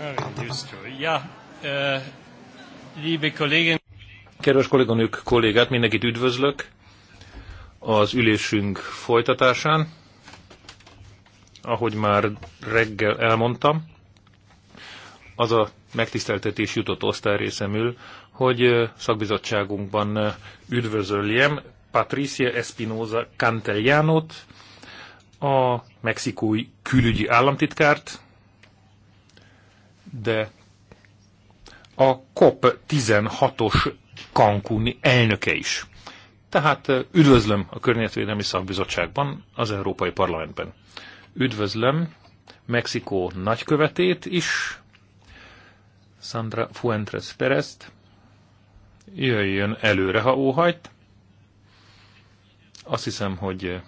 Eh, Kedves kolléganők, kollégát, mindenkit üdvözlök az ülésünk folytatásán. Ahogy már reggel elmondtam, az a megtiszteltetés jutott részemül, hogy eh, szakbizottságunkban eh, üdvözöljem Patricia Espinosa Cantellánot, a mexikói külügyi államtitkárt, de a COP16-os Cancúni elnöke is. Tehát üdvözlöm a Környezetvédelmi Szakbizottságban, az Európai Parlamentben. Üdvözlöm Mexikó nagykövetét is, Sandra Fuentes Perez. Jöjjön előre, ha óhajt. Azt hiszem, hogy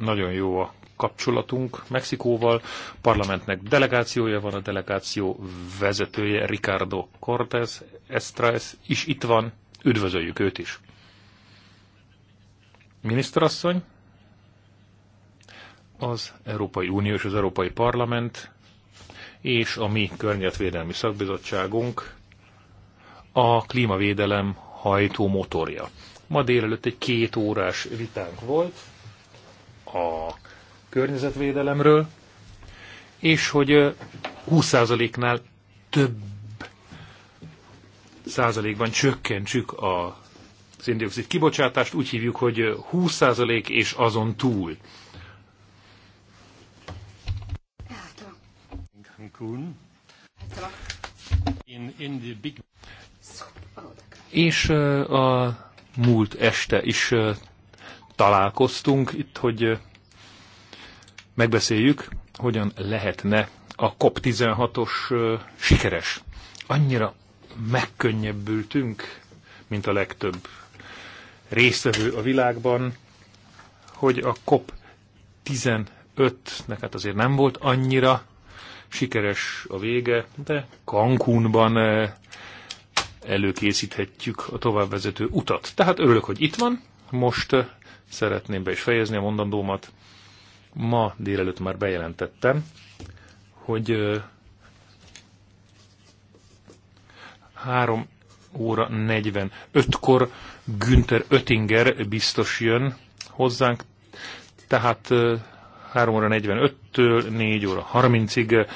nagyon jó a kapcsolatunk Mexikóval. Parlamentnek delegációja van, a delegáció vezetője Ricardo Cortés Estraes is itt van. Üdvözöljük őt is. Miniszterasszony, az Európai Unió és az Európai Parlament és a mi környezetvédelmi szakbizottságunk a klímavédelem hajtó motorja. Ma délelőtt egy két órás vitánk volt a környezetvédelemről, és hogy 20%-nál több százalékban csökkentsük a széndiokszid kibocsátást, úgy hívjuk, hogy 20% és azon túl. És a múlt este is találkoztunk itt, hogy megbeszéljük, hogyan lehetne a COP16-os sikeres. Annyira megkönnyebbültünk, mint a legtöbb résztvevő a világban, hogy a COP15-nek hát azért nem volt annyira sikeres a vége, de Cancúnban előkészíthetjük a továbbvezető utat. Tehát örülök, hogy itt van, most szeretném be is fejezni a mondandómat. Ma délelőtt már bejelentettem, hogy 3 óra 45-kor Günther Oettinger biztos jön hozzánk, tehát 3 óra 45-től 4 óra 30-ig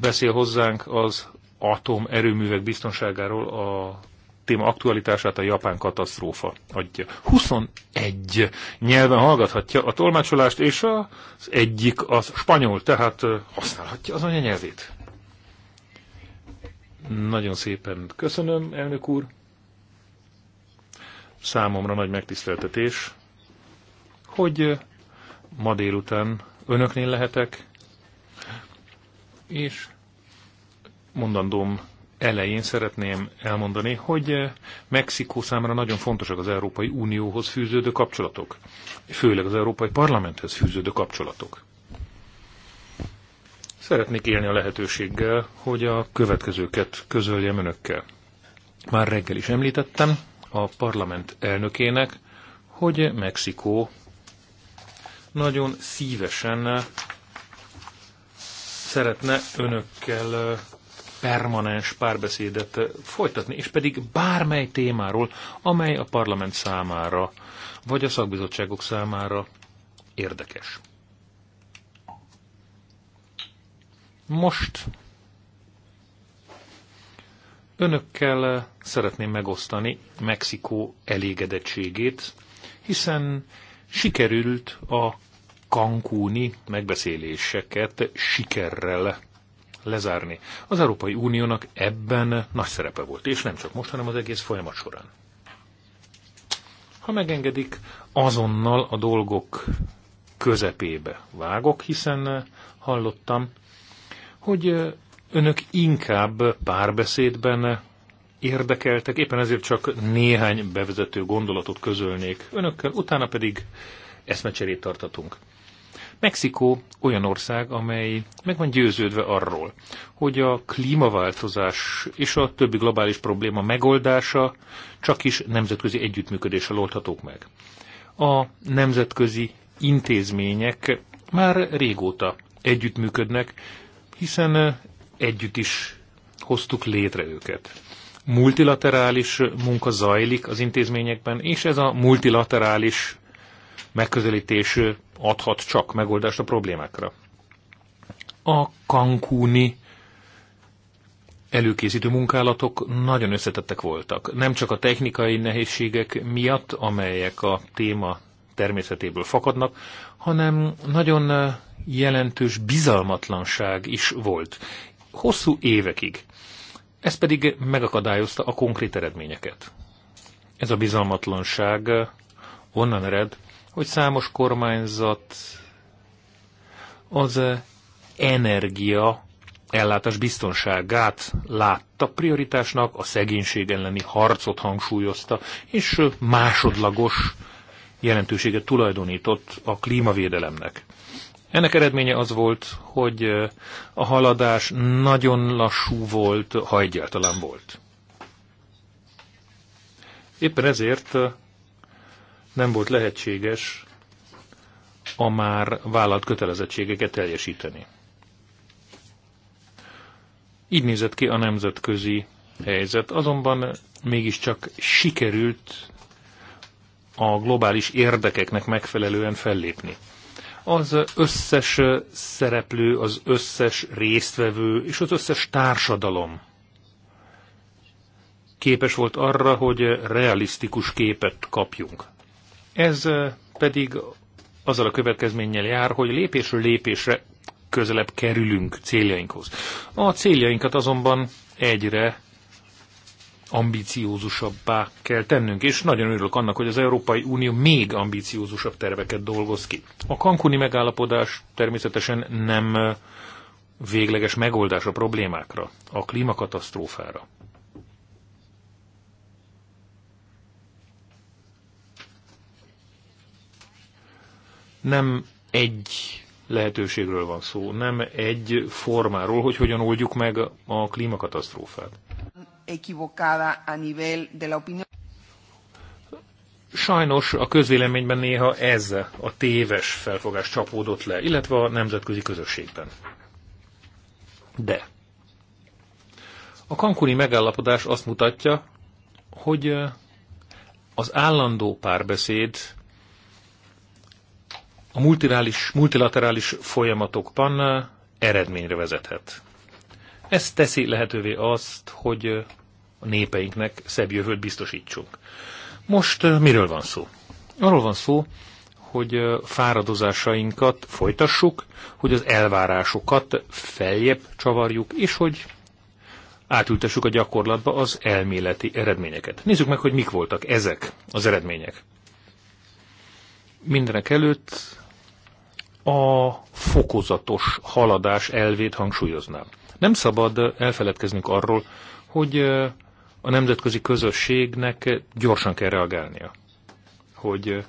beszél hozzánk az atomerőművek biztonságáról a téma aktualitását a japán katasztrófa adja. 21 nyelven hallgathatja a tolmácsolást, és az egyik az spanyol, tehát használhatja az anyanyelvét. Nagyon szépen köszönöm, elnök úr. Számomra nagy megtiszteltetés, hogy ma délután önöknél lehetek, és mondandóm elején szeretném elmondani, hogy eh, Mexikó számára nagyon fontosak az Európai Unióhoz fűződő kapcsolatok, főleg az Európai Parlamenthez fűződő kapcsolatok. Szeretnék élni a lehetőséggel, hogy a következőket közöljem önökkel. Már reggel is említettem a parlament elnökének, hogy Mexikó nagyon szívesen szeretne önökkel eh, permanens párbeszédet eh, folytatni, és pedig bármely témáról, amely a parlament számára, vagy a szakbizottságok számára érdekes. Most önökkel eh, szeretném megosztani Mexikó elégedettségét, hiszen sikerült a kankúni megbeszéléseket sikerrel lezárni. Az Európai Uniónak ebben nagy szerepe volt, és nem csak most, hanem az egész folyamat során. Ha megengedik, azonnal a dolgok közepébe vágok, hiszen eh, hallottam, hogy eh, önök inkább párbeszédben érdekeltek, éppen ezért csak néhány bevezető gondolatot közölnék önökkel, utána pedig eszmecserét tartatunk. Mexikó olyan ország, amely meg van győződve arról, hogy a klímaváltozás és a többi globális probléma megoldása csak is nemzetközi együttműködéssel oldhatók meg. A nemzetközi intézmények már régóta együttműködnek, hiszen együtt is hoztuk létre őket. Multilaterális munka zajlik az intézményekben, és ez a multilaterális megközelítés adhat csak megoldást a problémákra. A kankúni előkészítő munkálatok nagyon összetettek voltak. Nem csak a technikai nehézségek miatt, amelyek a téma természetéből fakadnak, hanem nagyon jelentős bizalmatlanság is volt. Hosszú évekig. Ez pedig megakadályozta a konkrét eredményeket. Ez a bizalmatlanság onnan ered, hogy számos kormányzat az eh, energia ellátás biztonságát látta prioritásnak, a szegénység elleni harcot hangsúlyozta, és eh, másodlagos jelentőséget tulajdonított a klímavédelemnek. Ennek eredménye az volt, hogy eh, a haladás nagyon lassú volt, ha egyáltalán volt. Éppen ezért nem volt lehetséges a már vállalt kötelezettségeket teljesíteni. Így nézett ki a nemzetközi helyzet, azonban mégiscsak sikerült a globális érdekeknek megfelelően fellépni. Az összes szereplő, az összes résztvevő és az összes társadalom képes volt arra, hogy realisztikus képet kapjunk. Ez pedig azzal a következménnyel jár, hogy lépésről lépésre közelebb kerülünk céljainkhoz. A céljainkat azonban egyre ambiciózusabbá kell tennünk, és nagyon örülök annak, hogy az Európai Unió még ambiciózusabb terveket dolgoz ki. A kankuni megállapodás természetesen nem végleges megoldás a problémákra, a klímakatasztrófára. nem egy lehetőségről van szó, nem egy formáról, hogy hogyan oldjuk meg a klímakatasztrófát. Sajnos a közvéleményben néha ez a téves felfogás csapódott le, illetve a nemzetközi közösségben. De a kankuni megállapodás azt mutatja, hogy az állandó párbeszéd a multilális, multilaterális folyamatokban eh, eredményre vezethet. Ez teszi lehetővé azt, hogy eh, a népeinknek szebb jövőt biztosítsunk. Most eh, miről van szó? Arról van szó, hogy fáradozásainkat folytassuk, hogy az elvárásokat feljebb csavarjuk, és hogy átültessük a gyakorlatba az elméleti eredményeket. Nézzük meg, hogy mik voltak ezek az eredmények. Mindenek előtt a fokozatos haladás elvét hangsúlyoznám. Nem szabad elfeledkeznünk arról, hogy a nemzetközi közösségnek gyorsan kell reagálnia, hogy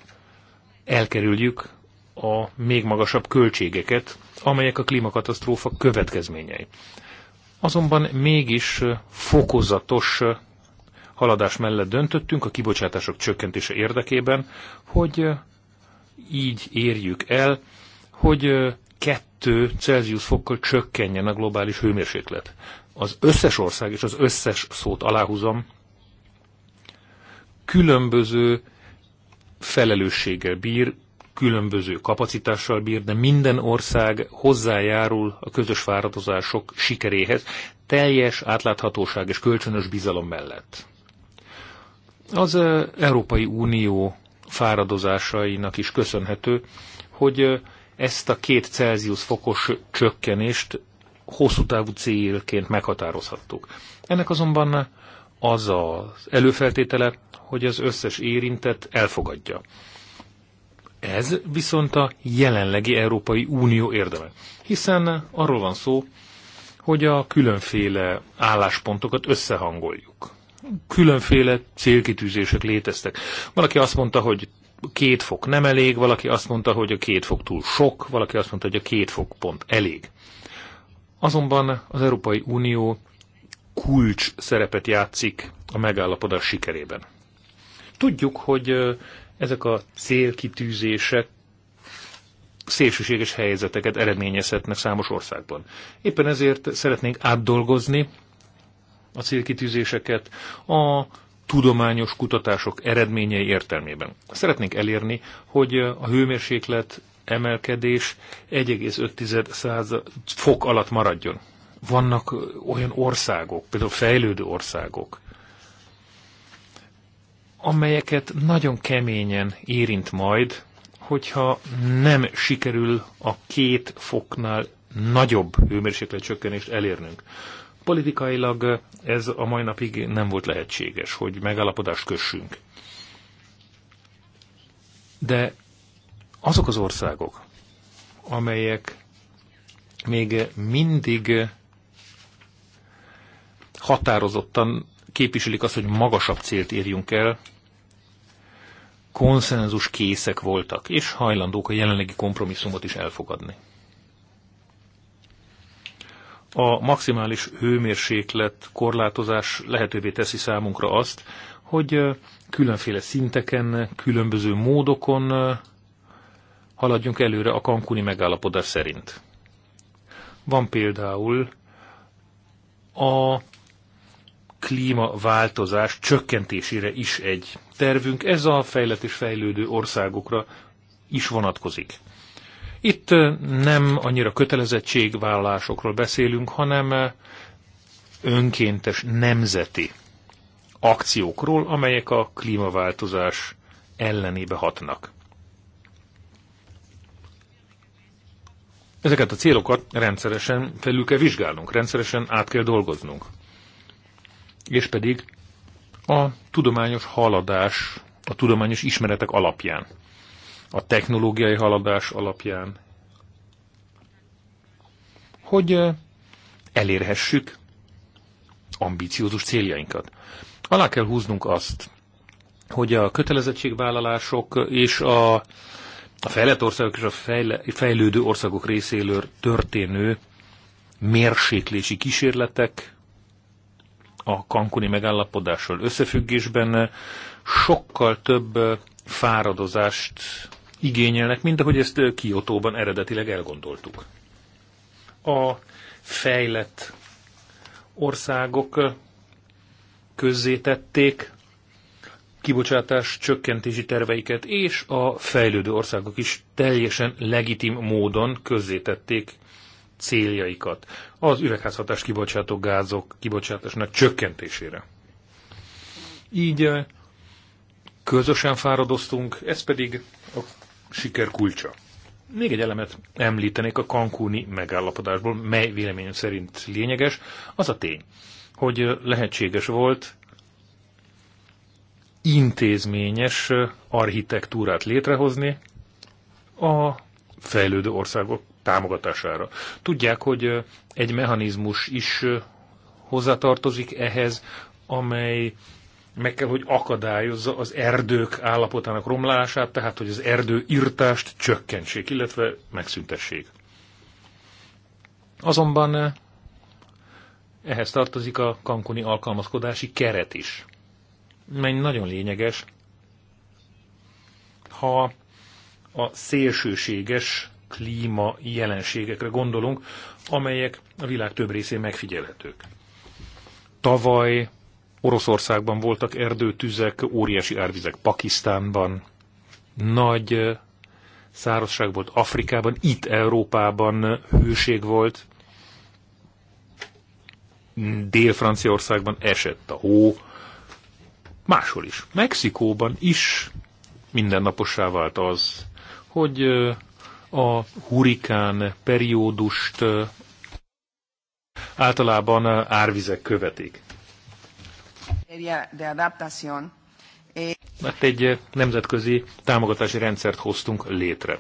elkerüljük a még magasabb költségeket, amelyek a klímakatasztrófa következményei. Azonban mégis fokozatos haladás mellett döntöttünk a kibocsátások csökkentése érdekében, hogy így érjük el hogy kettő Celsius fokkal csökkenjen a globális hőmérséklet. Az összes ország, és az összes szót aláhúzom, különböző felelősséggel bír, különböző kapacitással bír, de minden ország hozzájárul a közös fáradozások sikeréhez, teljes átláthatóság és kölcsönös bizalom mellett. Az Európai Unió fáradozásainak is köszönhető, hogy ezt a két Celsius fokos csökkenést hosszú távú célként meghatározhattuk. Ennek azonban az az előfeltétele, hogy az összes érintett elfogadja. Ez viszont a jelenlegi Európai Unió érdeme, hiszen arról van szó, hogy a különféle álláspontokat összehangoljuk. Különféle célkitűzések léteztek. Valaki azt mondta, hogy két fok nem elég, valaki azt mondta, hogy a két fok túl sok, valaki azt mondta, hogy a két fok pont elég. Azonban az Európai Unió kulcs szerepet játszik a megállapodás sikerében. Tudjuk, hogy ezek a célkitűzések szélsőséges helyzeteket eredményezhetnek számos országban. Éppen ezért szeretnénk átdolgozni a célkitűzéseket, a tudományos kutatások eredményei értelmében. Szeretnénk elérni, hogy a hőmérséklet emelkedés 1,5 fok alatt maradjon. Vannak olyan országok, például fejlődő országok, amelyeket nagyon keményen érint majd, hogyha nem sikerül a két foknál nagyobb hőmérséklet csökkenést elérnünk. Politikailag ez a mai napig nem volt lehetséges, hogy megállapodást kössünk. De azok az országok, amelyek még mindig határozottan képviselik azt, hogy magasabb célt érjünk el, konszenzus készek voltak, és hajlandók a jelenlegi kompromisszumot is elfogadni a maximális hőmérséklet korlátozás lehetővé teszi számunkra azt, hogy különféle szinteken, különböző módokon haladjunk előre a kankuni megállapodás szerint. Van például a klímaváltozás csökkentésére is egy tervünk. Ez a fejlett és fejlődő országokra is vonatkozik. Itt nem annyira kötelezettségvállalásokról beszélünk, hanem önkéntes nemzeti akciókról, amelyek a klímaváltozás ellenébe hatnak. Ezeket a célokat rendszeresen felül kell vizsgálnunk, rendszeresen át kell dolgoznunk. És pedig a tudományos haladás, a tudományos ismeretek alapján a technológiai haladás alapján, hogy elérhessük ambíciózus céljainkat. Alá kell húznunk azt, hogy a kötelezettségvállalások és a, a fejlett országok és a fejle, fejlődő országok részéről történő mérséklési kísérletek a kankuni megállapodással összefüggésben sokkal több fáradozást igényelnek, mint ahogy ezt Kiotóban eredetileg elgondoltuk. A fejlett országok közzétették kibocsátás csökkentési terveiket, és a fejlődő országok is teljesen legitim módon közzétették céljaikat az üvegházhatás kibocsátó gázok kibocsátásnak csökkentésére. Így közösen fáradoztunk, ez pedig a siker kulcsa. Még egy elemet említenék a kankúni megállapodásból, mely véleményem szerint lényeges, az a tény, hogy lehetséges volt intézményes architektúrát létrehozni a fejlődő országok támogatására. Tudják, hogy egy mechanizmus is hozzátartozik ehhez, amely meg kell, hogy akadályozza az erdők állapotának romlását, tehát hogy az erdő irtást csökkentsék, illetve megszüntessék. Azonban eh, ehhez tartozik a kankoni alkalmazkodási keret is, mely nagyon lényeges, ha a szélsőséges klíma jelenségekre gondolunk, amelyek a világ több részén megfigyelhetők. Tavaly Oroszországban voltak erdőtüzek, óriási árvizek Pakisztánban, nagy eh, szárazság volt Afrikában, itt Európában eh, hőség volt, Dél-Franciaországban esett a hó, máshol is. Mexikóban is mindennapossá vált az, hogy eh, a hurikán periódust általában árvizek követik. Eh, Mert egy eh, nemzetközi támogatási rendszert hoztunk létre.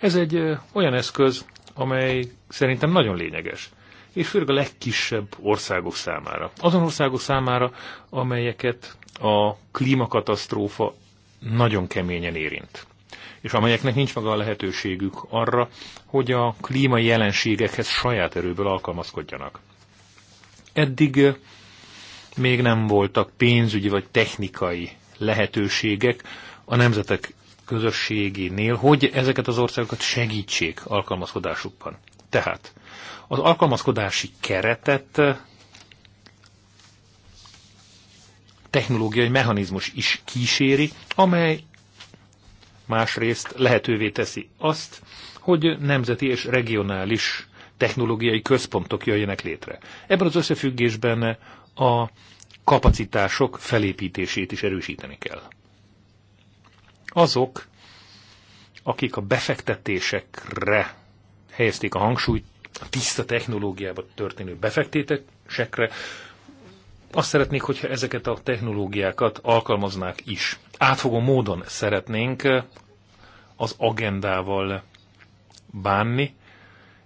Ez egy eh, olyan eszköz, amely szerintem nagyon lényeges, és főleg a legkisebb országok számára. Azon országok számára, amelyeket a klímakatasztrófa nagyon keményen érint és amelyeknek nincs maga a lehetőségük arra, hogy a klímai jelenségekhez saját erőből alkalmazkodjanak. Eddig még nem voltak pénzügyi vagy technikai lehetőségek a nemzetek közösségénél, hogy ezeket az országokat segítsék alkalmazkodásukban. Tehát az alkalmazkodási keretet technológiai mechanizmus is kíséri, amely másrészt lehetővé teszi azt, hogy nemzeti és regionális technológiai központok jöjjenek létre. Ebben az összefüggésben a kapacitások felépítését is erősíteni kell. Azok, akik a befektetésekre helyezték a hangsúlyt, a tiszta technológiába történő befektetésekre, azt szeretnék, hogyha ezeket a technológiákat alkalmaznák is. Átfogó módon szeretnénk az agendával bánni,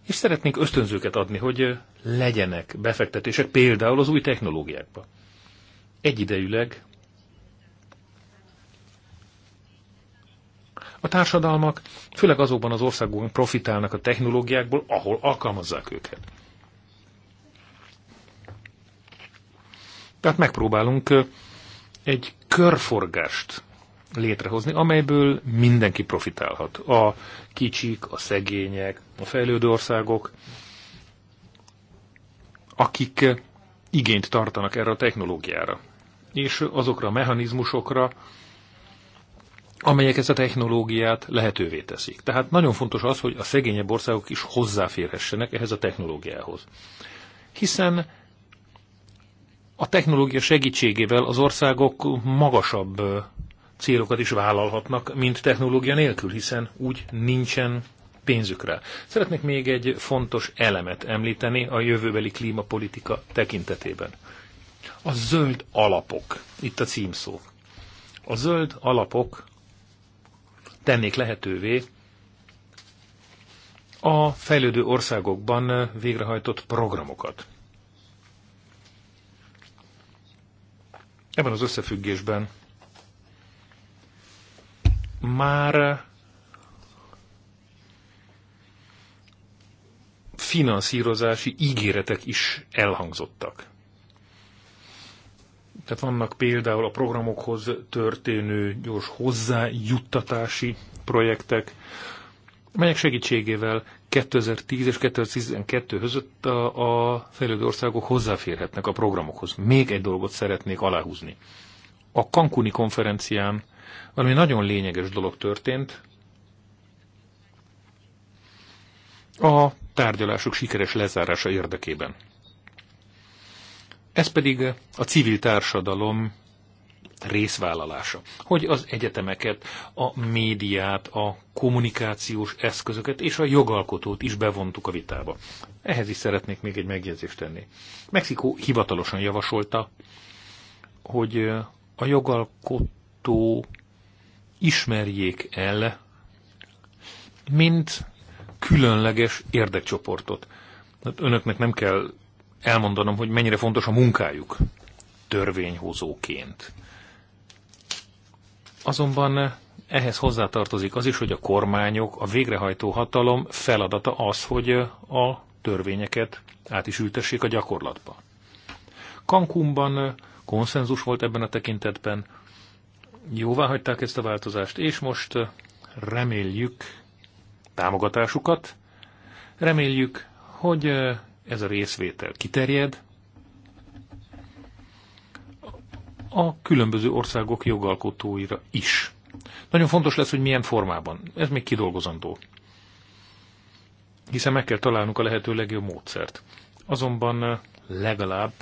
és szeretnénk ösztönzőket adni, hogy legyenek befektetések például az új technológiákba. Egyidejűleg a társadalmak főleg azokban az országokban profitálnak a technológiákból, ahol alkalmazzák őket. Tehát megpróbálunk egy körforgást létrehozni, amelyből mindenki profitálhat. A kicsik, a szegények, a fejlődő országok, akik eh, igényt tartanak erre a technológiára, és azokra a mechanizmusokra, amelyek ezt a technológiát lehetővé teszik. Tehát nagyon fontos az, hogy a szegényebb országok is hozzáférhessenek ehhez a technológiához. Hiszen a technológia segítségével az országok magasabb eh, célokat is vállalhatnak, mint technológia nélkül, hiszen úgy nincsen Pénzükre. Szeretnék még egy fontos elemet említeni a jövőbeli klímapolitika tekintetében. A zöld alapok. Itt a címszó. A zöld alapok tennék lehetővé a fejlődő országokban végrehajtott programokat. Ebben az összefüggésben már finanszírozási ígéretek is elhangzottak. Tehát vannak például a programokhoz történő gyors hozzájuttatási projektek, melyek segítségével 2010 és 2012 között a, a fejlődő országok hozzáférhetnek a programokhoz. Még egy dolgot szeretnék aláhúzni. A Cancuni konferencián valami nagyon lényeges dolog történt, a tárgyalások sikeres lezárása érdekében. Ez pedig a civil társadalom részvállalása, hogy az egyetemeket, a médiát, a kommunikációs eszközöket és a jogalkotót is bevontuk a vitába. Ehhez is szeretnék még egy megjegyzést tenni. Mexikó hivatalosan javasolta, hogy a jogalkotó ismerjék el, mint különleges érdekcsoportot. Hát önöknek nem kell elmondanom, hogy mennyire fontos a munkájuk törvényhozóként. Azonban ehhez hozzátartozik az is, hogy a kormányok, a végrehajtó hatalom feladata az, hogy a törvényeket át is ültessék a gyakorlatba. Cancúnban konszenzus volt ebben a tekintetben, jóvá hagyták ezt a változást, és most reméljük, támogatásukat. Reméljük, hogy ez a részvétel kiterjed a különböző országok jogalkotóira is. Nagyon fontos lesz, hogy milyen formában. Ez még kidolgozandó. Hiszen meg kell találnunk a lehető legjobb módszert. Azonban legalább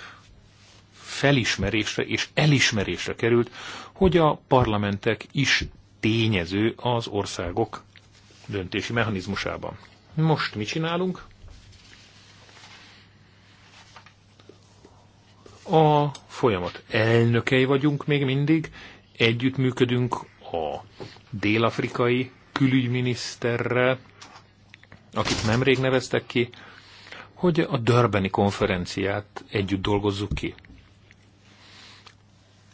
felismerésre és elismerésre került, hogy a parlamentek is tényező az országok döntési mechanizmusában. Most mit csinálunk? A folyamat elnökei vagyunk még mindig, együttműködünk a dél-afrikai külügyminiszterrel, akit nemrég neveztek ki, hogy a Dörbeni konferenciát együtt dolgozzuk ki.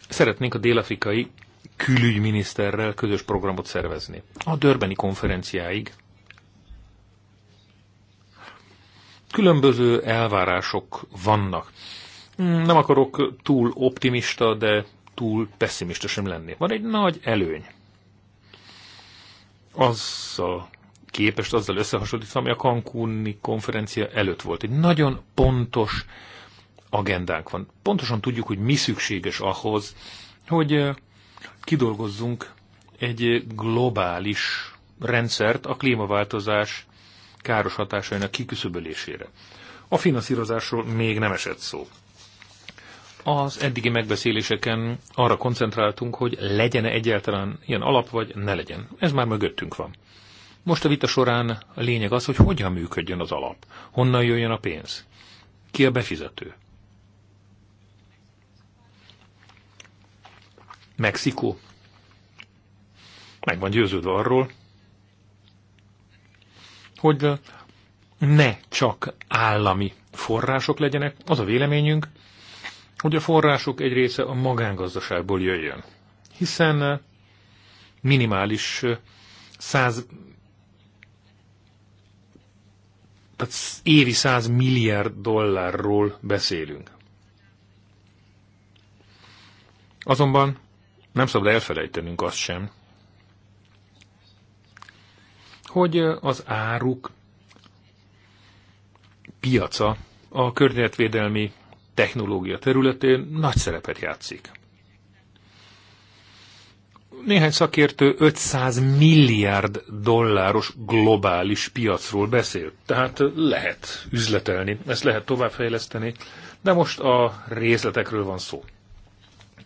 Szeretnénk a dél-afrikai külügyminiszterrel közös programot szervezni. A Dörbeni konferenciáig különböző elvárások vannak. Hmm, nem akarok túl optimista, de túl pessimista sem lenni. Van egy nagy előny. Azzal képest, azzal összehasonlítva, ami a Cancúni konferencia előtt volt. Egy nagyon pontos agendánk van. Pontosan tudjuk, hogy mi szükséges ahhoz, hogy eh, kidolgozzunk egy globális rendszert a klímaváltozás káros hatásainak kiküszöbölésére. A finanszírozásról még nem esett szó. Az eddigi megbeszéléseken arra koncentráltunk, hogy legyen -e egyáltalán ilyen alap, vagy ne legyen. Ez már mögöttünk van. Most a vita során a lényeg az, hogy hogyan működjön az alap, honnan jöjjön a pénz, ki a befizető, Mexikó meg van győződve arról, hogy ne csak állami források legyenek, az a véleményünk, hogy a források egy része a magángazdaságból jöjjön. Hiszen minimális 100 tehát évi 100 milliárd dollárról beszélünk. Azonban nem szabad elfelejtenünk azt sem, hogy az áruk piaca a környezetvédelmi technológia területén nagy szerepet játszik. Néhány szakértő 500 milliárd dolláros globális piacról beszél, tehát lehet üzletelni, ezt lehet továbbfejleszteni, de most a részletekről van szó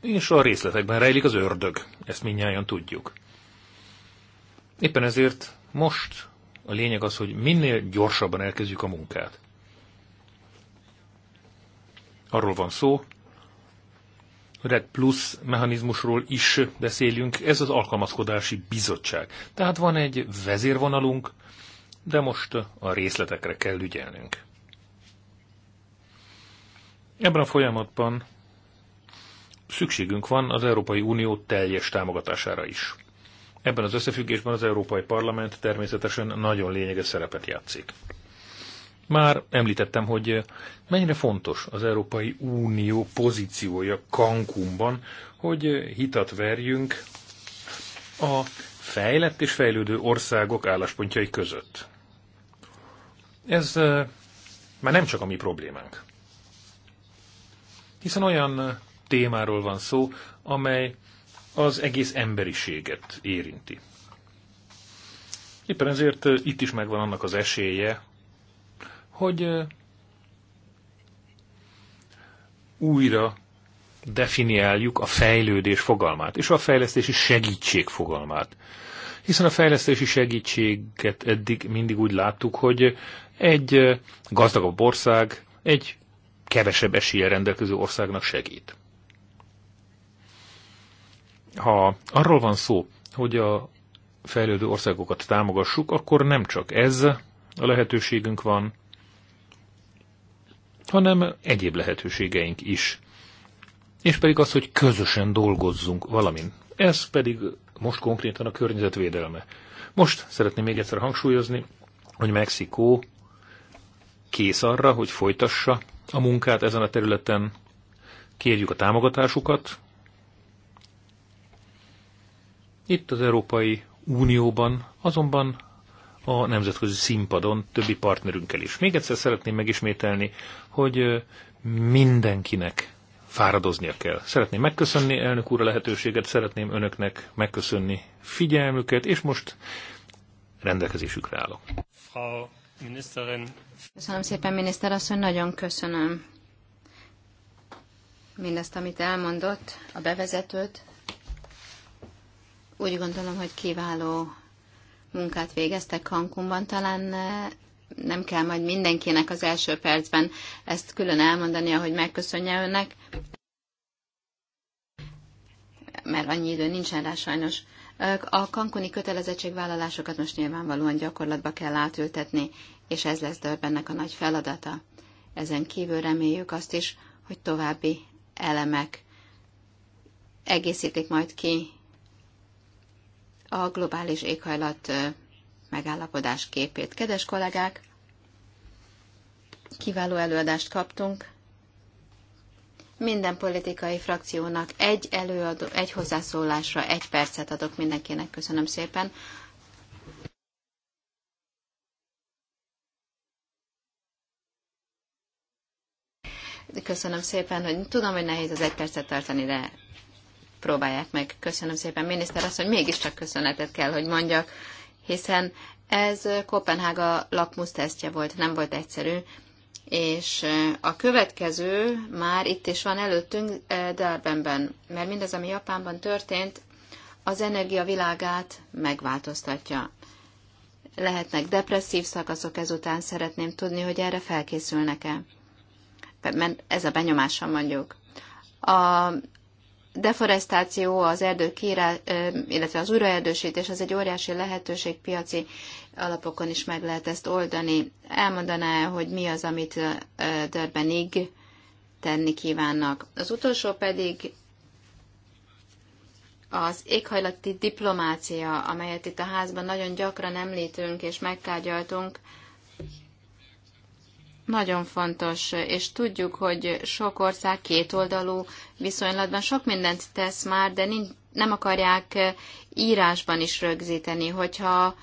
és a részletekben rejlik az ördög. Ezt mindnyáján tudjuk. Éppen ezért most a lényeg az, hogy minél gyorsabban elkezdjük a munkát. Arról van szó, Red Plus mechanizmusról is beszélünk, ez az alkalmazkodási bizottság. Tehát van egy vezérvonalunk, de most a részletekre kell ügyelnünk. Ebben a folyamatban szükségünk van az Európai Unió teljes támogatására is. Ebben az összefüggésben az Európai Parlament természetesen nagyon lényeges szerepet játszik. Már említettem, hogy mennyire fontos az Európai Unió pozíciója Cancúnban, hogy hitat verjünk a fejlett és fejlődő országok álláspontjai között. Ez eh, már nem csak a mi problémánk. Hiszen olyan témáról van szó, amely az egész emberiséget érinti. Éppen ezért itt is megvan annak az esélye, hogy újra definiáljuk a fejlődés fogalmát, és a fejlesztési segítség fogalmát. Hiszen a fejlesztési segítséget eddig mindig úgy láttuk, hogy egy gazdagabb ország egy kevesebb esélye rendelkező országnak segít ha arról van szó, hogy a fejlődő országokat támogassuk, akkor nem csak ez a lehetőségünk van, hanem egyéb lehetőségeink is. És pedig az, hogy közösen dolgozzunk valamin. Ez pedig most konkrétan a környezetvédelme. Most szeretném még egyszer hangsúlyozni, hogy Mexikó kész arra, hogy folytassa a munkát ezen a területen, kérjük a támogatásukat, itt az Európai Unióban, azonban a nemzetközi színpadon többi partnerünkkel is. Még egyszer szeretném megismételni, hogy mindenkinek fáradoznia kell. Szeretném megköszönni elnök úr a lehetőséget, szeretném önöknek megköszönni figyelmüket, és most rendelkezésükre állok. Frau Ministerin. Köszönöm szépen, miniszter asszony, nagyon köszönöm mindezt, amit elmondott, a bevezetőt. Úgy gondolom, hogy kiváló munkát végeztek Cancunban, talán eh, nem kell majd mindenkinek az első percben ezt külön elmondania, hogy megköszönje önnek, mert annyi idő nincsen rá sajnos. Eh, a kankuni kötelezettségvállalásokat most nyilvánvalóan gyakorlatba kell átültetni, és ez lesz Dörbennek a nagy feladata. Ezen kívül reméljük azt is, hogy további elemek egészítik majd ki a globális éghajlat megállapodás képét. Kedves kollégák, kiváló előadást kaptunk. Minden politikai frakciónak egy előadó, egy hozzászólásra egy percet adok mindenkinek. Köszönöm szépen. Köszönöm szépen, hogy tudom, hogy nehéz az egy percet tartani, de próbálják meg. Köszönöm szépen, miniszter azt, hogy mégiscsak köszönetet kell, hogy mondjak, hiszen ez Kopenhága lakmusztesztje volt, nem volt egyszerű, és a következő már itt is van előttünk Darbenben, mert mindaz, ami Japánban történt, az energia világát megváltoztatja. Lehetnek depresszív szakaszok, ezután szeretném tudni, hogy erre felkészülnek-e. Mert ez a benyomásom mondjuk. A, deforestáció, az erdők kirá, illetve az újraerdősítés, az egy óriási lehetőség, piaci alapokon is meg lehet ezt oldani. Elmondaná, hogy mi az, amit Dörbenig tenni kívánnak. Az utolsó pedig az éghajlati diplomácia, amelyet itt a házban nagyon gyakran említünk és megtárgyaltunk, nagyon fontos, és tudjuk, hogy sok ország kétoldalú viszonylatban sok mindent tesz már, de nem akarják eh, írásban is rögzíteni. Hogyha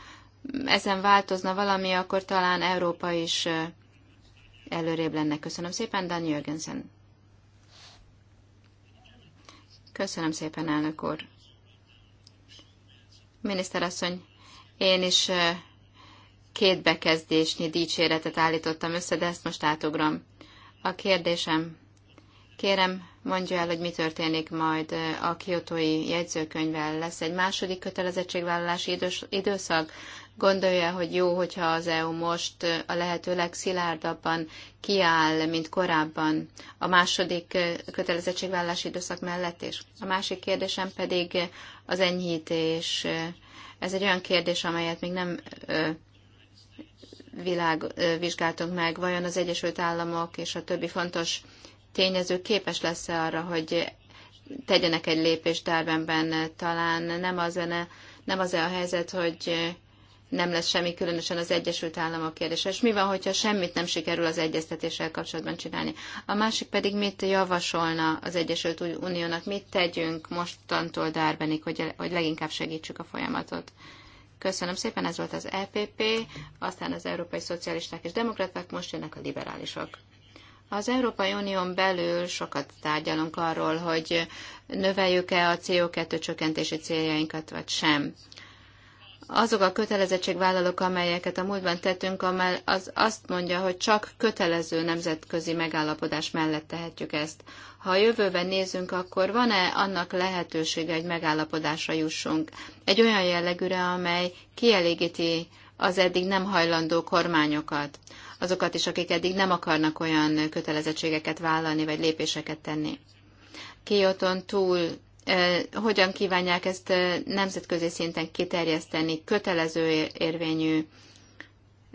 ezen változna valami, akkor talán Európa is eh, előrébb lenne. Köszönöm szépen, Dan Jörgensen. Köszönöm szépen, elnök úr. Miniszterasszony, én is eh, két bekezdésnyi dicséretet állítottam össze, de ezt most átugrom. A kérdésem, kérem, mondja el, hogy mi történik majd eh, a kiotói jegyzőkönyvvel. Lesz egy második kötelezettségvállalási idős, időszak? Gondolja, hogy jó, hogyha az EU most eh, a lehető legszilárdabban kiáll, mint korábban a második eh, kötelezettségvállalási időszak mellett is. A másik kérdésem pedig az enyhítés. Ez egy olyan kérdés, amelyet még nem világ, vizsgáltunk meg, vajon az Egyesült Államok és a többi fontos tényező képes lesz-e arra, hogy tegyenek egy lépést Darbenben. Talán nem az, -e, nem az -e a helyzet, hogy nem lesz semmi különösen az Egyesült Államok kérdése. És mi van, hogyha semmit nem sikerül az egyeztetéssel kapcsolatban csinálni? A másik pedig mit javasolna az Egyesült Uniónak, mit tegyünk mostantól Darbenig, hogy, hogy leginkább segítsük a folyamatot? Köszönöm szépen, ez volt az EPP, aztán az Európai Szocialisták és Demokraták, most jönnek a liberálisok. Az Európai Unión belül sokat tárgyalunk arról, hogy növeljük-e a CO2 csökkentési céljainkat, vagy sem azok a kötelezettségvállalók, amelyeket a múltban tettünk, amely az azt mondja, hogy csak kötelező nemzetközi megállapodás mellett tehetjük ezt. Ha a jövőben nézünk, akkor van-e annak lehetősége, hogy megállapodásra jussunk? Egy olyan jellegűre, amely kielégíti az eddig nem hajlandó kormányokat, azokat is, akik eddig nem akarnak olyan kötelezettségeket vállalni, vagy lépéseket tenni. Kioton túl hogyan kívánják ezt nemzetközi szinten kiterjeszteni, kötelező érvényű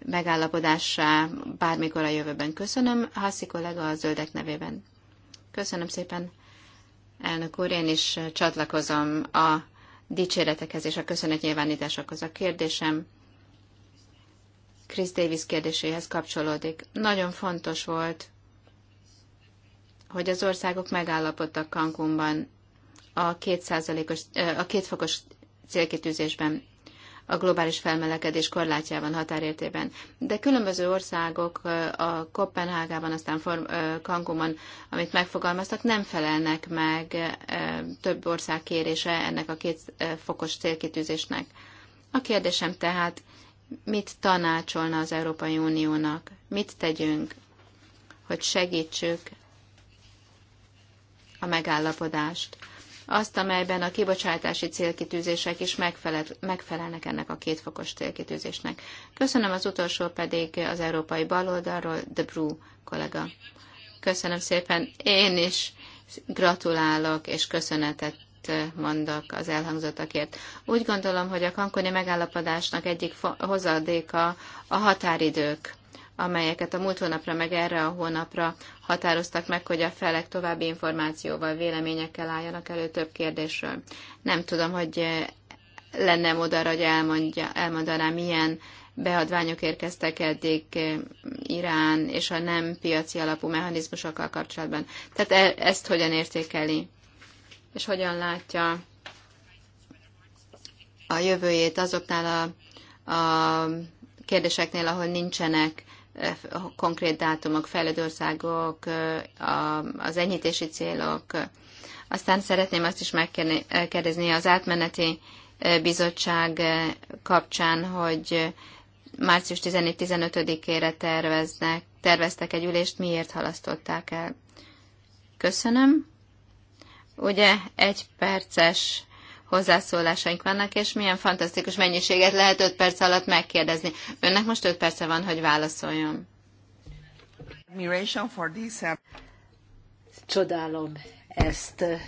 megállapodássá bármikor a jövőben. Köszönöm, Haszi kollega a zöldek nevében. Köszönöm szépen, elnök úr, én is csatlakozom a dicséretekhez és a nyilvánításokhoz. A kérdésem Chris Davis kérdéséhez kapcsolódik. Nagyon fontos volt, hogy az országok megállapodtak Cancúnban a, kétszázalékos, a kétfokos célkitűzésben a globális felmelegedés korlátjában, határértében. De különböző országok a Kopenhágában, aztán Kankumon, amit megfogalmaztak, nem felelnek meg több ország kérése ennek a két fokos célkitűzésnek. A kérdésem tehát, mit tanácsolna az Európai Uniónak? Mit tegyünk, hogy segítsük a megállapodást? azt, amelyben a kibocsátási célkitűzések is megfelel, megfelelnek ennek a kétfokos célkitűzésnek. Köszönöm az utolsó pedig az európai baloldalról, De Bru kollega. Köszönöm szépen. Én is gratulálok és köszönetet mondok az elhangzottakért. Úgy gondolom, hogy a kankoni megállapodásnak egyik hozadéka a határidők amelyeket a múlt hónapra meg erre a hónapra határoztak meg, hogy a felek további információval, véleményekkel álljanak elő több kérdésről. Nem tudom, hogy eh, lenne mód hogy elmondja, elmondaná, milyen beadványok érkeztek eddig eh, Irán és a nem piaci alapú mechanizmusokkal kapcsolatban. Tehát e- ezt hogyan értékeli, és hogyan látja a jövőjét azoknál a, a kérdéseknél, ahol nincsenek konkrét dátumok, fejlődő országok, az enyhítési célok. Aztán szeretném azt is megkérdezni az átmeneti bizottság kapcsán, hogy március 14-15-ére terveznek, terveztek egy ülést, miért halasztották el? Köszönöm. Ugye egy perces hozzászólásaink vannak, és milyen fantasztikus mennyiséget lehet 5 perc alatt megkérdezni. Önnek most 5 perce van, hogy válaszoljon. Uh, Csodálom ezt uh,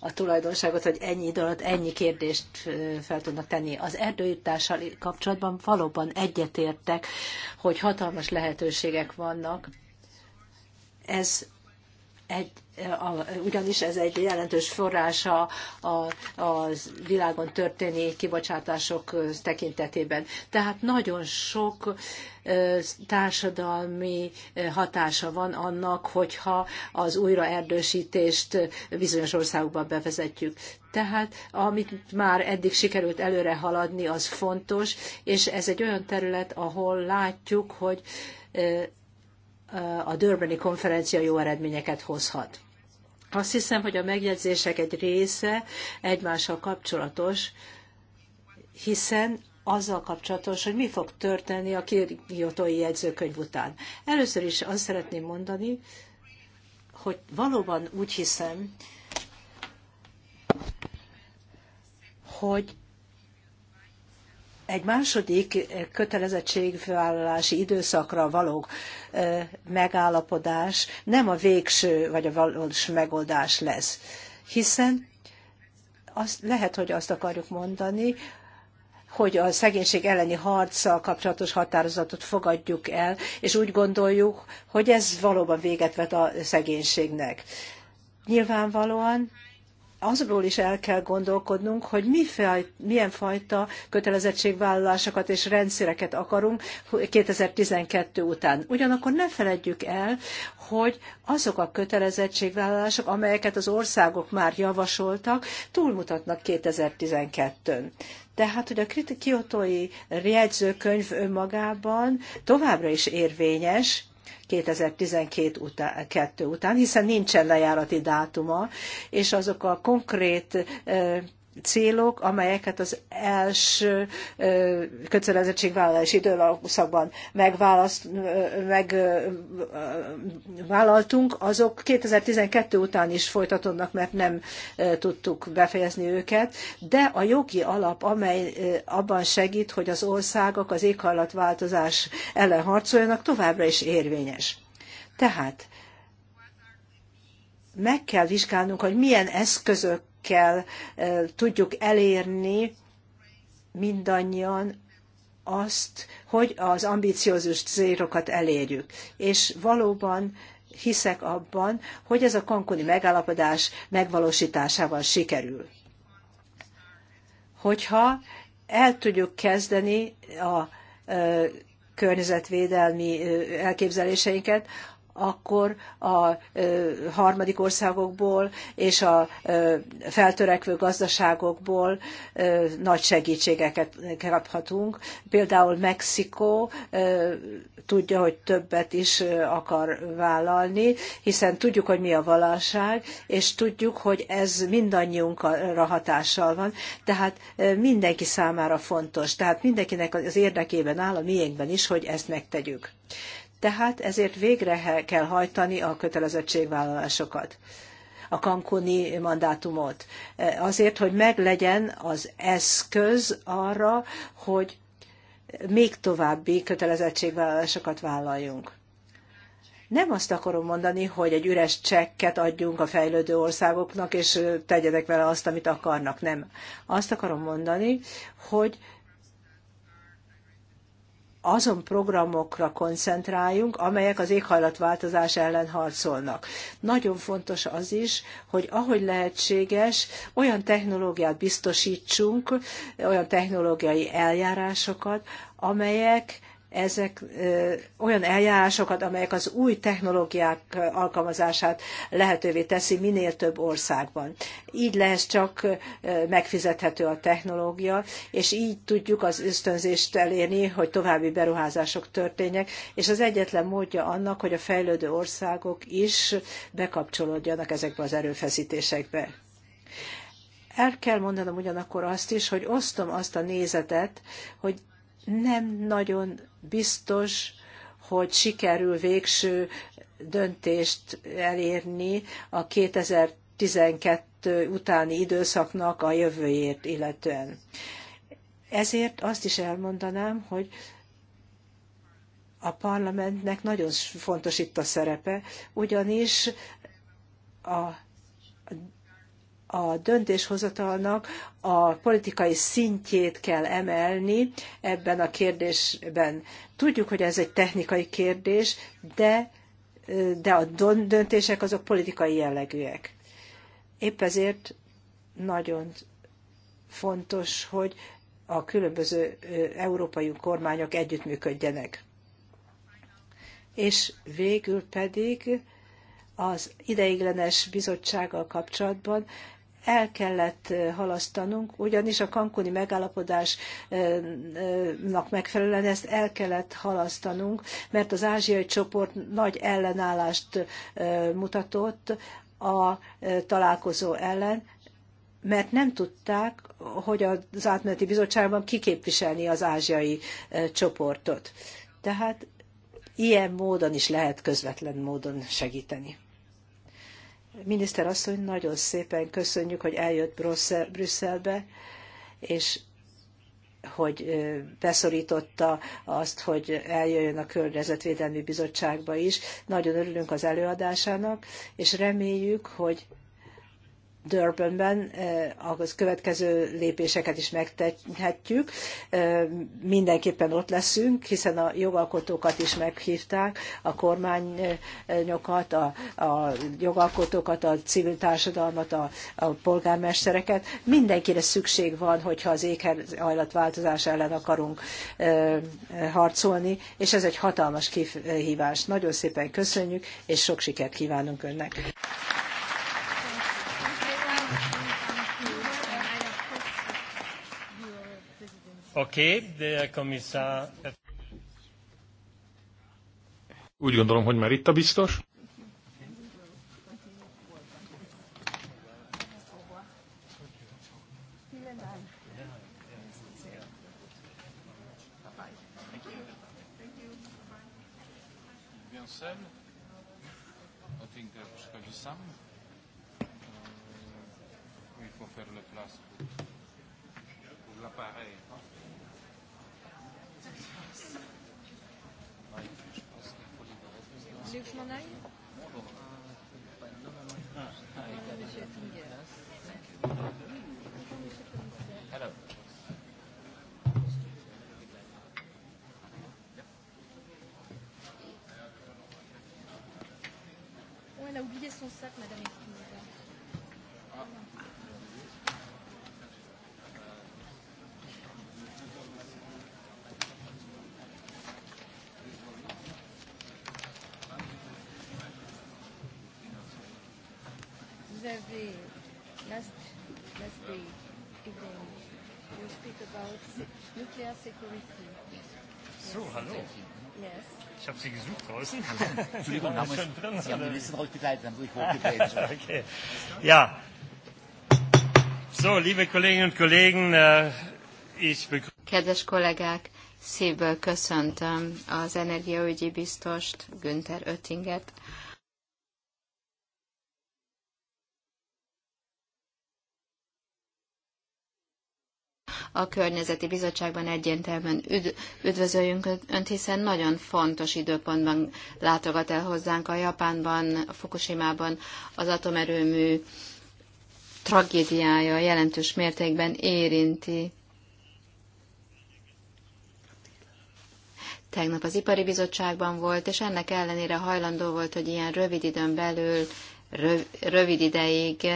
a tulajdonságot, hogy ennyi idő alatt ennyi kérdést uh, fel tudnak tenni. Az erdőírtással kapcsolatban valóban egyetértek, hogy hatalmas lehetőségek vannak. Ez egy, a, ugyanis ez egy jelentős forrása a, a világon történő kibocsátások tekintetében. Tehát nagyon sok társadalmi hatása van annak, hogyha az újraerdősítést bizonyos országokban bevezetjük. Tehát amit már eddig sikerült előre haladni, az fontos, és ez egy olyan terület, ahol látjuk, hogy a Durbani konferencia jó eredményeket hozhat. Azt hiszem, hogy a megjegyzések egy része egymással kapcsolatos, hiszen azzal kapcsolatos, hogy mi fog történni a kirgyotói jegyzőkönyv után. Először is azt szeretném mondani, hogy valóban úgy hiszem, hogy egy második eh, kötelezettségvállalási időszakra való eh, megállapodás nem a végső vagy a valós megoldás lesz, hiszen azt, lehet, hogy azt akarjuk mondani, hogy a szegénység elleni harccal kapcsolatos határozatot fogadjuk el, és úgy gondoljuk, hogy ez valóban véget vet a szegénységnek. Nyilvánvalóan azról is el kell gondolkodnunk, hogy mi fej, milyen fajta kötelezettségvállalásokat és rendszereket akarunk 2012 után. Ugyanakkor ne feledjük el, hogy azok a kötelezettségvállalások, amelyeket az országok már javasoltak, túlmutatnak 2012-ön. Tehát, hogy a kiotói jegyzőkönyv önmagában továbbra is érvényes, 2012 után, 2 után, hiszen nincsen lejárati dátuma, és azok a konkrét célok, amelyeket az első kötelezettségvállalási időszakban megvállaltunk, azok 2012 után is folytatódnak, mert nem tudtuk befejezni őket, de a jogi alap, amely abban segít, hogy az országok az éghajlatváltozás ellen harcoljanak, továbbra is érvényes. Tehát meg kell vizsgálnunk, hogy milyen eszközök kell tudjuk elérni mindannyian azt, hogy az ambíciózus célokat elérjük. És valóban hiszek abban, hogy ez a kankoni megállapodás megvalósításával sikerül. Hogyha el tudjuk kezdeni a környezetvédelmi elképzeléseinket, akkor a harmadik országokból és a feltörekvő gazdaságokból nagy segítségeket kaphatunk. Például Mexikó tudja, hogy többet is akar vállalni, hiszen tudjuk, hogy mi a valóság, és tudjuk, hogy ez mindannyiunkra hatással van, tehát mindenki számára fontos. Tehát mindenkinek az érdekében áll, a miénkben is, hogy ezt megtegyük. Tehát ezért végre kell hajtani a kötelezettségvállalásokat a kankuni mandátumot. E, azért, hogy meglegyen az eszköz arra, hogy még további kötelezettségvállalásokat vállaljunk. Nem azt akarom mondani, hogy egy üres csekket adjunk a fejlődő országoknak, és tegyenek vele azt, amit akarnak. Nem. Azt akarom mondani, hogy azon programokra koncentráljunk, amelyek az éghajlatváltozás ellen harcolnak. Nagyon fontos az is, hogy ahogy lehetséges, olyan technológiát biztosítsunk, olyan technológiai eljárásokat, amelyek ezek olyan eljárásokat, amelyek az új technológiák alkalmazását lehetővé teszi minél több országban. Így lesz csak megfizethető a technológia, és így tudjuk az ösztönzést elérni, hogy további beruházások történjek, és az egyetlen módja annak, hogy a fejlődő országok is bekapcsolódjanak ezekbe az erőfeszítésekbe. El kell mondanom ugyanakkor azt is, hogy osztom azt a nézetet, hogy nem nagyon biztos, hogy sikerül végső döntést elérni a 2012 utáni időszaknak a jövőjét illetően. Ezért azt is elmondanám, hogy a parlamentnek nagyon fontos itt a szerepe, ugyanis a a döntéshozatalnak a politikai szintjét kell emelni ebben a kérdésben. Tudjuk, hogy ez egy technikai kérdés, de, de a döntések azok politikai jellegűek. Épp ezért nagyon fontos, hogy a különböző európai kormányok együttműködjenek. És végül pedig az ideiglenes bizottsággal kapcsolatban el kellett halasztanunk, ugyanis a kankuni megállapodásnak megfelelően ezt el kellett halasztanunk, mert az ázsiai csoport nagy ellenállást mutatott a találkozó ellen, mert nem tudták, hogy az átmeneti bizottságban kiképviselni az ázsiai csoportot. Tehát ilyen módon is lehet közvetlen módon segíteni. Miniszter asszony, nagyon szépen köszönjük, hogy eljött Brüsszelbe, és hogy beszorította azt, hogy eljöjjön a Környezetvédelmi Bizottságba is. Nagyon örülünk az előadásának, és reméljük, hogy Durbanben eh, az következő lépéseket is megtehetjük. Eh, mindenképpen ott leszünk, hiszen a jogalkotókat is meghívták, a kormányokat, a, a jogalkotókat, a civil társadalmat, a, a polgármestereket. Mindenkire szükség van, hogyha az éghajlatváltozás ellen akarunk eh, harcolni, és ez egy hatalmas kihívás. Nagyon szépen köszönjük, és sok sikert kívánunk önnek. Oké, komisszár... Úgy gondolom, hogy már itt a biztos. every last last day evening you speak about nuclear security. So, yes. hallo. Yes. Ich habe Sie gesucht draußen. Entschuldigung, haben schon drin, Sie haben die Liste rausgekleidet, haben Sie sich hochgekleidet. okay. Ja. So, liebe Kolleginnen und Kollegen, äh, ich begrüße... Kedves kollégák, szívből köszöntöm az energiaügyi biztost, Günther Oettinget, a Környezeti Bizottságban egyértelműen üd- üdvözöljünk Önt, hiszen nagyon fontos időpontban látogat el hozzánk a Japánban, a Fukushima-ban az atomerőmű tragédiája jelentős mértékben érinti tegnap az ipari bizottságban volt, és ennek ellenére hajlandó volt, hogy ilyen rövid időn belül, röv, rövid ideig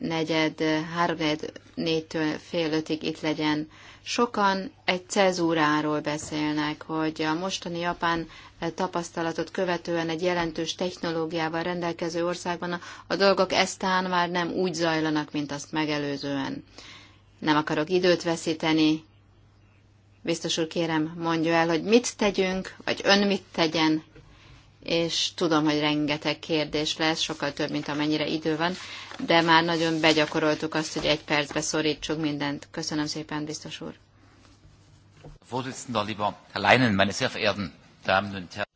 negyed, háromnegyed, négytől fél ötig itt legyen. Sokan egy cezúráról beszélnek, hogy a mostani japán tapasztalatot követően egy jelentős technológiával rendelkező országban a dolgok eztán már nem úgy zajlanak, mint azt megelőzően. Nem akarok időt veszíteni. Biztos úr, kérem, mondja el, hogy mit tegyünk, vagy ön mit tegyen, és tudom, hogy rengeteg kérdés lesz, sokkal több, mint amennyire idő van, de már nagyon begyakoroltuk azt, hogy egy percbe szorítsuk mindent. Köszönöm szépen, biztos úr.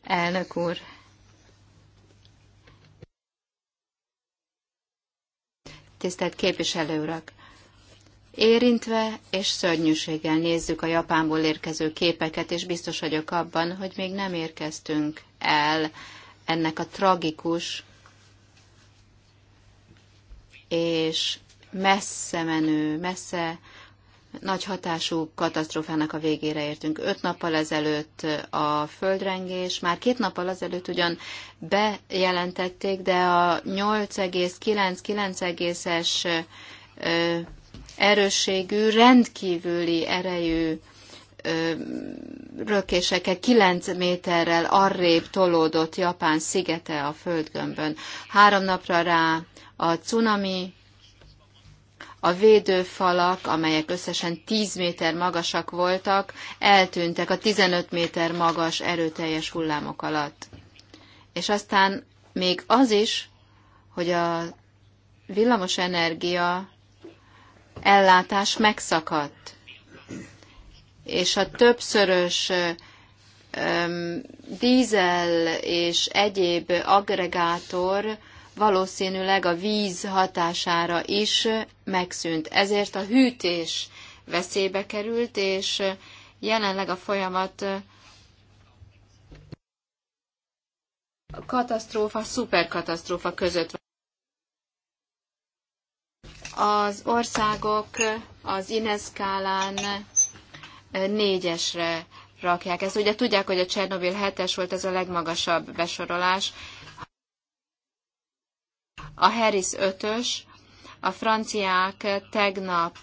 Elnök úr, tisztelt képviselő urak! Érintve és szörnyűséggel nézzük a Japánból érkező képeket, és biztos vagyok abban, hogy még nem érkeztünk el ennek a tragikus és messze menő, messze nagy hatású katasztrófának a végére értünk. Öt nappal ezelőtt a földrengés, már két nappal ezelőtt ugyan bejelentették, de a 8,9-9,9-es erősségű, rendkívüli erejű rökéseke 9 méterrel arrébb tolódott Japán szigete a földgömbön. Három napra rá a cunami, a védőfalak, amelyek összesen 10 méter magasak voltak, eltűntek a 15 méter magas erőteljes hullámok alatt. És aztán még az is, hogy a villamos energia ellátás megszakadt és a többszörös dízel és egyéb agregátor valószínűleg a víz hatására is megszűnt. Ezért a hűtés veszélybe került, és jelenleg a folyamat katasztrófa, szuperkatasztrófa között van. Az országok az Ineszkálán négyesre rakják. Ezt ugye tudják, hogy a Csernobil 7-es volt ez a legmagasabb besorolás. A Harris 5-ös, a franciák tegnap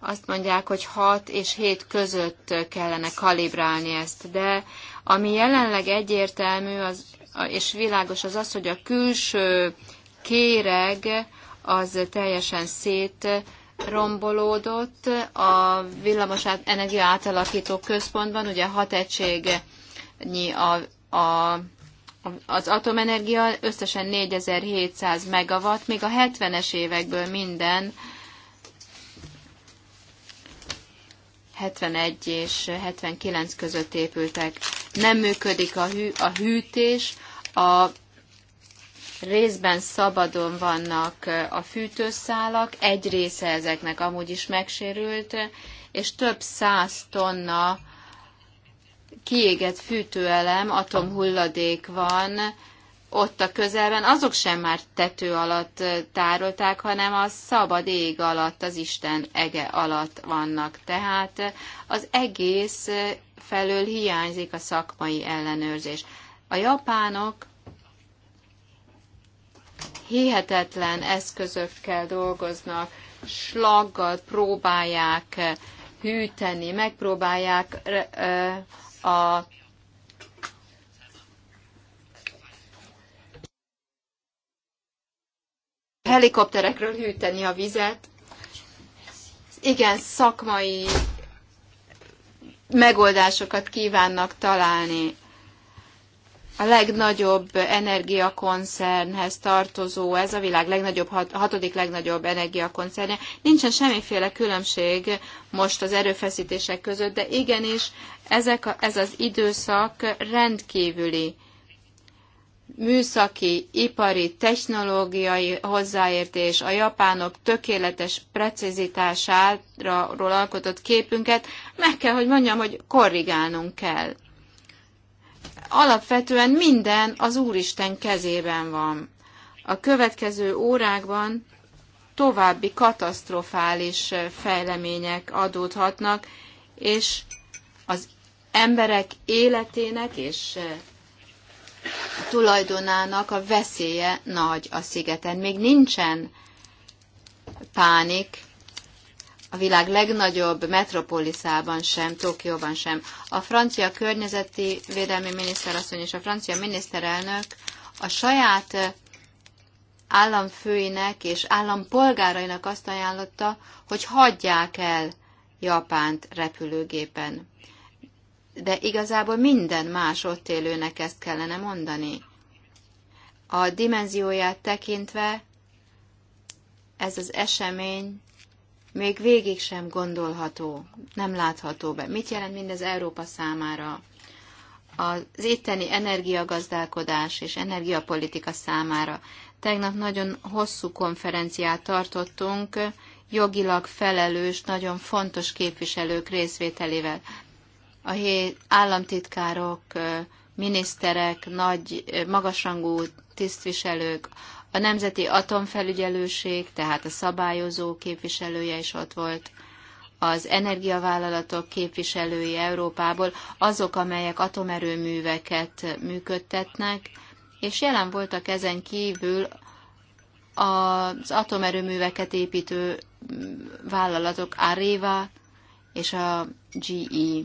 azt mondják, hogy 6 és 7 között kellene kalibrálni ezt, de ami jelenleg egyértelmű az, és világos az az, hogy a külső kéreg az teljesen szét rombolódott a villamos energia átalakító központban, ugye hat egységnyi a, a az atomenergia összesen 4700 megawatt, még a 70-es évekből minden 71 és 79 között épültek. Nem működik a, hű, a hűtés, a részben szabadon vannak a fűtőszálak, egy része ezeknek amúgy is megsérült, és több száz tonna kiégett fűtőelem, atomhulladék van ott a közelben, azok sem már tető alatt tárolták, hanem a szabad ég alatt, az Isten ege alatt vannak. Tehát az egész felől hiányzik a szakmai ellenőrzés. A japánok hihetetlen eszközökkel dolgoznak, slaggal próbálják eh, hűteni, megpróbálják eh, eh, a helikopterekről hűteni a vizet. Igen, szakmai megoldásokat kívánnak találni a legnagyobb energiakoncernhez tartozó, ez a világ legnagyobb, hat, hatodik legnagyobb energiakoncernje. Nincsen semmiféle különbség most az erőfeszítések között, de igenis ezek a, ez az időszak rendkívüli műszaki, ipari, technológiai hozzáértés, a japánok tökéletes precizitásáról alkotott képünket, meg kell, hogy mondjam, hogy korrigálnunk kell alapvetően minden az Úristen kezében van. A következő órákban további katasztrofális fejlemények adódhatnak, és az emberek életének és eh, tulajdonának a veszélye nagy a szigeten. Még nincsen pánik, a világ legnagyobb metropoliszában sem, Tokióban sem. A francia környezeti védelmi miniszterasszony és a francia miniszterelnök a saját eh, államfőinek és állampolgárainak azt ajánlotta, hogy hagyják el Japánt repülőgépen. De igazából minden más ott élőnek ezt kellene mondani. A dimenzióját tekintve ez az esemény még végig sem gondolható, nem látható be. Mit jelent mindez Európa számára? Az itteni energiagazdálkodás és energiapolitika számára. Tegnap nagyon hosszú konferenciát tartottunk, jogilag felelős, nagyon fontos képviselők részvételével. A hét államtitkárok, miniszterek, nagy, magasrangú tisztviselők, a Nemzeti Atomfelügyelőség, tehát a szabályozó képviselője is ott volt, az energiavállalatok képviselői Európából, azok, amelyek atomerőműveket működtetnek, és jelen voltak ezen kívül az atomerőműveket építő vállalatok Areva és a GE.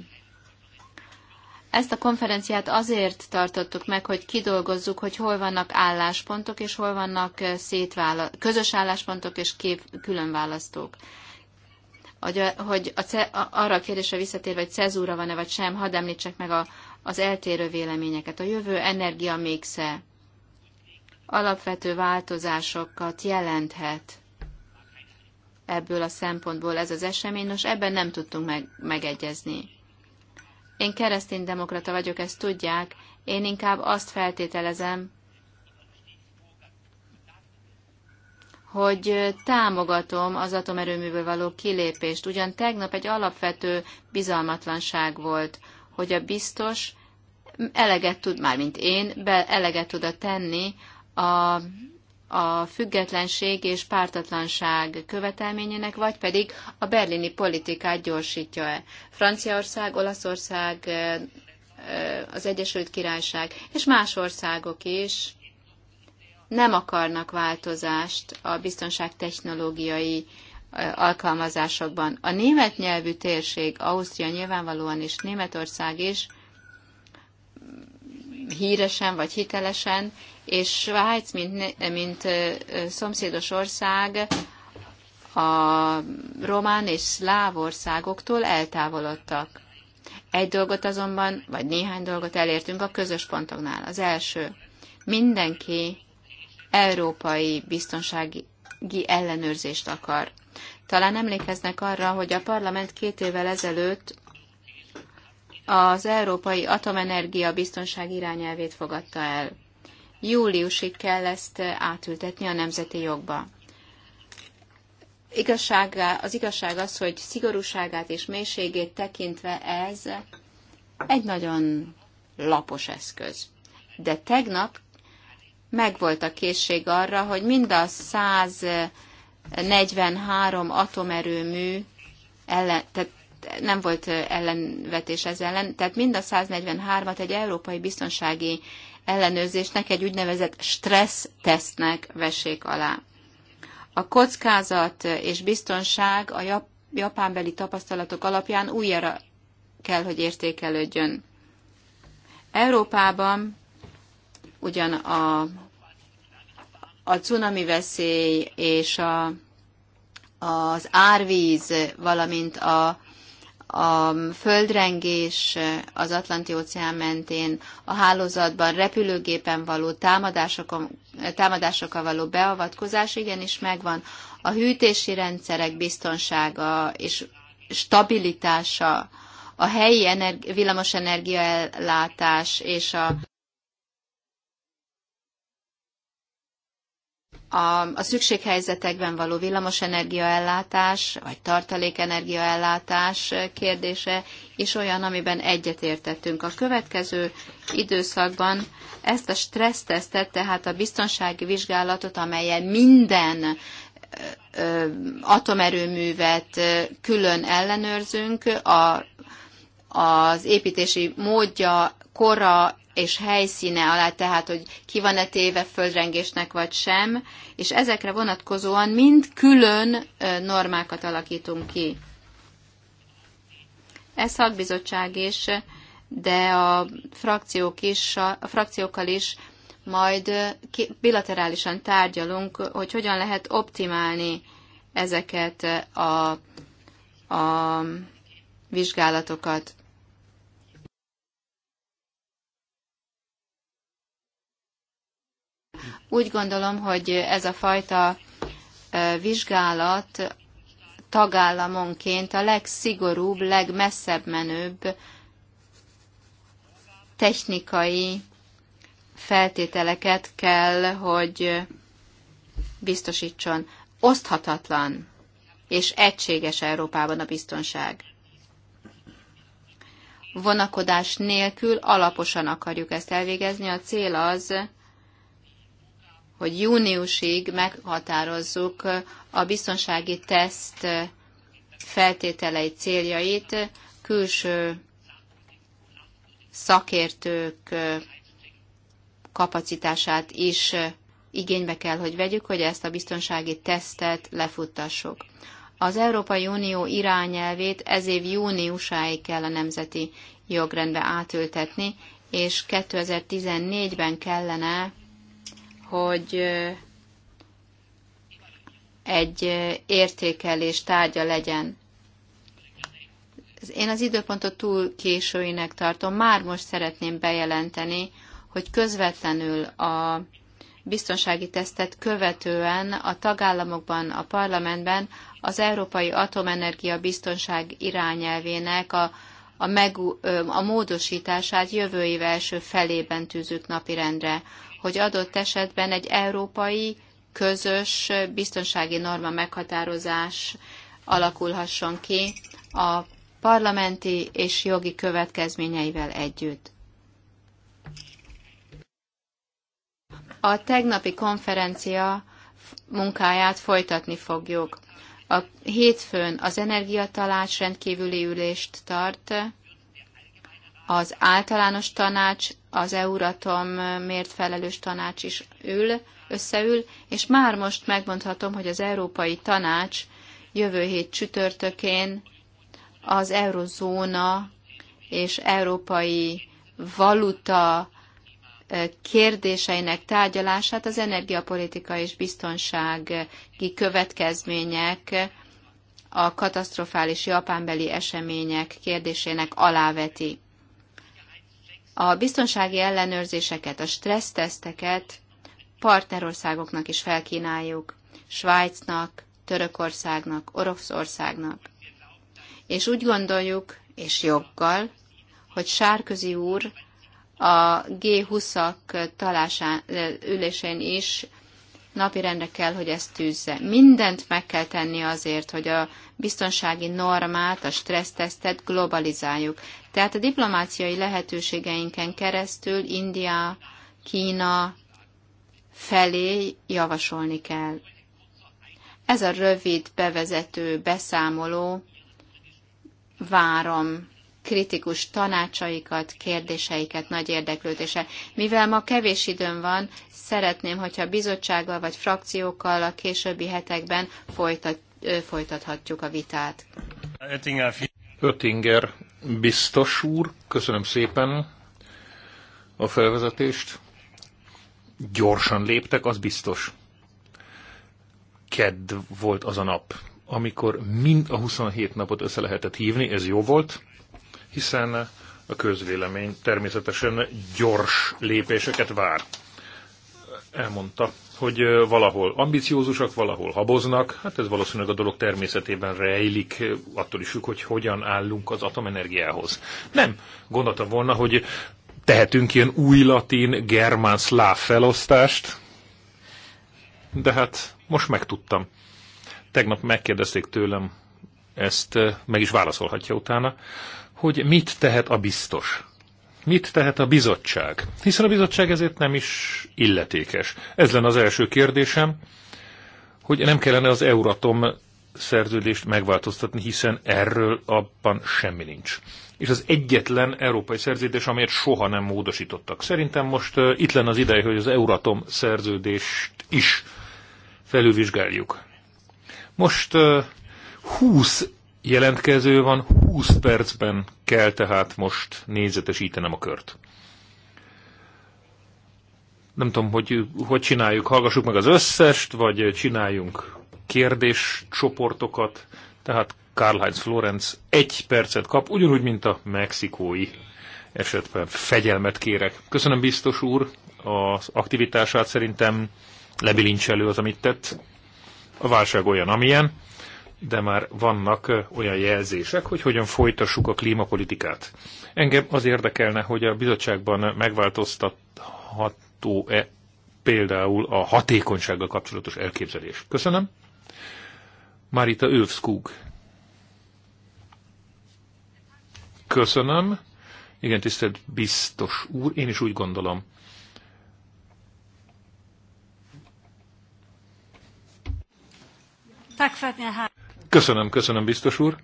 Ezt a konferenciát azért tartottuk meg, hogy kidolgozzuk, hogy hol vannak álláspontok, és hol vannak eh, szétvála- közös álláspontok és kép különválasztók. Hogy, hogy a ce- arra a kérdésre visszatérve, hogy cezúra van-e vagy sem, hadd említsek meg a, az eltérő véleményeket. A jövő energia mégse alapvető változásokat jelenthet ebből a szempontból ez az esemény, nos ebben nem tudtunk meg, megegyezni. Én keresztény demokrata vagyok, ezt tudják. Én inkább azt feltételezem, hogy támogatom az atomerőműből való kilépést. Ugyan tegnap egy alapvető bizalmatlanság volt, hogy a biztos eleget tud, már mint én, be eleget tud a tenni a a függetlenség és pártatlanság követelményének, vagy pedig a berlini politikát gyorsítja-e. Franciaország, Olaszország, az Egyesült Királyság és más országok is nem akarnak változást a biztonság technológiai alkalmazásokban. A német nyelvű térség, Ausztria nyilvánvalóan is, Németország is híresen vagy hitelesen és Svájc, mint, mint szomszédos ország, a román és szláv országoktól eltávolodtak. Egy dolgot azonban, vagy néhány dolgot elértünk a közös pontoknál. Az első, mindenki európai biztonsági ellenőrzést akar. Talán emlékeznek arra, hogy a parlament két évvel ezelőtt az Európai Atomenergia Biztonság irányelvét fogadta el júliusig kell ezt átültetni a nemzeti jogba. Igazsága, az igazság az, hogy szigorúságát és mélységét tekintve ez egy nagyon lapos eszköz. De tegnap megvolt a készség arra, hogy mind a 143 atomerőmű ellen, tehát nem volt ellenvetés ez ellen, tehát mind a 143-at egy európai biztonsági ellenőrzésnek, egy úgynevezett stressz tesztnek vessék alá. A kockázat és biztonság a japánbeli tapasztalatok alapján újra kell, hogy értékelődjön. Európában ugyan a, a cunami veszély és a, az árvíz, valamint a a földrengés az Atlanti-óceán mentén, a hálózatban repülőgépen való támadásokkal való beavatkozás igenis megvan. A hűtési rendszerek biztonsága és stabilitása, a helyi energi- villamosenergia és a a, a szükséghelyzetekben való energiaellátás vagy tartalékenergiaellátás kérdése és olyan, amiben egyetértettünk. A következő időszakban ezt a stressztesztet, tehát a biztonsági vizsgálatot, amelyen minden ö, atomerőművet külön ellenőrzünk, a, az építési módja, kora és helyszíne alá, tehát hogy ki van-e téve földrengésnek vagy sem, és ezekre vonatkozóan mind külön normákat alakítunk ki. Ez szakbizottság is, de a, frakciók is, a frakciókkal is majd bilaterálisan tárgyalunk, hogy hogyan lehet optimálni ezeket a, a vizsgálatokat. Úgy gondolom, hogy ez a fajta vizsgálat tagállamonként a legszigorúbb, legmesszebb menőbb technikai feltételeket kell, hogy biztosítson. Oszthatatlan és egységes Európában a biztonság. Vonakodás nélkül alaposan akarjuk ezt elvégezni. A cél az, hogy júniusig meghatározzuk a biztonsági teszt feltételei céljait külső szakértők kapacitását is igénybe kell, hogy vegyük, hogy ezt a biztonsági tesztet lefuttassuk. Az Európai Unió irányelvét ez év júniusáig kell a nemzeti jogrendbe átültetni, és 2014-ben kellene hogy egy értékelés tárgya legyen. Én az időpontot túl későinek tartom. Már most szeretném bejelenteni, hogy közvetlenül a biztonsági tesztet követően a tagállamokban, a parlamentben az Európai Atomenergia Biztonság irányelvének a, a, megú, a módosítását jövő év első felében tűzük napirendre hogy adott esetben egy európai közös biztonsági norma meghatározás alakulhasson ki a parlamenti és jogi következményeivel együtt. A tegnapi konferencia munkáját folytatni fogjuk. A hétfőn az energiatalács rendkívüli ülést tart, az általános tanács az Euratom mért felelős tanács is ül, összeül, és már most megmondhatom, hogy az Európai Tanács jövő hét csütörtökén az eurozóna és európai valuta kérdéseinek tárgyalását az energiapolitika és biztonsági következmények a katasztrofális japánbeli események kérdésének aláveti a biztonsági ellenőrzéseket, a stresszteszteket partnerországoknak is felkínáljuk, Svájcnak, Törökországnak, Oroszországnak. És úgy gondoljuk, és joggal, hogy Sárközi úr a G20-ak ülésén is napirendre kell, hogy ezt tűzze. Mindent meg kell tenni azért, hogy a biztonsági normát, a stressztesztet globalizáljuk. Tehát a diplomáciai lehetőségeinken keresztül India, Kína felé javasolni kell. Ez a rövid bevezető beszámoló. Várom kritikus tanácsaikat, kérdéseiket nagy érdeklődése. Mivel ma kevés időm van, szeretném, hogyha bizottsággal vagy frakciókkal a későbbi hetekben folytat, folytathatjuk a vitát. Ötinger biztos úr, köszönöm szépen a felvezetést. Gyorsan léptek, az biztos. Kedd volt az a nap, amikor mind a 27 napot össze lehetett hívni, ez jó volt, hiszen a közvélemény természetesen gyors lépéseket vár elmondta, hogy valahol ambiciózusak, valahol haboznak, hát ez valószínűleg a dolog természetében rejlik, attól is függ, hogy hogyan állunk az atomenergiához. Nem gondolta volna, hogy tehetünk ilyen új latin, germán, szláv felosztást, de hát most megtudtam. Tegnap megkérdezték tőlem, ezt meg is válaszolhatja utána, hogy mit tehet a biztos. Mit tehet a bizottság? Hiszen a bizottság ezért nem is illetékes. Ez lenne az első kérdésem, hogy nem kellene az Euratom szerződést megváltoztatni, hiszen erről abban semmi nincs. És az egyetlen európai szerződés, amelyet soha nem módosítottak. Szerintem most uh, itt lenne az ideje, hogy az Euratom szerződést is felülvizsgáljuk. Most uh, 20 jelentkező van, 20 percben kell tehát most négyzetesítenem a kört. Nem tudom, hogy hogy csináljuk, hallgassuk meg az összest, vagy csináljunk kérdéscsoportokat. Tehát Karl-Heinz Florenz egy percet kap, ugyanúgy, mint a mexikói esetben. Fegyelmet kérek. Köszönöm biztos úr az aktivitását, szerintem lebilincselő az, amit tett. A válság olyan, amilyen de már vannak olyan jelzések, hogy hogyan folytassuk a klímapolitikát. Engem az érdekelne, hogy a bizottságban megváltoztatható-e például a hatékonysággal kapcsolatos elképzelés. Köszönöm. Marita Övskug. Köszönöm. Igen, tisztelt biztos úr, én is úgy gondolom. Köszönöm, köszönöm, biztos úr.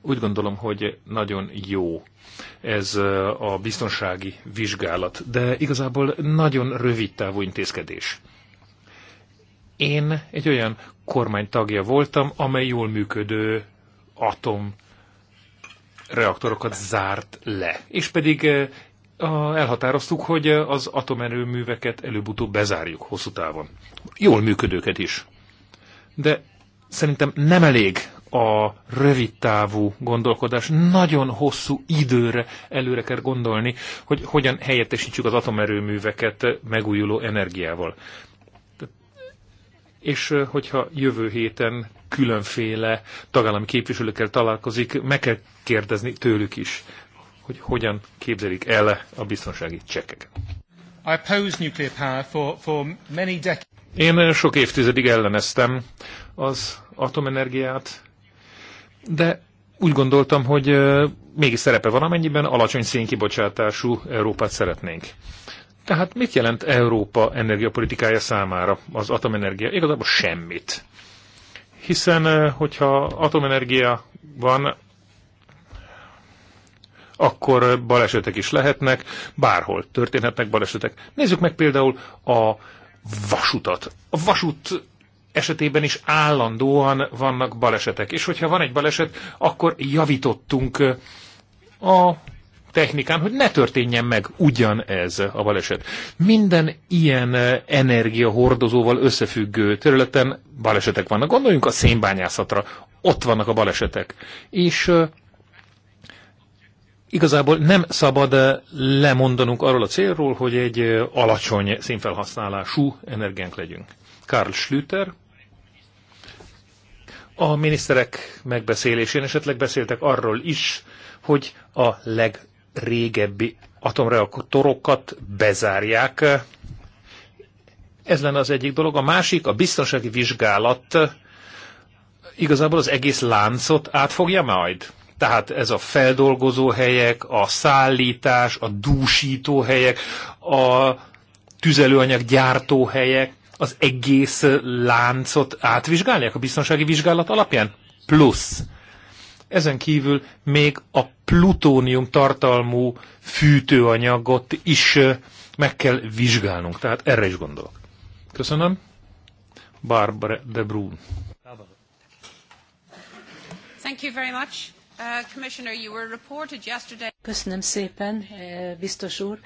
Úgy gondolom, hogy nagyon jó ez a biztonsági vizsgálat, de igazából nagyon rövid távú intézkedés. Én egy olyan kormány tagja voltam, amely jól működő atom reaktorokat zárt le. És pedig eh, elhatároztuk, hogy az atomerőműveket előbb-utóbb bezárjuk hosszú távon. Jól működőket is. De szerintem nem elég a rövidtávú gondolkodás, nagyon hosszú időre előre kell gondolni, hogy hogyan helyettesítsük az atomerőműveket megújuló energiával. És hogyha jövő héten különféle tagállami képviselőkkel találkozik, meg kell kérdezni tőlük is, hogy hogyan képzelik el a biztonsági csekkeket. I oppose nuclear power for, for many decades. Én sok évtizedig elleneztem az atomenergiát, de úgy gondoltam, hogy mégis szerepe van, amennyiben alacsony szénkibocsátású Európát szeretnénk. Tehát mit jelent Európa energiapolitikája számára az atomenergia? Igazából semmit. Hiszen, hogyha atomenergia van, akkor balesetek is lehetnek, bárhol történhetnek balesetek. Nézzük meg például a vasutat. A vasút esetében is állandóan vannak balesetek. És hogyha van egy baleset, akkor javítottunk a technikán, hogy ne történjen meg ugyanez a baleset. Minden ilyen energiahordozóval összefüggő területen balesetek vannak. Gondoljunk a szénbányászatra, ott vannak a balesetek. És igazából nem szabad lemondanunk arról a célról, hogy egy alacsony színfelhasználású energiánk legyünk. Karl Schlüter a miniszterek megbeszélésén esetleg beszéltek arról is, hogy a legrégebbi atomreaktorokat bezárják. Ez lenne az egyik dolog. A másik, a biztonsági vizsgálat igazából az egész láncot átfogja majd. Tehát ez a feldolgozó helyek, a szállítás, a dúsító helyek, a tüzelőanyag gyártó helyek, az egész láncot átvizsgálják a biztonsági vizsgálat alapján? Plusz. Ezen kívül még a plutónium tartalmú fűtőanyagot is meg kell vizsgálnunk. Tehát erre is gondolok. Köszönöm. Barbara de Brun. Thank you very much. Uh, Köszönöm szépen, eh, biztos úr.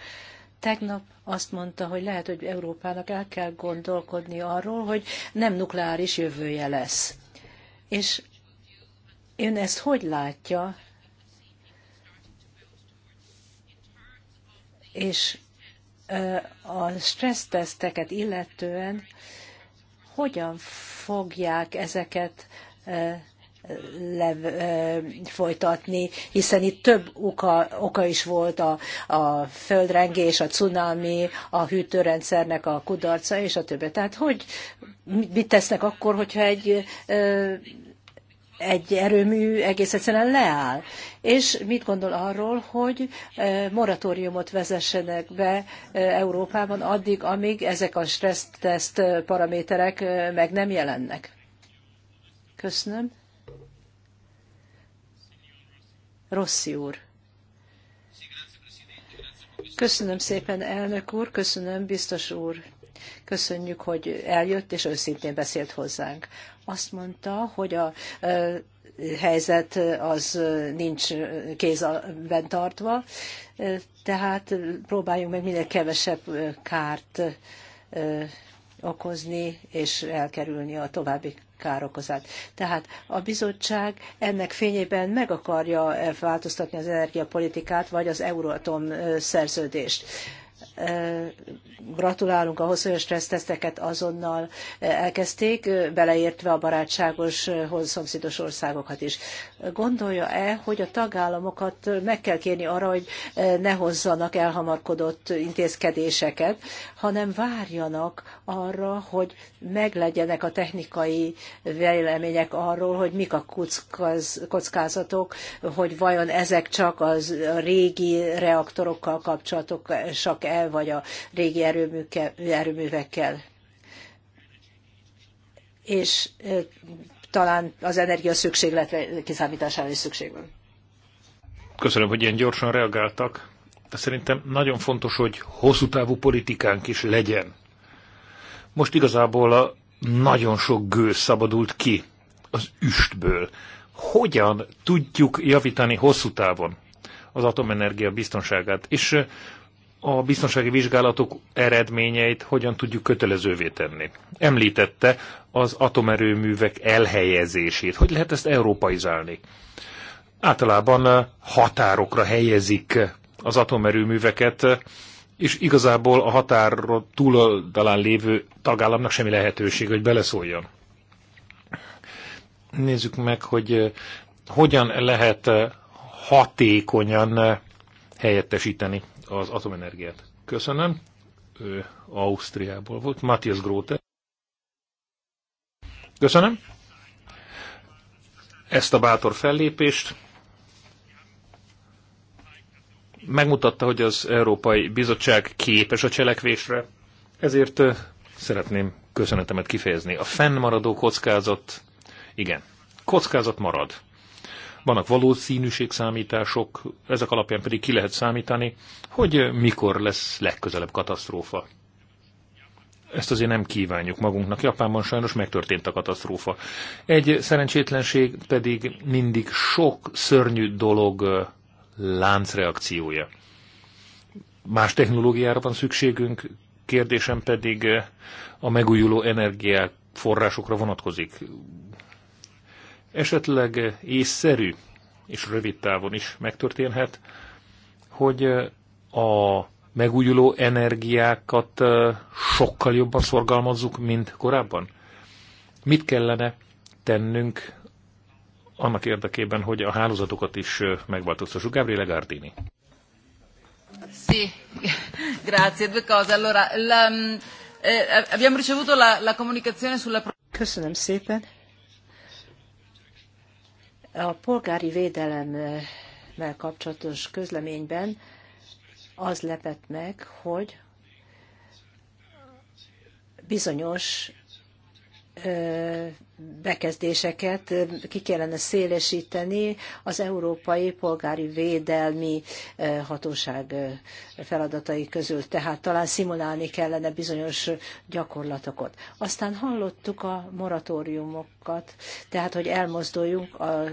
Tegnap azt mondta, hogy lehet, hogy Európának el kell gondolkodni arról, hogy nem nukleáris jövője lesz. És ön ezt hogy látja? És a stresszteszteket illetően hogyan fogják ezeket le, folytatni, hiszen itt több oka, oka is volt a, a földrengés, a cunami, a hűtőrendszernek a kudarca és a többi. Tehát hogy mit tesznek akkor, hogyha egy egy erőmű egész egyszerűen leáll. És mit gondol arról, hogy moratóriumot vezessenek be Európában addig, amíg ezek a stresszteszt paraméterek meg nem jelennek? Köszönöm. Rossi úr. Köszönöm szépen, elnök úr, köszönöm, biztos úr. Köszönjük, hogy eljött és őszintén beszélt hozzánk. Azt mondta, hogy a helyzet az nincs kézben tartva, tehát próbáljunk meg minél kevesebb kárt okozni és elkerülni a további károkozat. Tehát a bizottság ennek fényében meg akarja változtatni az energiapolitikát, vagy az Euratom szerződést. Gratulálunk ahhoz, hogy a stresszteszteket azonnal elkezdték, beleértve a barátságos szomszédos országokat is. Gondolja-e, hogy a tagállamokat meg kell kérni arra, hogy ne hozzanak elhamarkodott intézkedéseket, hanem várjanak arra, hogy meglegyenek a technikai vélemények arról, hogy mik a kockázatok, hogy vajon ezek csak az régi reaktorokkal kapcsolatosak-e, erőművekkel, vagy a régi erőművekkel. És talán az energia szükségletre kiszámítására is szükség van. Köszönöm, hogy ilyen gyorsan reagáltak. De szerintem nagyon fontos, hogy hosszú távú politikánk is legyen. Most igazából a nagyon sok gőz szabadult ki az üstből. Hogyan tudjuk javítani hosszú távon az atomenergia biztonságát? És a biztonsági vizsgálatok eredményeit hogyan tudjuk kötelezővé tenni. Említette az atomerőművek elhelyezését. Hogy lehet ezt európaizálni? Általában eh, határokra helyezik az atomerőműveket, és igazából a határra túloldalán lévő tagállamnak semmi lehetőség, hogy beleszóljon. Nézzük meg, hogy eh, hogyan lehet eh, hatékonyan helyettesíteni az atomenergiát. Köszönöm. Ő Ausztriából volt. Matthias Grote. Köszönöm. Ezt a bátor fellépést megmutatta, hogy az Európai Bizottság képes a cselekvésre, ezért szeretném köszönetemet kifejezni. A fennmaradó kockázat, igen, kockázat marad vannak valószínűségszámítások, ezek alapján pedig ki lehet számítani, hogy mikor lesz legközelebb katasztrófa. Ezt azért nem kívánjuk magunknak. Japánban sajnos megtörtént a katasztrófa. Egy szerencsétlenség pedig mindig sok szörnyű dolog láncreakciója. Más technológiára van szükségünk, kérdésem pedig a megújuló energiák forrásokra vonatkozik esetleg észszerű, és rövid távon is megtörténhet, hogy a megújuló energiákat sokkal jobban szorgalmazzuk, mint korábban? Mit kellene tennünk annak érdekében, hogy a hálózatokat is megváltoztassuk? Gabriele Gardini. Sì, grazie. Due cose. Allora, la, eh, abbiamo ricevuto la, la comunicazione sulla... Köszönöm szépen. A polgári védelemmel kapcsolatos közleményben az lepett meg, hogy bizonyos bekezdéseket ki kellene szélesíteni az Európai Polgári Védelmi Hatóság feladatai közül, tehát talán szimulálni kellene bizonyos gyakorlatokat. Aztán hallottuk a moratóriumokat, tehát hogy elmozduljunk a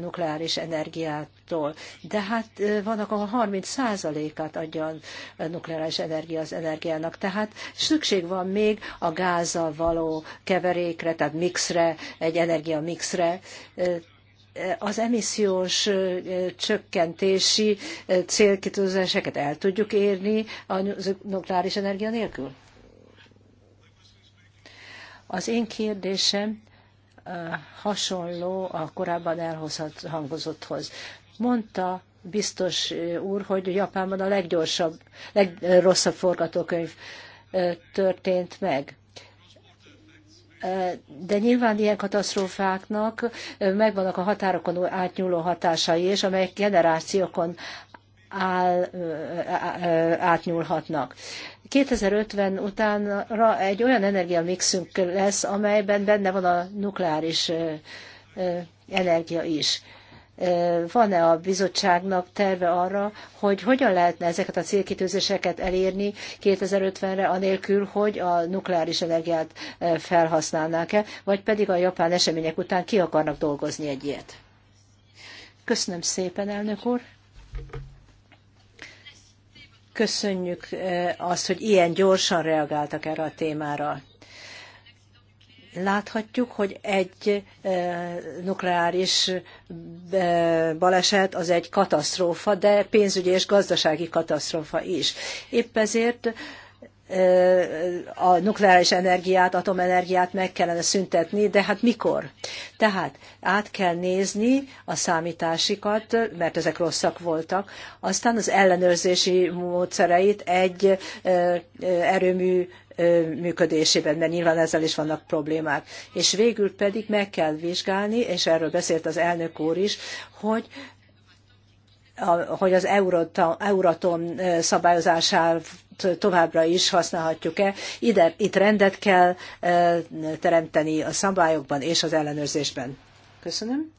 nukleáris energiától. De hát vannak, ahol 30 százalékát adja a nukleáris energia az energiának, tehát szükség van még a gázzal való keverékre, tehát mixre, egy energiamixre, az emissziós csökkentési célkitűzéseket el tudjuk érni a nukleáris energia nélkül? Az én kérdésem hasonló a korábban elhozott hangozotthoz. Mondta biztos úr, hogy Japánban a leggyorsabb, legrosszabb forgatókönyv történt meg. De nyilván ilyen katasztrófáknak megvannak a határokon átnyúló hatásai, és amelyek generációkon áll, átnyúlhatnak. 2050 utánra egy olyan energiamixünk lesz, amelyben benne van a nukleáris energia is van-e a bizottságnak terve arra, hogy hogyan lehetne ezeket a célkitűzéseket elérni 2050-re, anélkül, hogy a nukleáris energiát e, felhasználnák-e, vagy pedig a japán események után ki akarnak dolgozni egy ilyet. Köszönöm szépen, elnök úr! Köszönjük e, azt, hogy ilyen gyorsan reagáltak erre a témára. Láthatjuk, hogy egy e, nukleáris e, baleset az egy katasztrófa, de pénzügyi és gazdasági katasztrófa is. Épp ezért e, a nukleáris energiát, atomenergiát meg kellene szüntetni, de hát mikor? Tehát át kell nézni a számításikat, mert ezek rosszak voltak, aztán az ellenőrzési módszereit egy erőmű működésében, mert nyilván ezzel is vannak problémák. És végül pedig meg kell vizsgálni, és erről beszélt az elnök úr is, hogy hogy az Euratom szabályozását továbbra is használhatjuk-e. Ide, itt rendet kell teremteni a szabályokban és az ellenőrzésben. Köszönöm.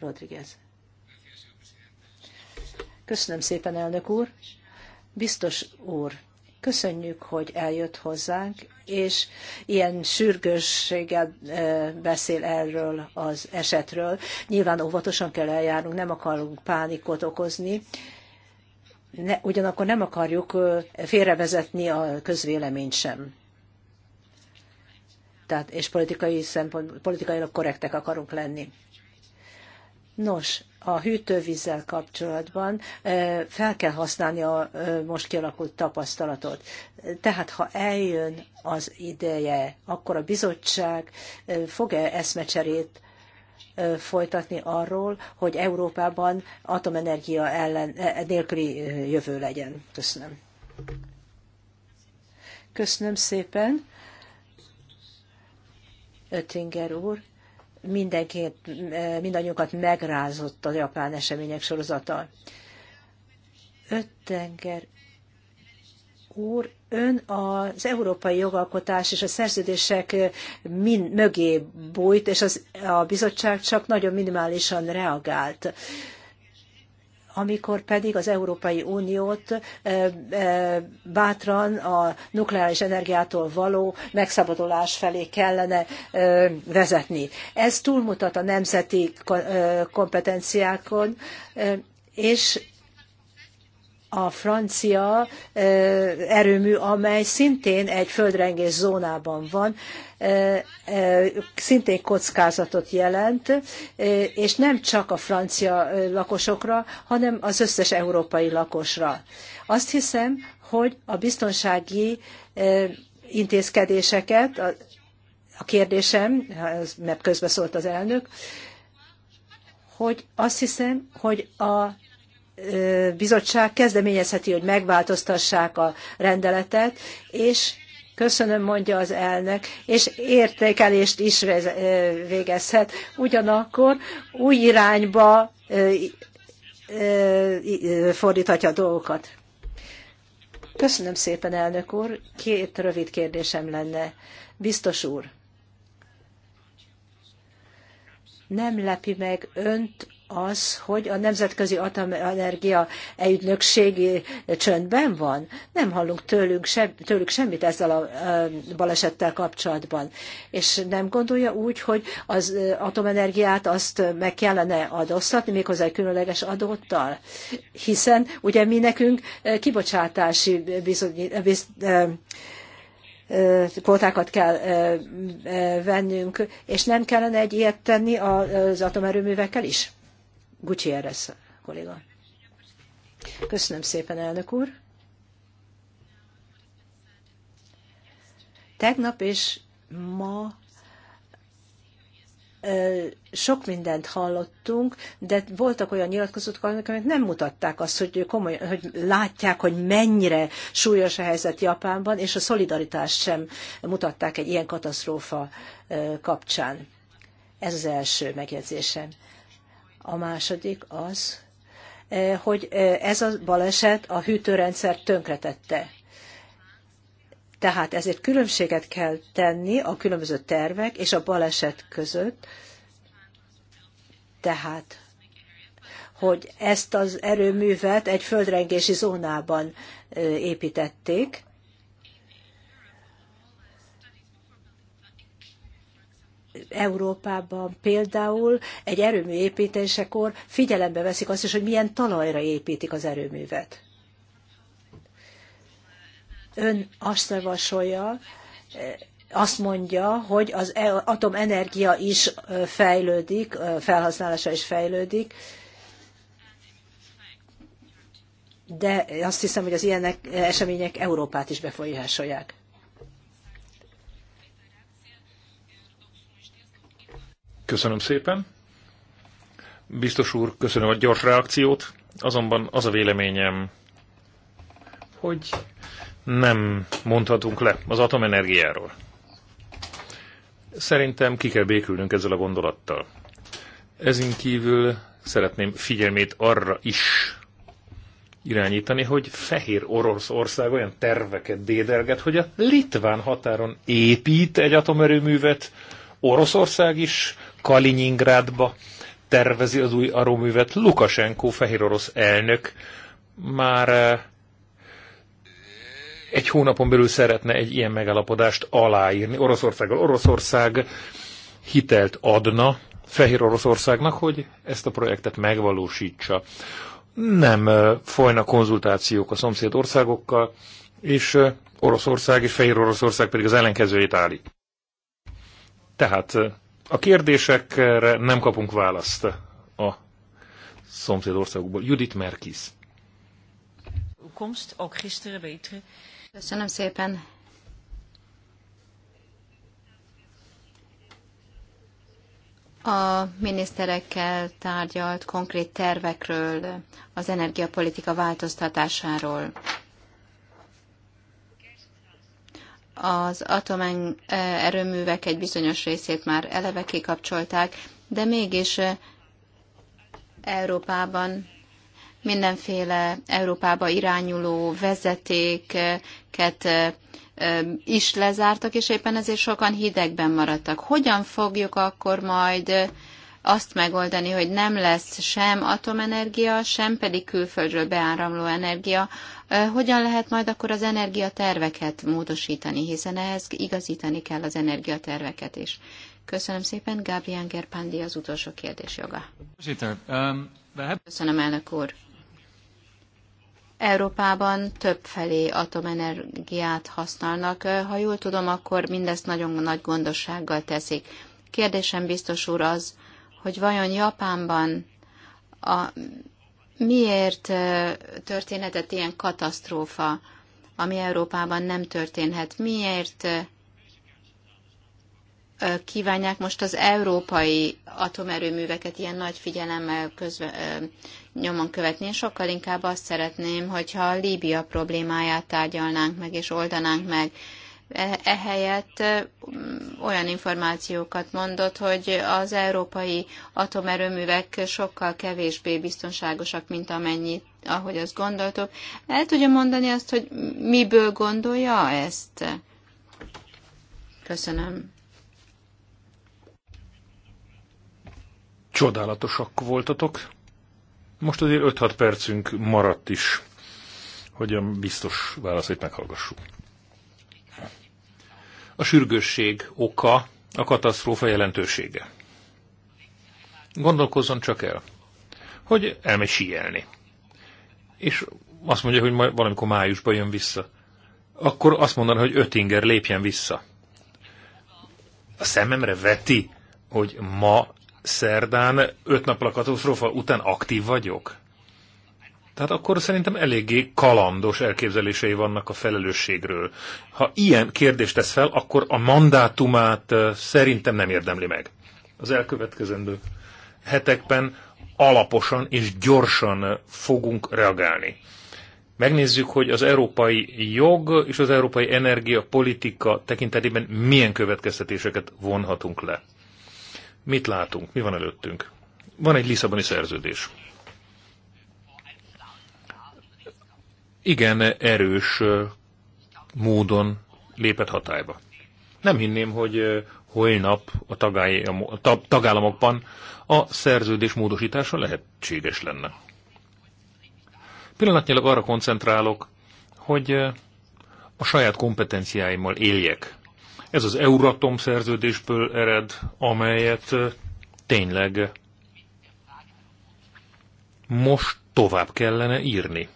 Rodriguez. Köszönöm szépen, elnök úr. Biztos úr, köszönjük, hogy eljött hozzánk, és ilyen sürgősséggel e, beszél erről az esetről. Nyilván óvatosan kell eljárnunk, nem akarunk pánikot okozni, ne, ugyanakkor nem akarjuk e, félrevezetni a közvéleményt sem. Tehát, és politikai szempont, politikailag korrektek akarunk lenni. Nos, a hűtővízzel kapcsolatban fel kell használni a most kialakult tapasztalatot. Tehát ha eljön az ideje, akkor a bizottság fog-e eszmecserét folytatni arról, hogy Európában atomenergia ellen, e, e, nélküli jövő legyen. Köszönöm. Köszönöm szépen. Öttinger úr mindenkit, mindannyiunkat megrázott a japán események sorozata. Öttenger úr, ön az európai jogalkotás és a szerződések min, mögé bújt, és az, a bizottság csak nagyon minimálisan reagált. Ö, amikor pedig az Európai Uniót bátran a nukleáris energiától való megszabadulás felé kellene vezetni. Ez túlmutat a nemzeti kompetenciákon, és a francia erőmű, amely szintén egy földrengés zónában van, szintén kockázatot jelent, és nem csak a francia lakosokra, hanem az összes európai lakosra. Azt hiszem, hogy a biztonsági intézkedéseket, a kérdésem, mert közbeszólt az elnök, hogy azt hiszem, hogy a bizottság kezdeményezheti, hogy megváltoztassák a rendeletet, és köszönöm, mondja az elnök, és értékelést is végezhet. Ugyanakkor új irányba fordíthatja a dolgokat. Köszönöm szépen, elnök úr. Két rövid kérdésem lenne. Biztos úr, nem lepi meg önt az, hogy a Nemzetközi Atomenergia Együgynökség csöndben van. Nem hallunk tőlünk se, tőlük semmit ezzel a balesettel kapcsolatban. És nem gondolja úgy, hogy az atomenergiát azt meg kellene adóztatni, méghozzá egy különleges adóttal. Hiszen ugye mi nekünk kibocsátási bizonyít, biz, kvótákat kell vennünk, és nem kellene egy ilyet tenni az atomerőművekkel is? Gutierrez kolléga. Köszönöm szépen, elnök úr. Tegnap és ma sok mindent hallottunk, de voltak olyan nyilatkozatok, amelyek nem mutatták azt, hogy, komoly, hogy látják, hogy mennyire súlyos a helyzet Japánban, és a szolidaritást sem mutatták egy ilyen katasztrófa kapcsán. Ez az első megjegyzésem. A második az, e, hogy e, ez a baleset a hűtőrendszer tönkretette. Tehát ezért különbséget kell tenni a különböző tervek és a baleset között. Tehát, hogy ezt az erőművet egy földrengési zónában e, építették, Európában például egy erőmű építésekor figyelembe veszik azt is, hogy milyen talajra építik az erőművet. Ön azt javasolja, azt mondja, hogy az e- atomenergia is fejlődik, felhasználása is fejlődik, de azt hiszem, hogy az ilyenek események Európát is befolyásolják. Köszönöm szépen. Biztos úr, köszönöm a gyors reakciót. Azonban az a véleményem, hogy nem mondhatunk le az atomenergiáról. Szerintem ki kell békülnünk ezzel a gondolattal. Ezen kívül szeretném figyelmét arra is irányítani, hogy Fehér Oroszország olyan terveket dédelget, hogy a litván határon épít egy atomerőművet, Oroszország is Kaliningrádba tervezi az új aroművet. Lukasenko, fehér orosz elnök már eh, egy hónapon belül szeretne egy ilyen megalapodást aláírni Oroszországgal. Oroszország hitelt adna Fehér Oroszországnak, hogy ezt a projektet megvalósítsa. Nem eh, folynak konzultációk a szomszéd országokkal, és eh, Oroszország és Fehér Oroszország pedig az ellenkezőjét állít. Tehát a kérdésekre nem kapunk választ a szomszédországokból. Judith Merkis. Köszönöm szépen. A miniszterekkel tárgyalt konkrét tervekről, az energiapolitika változtatásáról. az atomerőművek eh, egy bizonyos részét már eleve kikapcsolták, de mégis eh, Európában mindenféle Európába irányuló vezetéket eh, is lezártak, és éppen ezért sokan hidegben maradtak. Hogyan fogjuk akkor majd azt megoldani, hogy nem lesz sem atomenergia, sem pedig külföldről beáramló energia, hogyan lehet majd akkor az energiaterveket módosítani, hiszen ehhez igazítani kell az energiaterveket is. Köszönöm szépen, Gabriel Gerpándi az utolsó kérdés joga. Um, Köszönöm, elnök úr. Európában felé atomenergiát használnak. Ha jól tudom, akkor mindezt nagyon nagy gondossággal teszik. Kérdésem biztos úr az, hogy vajon Japánban a, miért történhetett ilyen katasztrófa, ami Európában nem történhet? Miért kívánják most az európai atomerőműveket ilyen nagy figyelemmel közve, nyomon követni? Én sokkal inkább azt szeretném, hogyha a Líbia problémáját tárgyalnánk meg és oldanánk meg E, ehelyett olyan információkat mondott, hogy az európai atomerőművek sokkal kevésbé biztonságosak, mint amennyit, ahogy azt gondoltuk. El tudja mondani azt, hogy miből gondolja ezt? Köszönöm. Csodálatosak voltatok. Most azért 5-6 percünk maradt is, hogy a biztos válaszait meghallgassuk a sürgősség oka, a katasztrófa jelentősége. Gondolkozzon csak el, hogy elmegy síelni. És azt mondja, hogy majd valamikor májusban jön vissza. Akkor azt mondaná, hogy Ötinger lépjen vissza. A szememre veti, hogy ma szerdán öt nappal a katasztrófa után aktív vagyok? Tehát akkor szerintem eléggé kalandos elképzelései vannak a felelősségről. Ha ilyen kérdést tesz fel, akkor a mandátumát szerintem nem érdemli meg. Az elkövetkezendő hetekben alaposan és gyorsan fogunk reagálni. Megnézzük, hogy az európai jog és az európai energiapolitika tekintetében milyen következtetéseket vonhatunk le. Mit látunk? Mi van előttünk? Van egy Lisszaboni szerződés. igen erős módon lépett hatályba. Nem hinném, hogy holnap a tagállamokban a szerződés módosítása lehetséges lenne. Pillanatnyilag arra koncentrálok, hogy a saját kompetenciáimmal éljek. Ez az Euratom szerződésből ered, amelyet tényleg most tovább kellene írni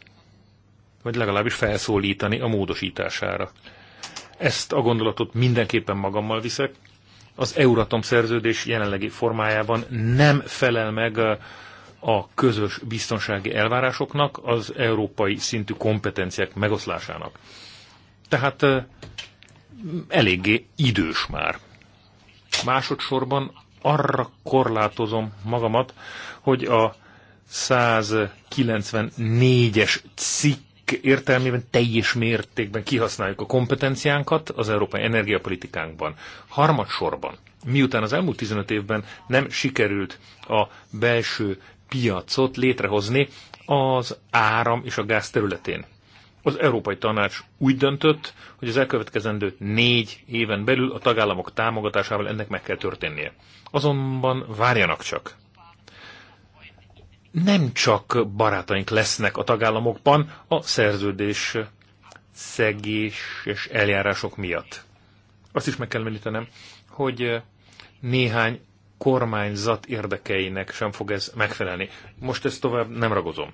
vagy legalábbis felszólítani a módosítására. Ezt a gondolatot mindenképpen magammal viszek. Az Euratom szerződés jelenlegi formájában nem felel meg a közös biztonsági elvárásoknak, az európai szintű kompetenciák megoszlásának. Tehát eléggé idős már. Másodszorban arra korlátozom magamat, hogy a 194-es cikk értelmében teljes mértékben kihasználjuk a kompetenciánkat az európai energiapolitikánkban. Harmadsorban, miután az elmúlt 15 évben nem sikerült a belső piacot létrehozni az áram és a gáz területén. Az Európai Tanács úgy döntött, hogy az elkövetkezendő négy éven belül a tagállamok támogatásával ennek meg kell történnie. Azonban várjanak csak nem csak barátaink lesznek a tagállamokban a szerződés szegéses eljárások miatt. Azt is meg kell említenem, hogy eh, néhány kormányzat érdekeinek sem fog ez megfelelni. Most ezt tovább nem ragozom.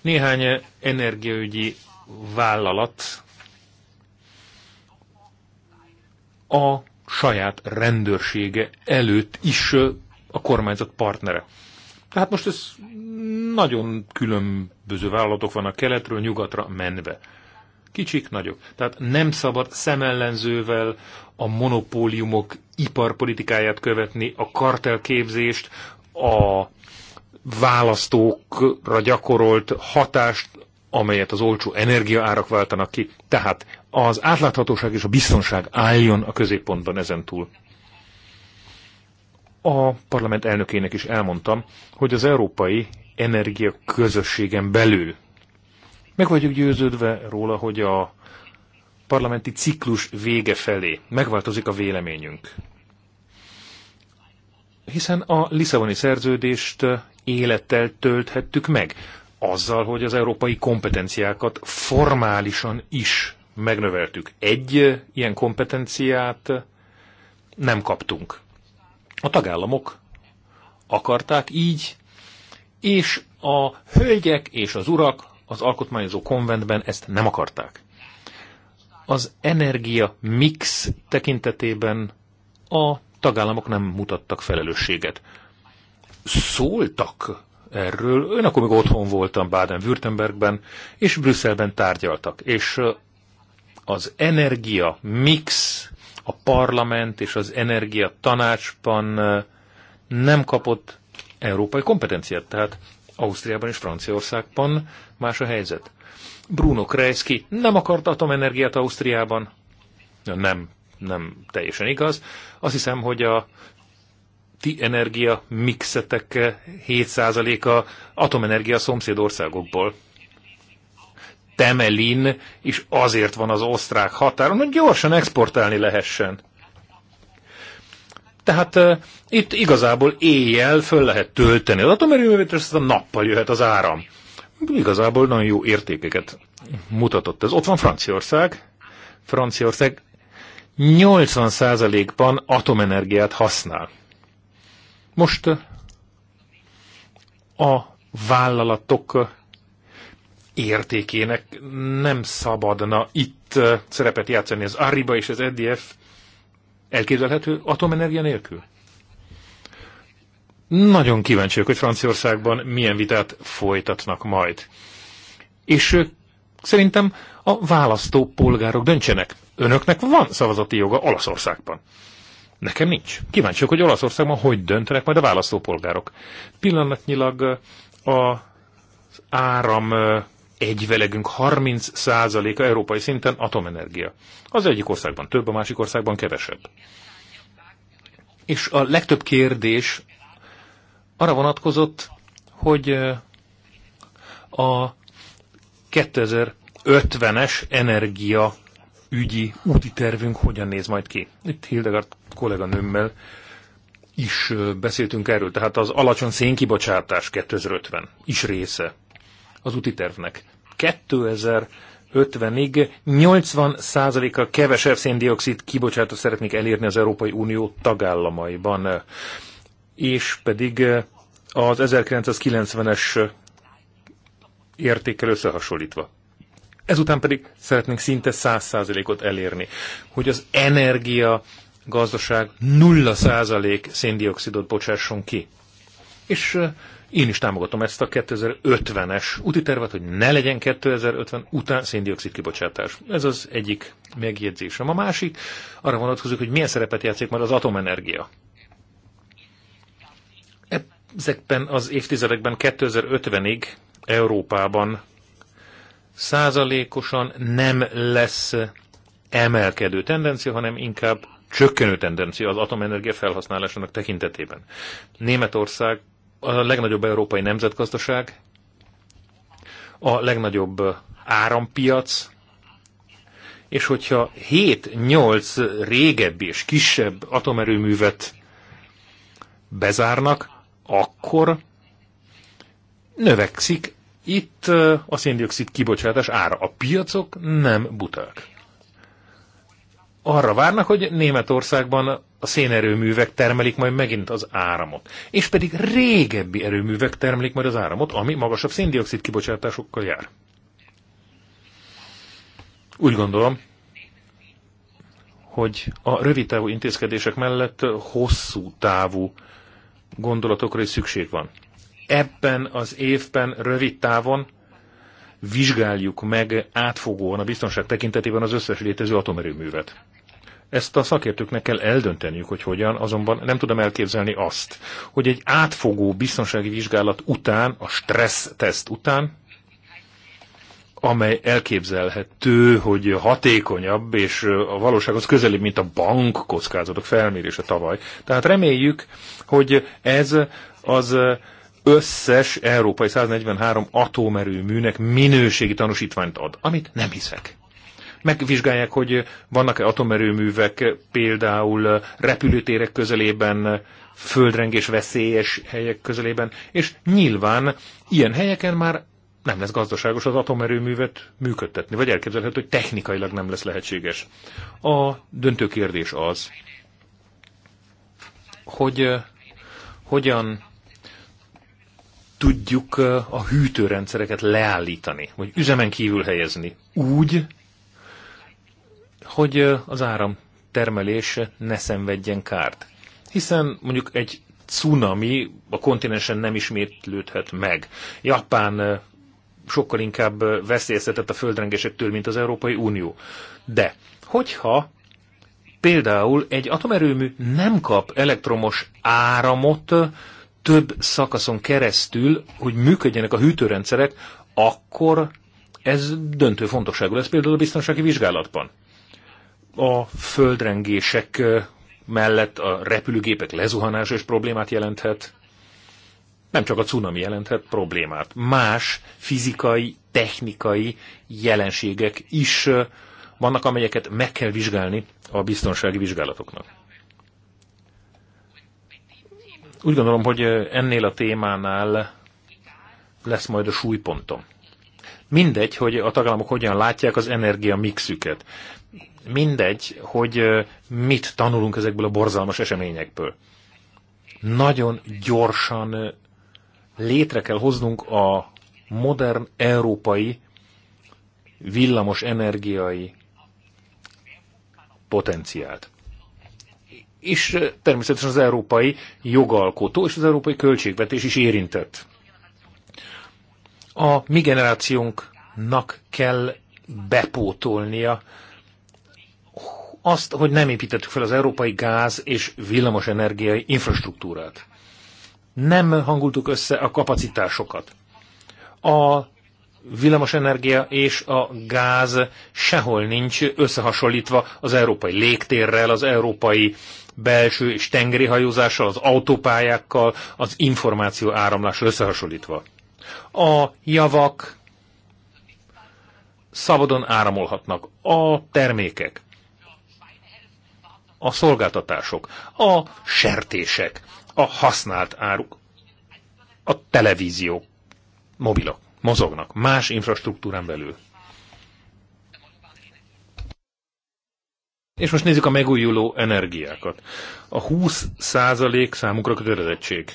Néhány eh, energiaügyi vállalat a saját rendőrsége előtt is eh, a kormányzat partnere. Tehát most ez nagyon különböző vállalatok vannak keletről nyugatra menve. Kicsik, nagyok. Tehát nem szabad szemellenzővel a monopóliumok iparpolitikáját követni, a kartelképzést, a választókra gyakorolt hatást, amelyet az olcsó energiaárak váltanak ki. Tehát az átláthatóság és a biztonság álljon a középpontban ezen túl. A parlament elnökének is elmondtam, hogy az európai energia közösségen belül. Meg vagyok győződve róla, hogy a parlamenti ciklus vége felé megváltozik a véleményünk. Hiszen a Lisszaboni szerződést élettel tölthettük meg, azzal, hogy az európai kompetenciákat formálisan is megnöveltük. Egy ilyen kompetenciát nem kaptunk. A tagállamok akarták, így és a hölgyek és az urak az alkotmányozó konventben ezt nem akarták. Az energia mix tekintetében a tagállamok nem mutattak felelősséget. Szóltak erről, én akkor még otthon voltam Baden-Württembergben, és Brüsszelben tárgyaltak, és az energia mix a parlament és az energia tanácsban nem kapott európai kompetenciát, tehát Ausztriában és Franciaországban más a helyzet. Bruno Kreisky nem akart atomenergiát Ausztriában. Nem, nem teljesen igaz. Azt hiszem, hogy a ti energia mixetek 7%-a atomenergia szomszédországokból. Temelin is azért van az osztrák határon, hogy gyorsan exportálni lehessen. Tehát uh, itt igazából éjjel föl lehet tölteni az atomerőművet, és aztán nappal jöhet az áram. Igazából nagyon jó értékeket mutatott ez. Ott van Franciaország. Franciaország 80%-ban atomenergiát használ. Most a vállalatok értékének nem szabadna itt szerepet játszani. Az Arriba és az EDF Elképzelhető atomenergia nélkül? Nagyon kíváncsiak, hogy Franciaországban milyen vitát folytatnak majd. És szerintem a választó polgárok döntsenek. Önöknek van szavazati joga Olaszországban. Nekem nincs. Kíváncsiak, hogy Olaszországban hogy döntenek majd a választópolgárok. Pillanatnyilag a áram egyvelegünk 30%-a európai szinten atomenergia. Az egyik országban több, a másik országban kevesebb. És a legtöbb kérdés arra vonatkozott, hogy eh, a 2050-es energia ügyi úti tervünk hogyan néz majd ki. Itt Hildegard kolléganőmmel is eh, beszéltünk erről, tehát az alacsony szénkibocsátás 2050 is része az úti tervnek. 2050-ig 80%-kal kevesebb széndiokszid kibocsátot szeretnék elérni az Európai Unió tagállamaiban, és pedig eh, az 1990-es értékkel összehasonlítva. Ezután pedig szeretnénk szinte 100%-ot elérni, hogy az energia gazdaság 0% széndiokszidot bocsásson ki. És eh, én is támogatom ezt a 2050-es úti tervet, hogy ne legyen 2050 után széndiokszid kibocsátás. Ez az egyik megjegyzésem. A másik arra vonatkozik, hogy milyen szerepet játszik majd az atomenergia. Ezekben az évtizedekben 2050-ig Európában százalékosan nem lesz emelkedő tendencia, hanem inkább csökkenő tendencia az atomenergia felhasználásának tekintetében. Németország a legnagyobb európai nemzetgazdaság, a legnagyobb árampiac, és hogyha 7-8 régebbi és kisebb atomerőművet bezárnak, akkor növekszik itt a széndiokszid kibocsátás ára. A piacok nem buták. Arra várnak, hogy Németországban a szénerőművek termelik majd megint az áramot. És pedig régebbi erőművek termelik majd az áramot, ami magasabb széndiokszid kibocsátásokkal jár. Úgy gondolom, hogy a rövid távú intézkedések mellett hosszú távú gondolatokra is szükség van. Ebben az évben rövid távon vizsgáljuk meg átfogóan a biztonság tekintetében az összes létező atomerőművet. Ezt a szakértőknek kell eldönteniük, hogy hogyan, azonban nem tudom elképzelni azt, hogy egy átfogó biztonsági vizsgálat után, a stressz teszt után, amely elképzelhető, hogy hatékonyabb és a valósághoz közelibb, mint a bank kockázatok felmérése tavaly. Tehát reméljük, hogy ez az összes európai 143 atomerőműnek minőségi tanúsítványt ad, amit nem hiszek megvizsgálják, hogy vannak-e atomerőművek például repülőtérek közelében, földrengés veszélyes helyek közelében, és nyilván ilyen helyeken már nem lesz gazdaságos az atomerőművet működtetni, vagy elképzelhető, hogy technikailag nem lesz lehetséges. A döntő kérdés az, hogy eh, hogyan tudjuk eh, a hűtőrendszereket leállítani, vagy üzemen kívül helyezni úgy, hogy az áram termelés ne szenvedjen kárt. Hiszen mondjuk egy cunami a kontinensen nem ismétlődhet meg. Japán sokkal inkább veszélyeztetett a földrengésektől, mint az Európai Unió. De hogyha például egy atomerőmű nem kap elektromos áramot több szakaszon keresztül, hogy működjenek a hűtőrendszerek, akkor ez döntő fontosságú lesz például a biztonsági vizsgálatban a földrengések mellett a repülőgépek lezuhanása is problémát jelenthet. Nem csak a cunami jelenthet problémát. Más fizikai, technikai jelenségek is vannak, amelyeket meg kell vizsgálni a biztonsági vizsgálatoknak. Úgy gondolom, hogy ennél a témánál lesz majd a súlypontom. Mindegy, hogy a tagállamok hogyan látják az energia mixüket mindegy, hogy mit tanulunk ezekből a borzalmas eseményekből. Nagyon gyorsan létre kell hoznunk a modern európai villamos energiai potenciált. És természetesen az európai jogalkotó és az európai költségvetés is érintett. A mi generációnknak kell bepótolnia azt, hogy nem építettük fel az európai gáz és energiai infrastruktúrát. Nem hangultuk össze a kapacitásokat. A villamosenergia és a gáz sehol nincs összehasonlítva az európai légtérrel, az európai belső és tengeri hajózással, az autópályákkal, az információ áramlással összehasonlítva. A javak szabadon áramolhatnak, a termékek a szolgáltatások, a sertések, a használt áruk, a televízió, mobilok mozognak más infrastruktúrán belül. És most nézzük a megújuló energiákat. A 20 százalék számukra kötelezettség.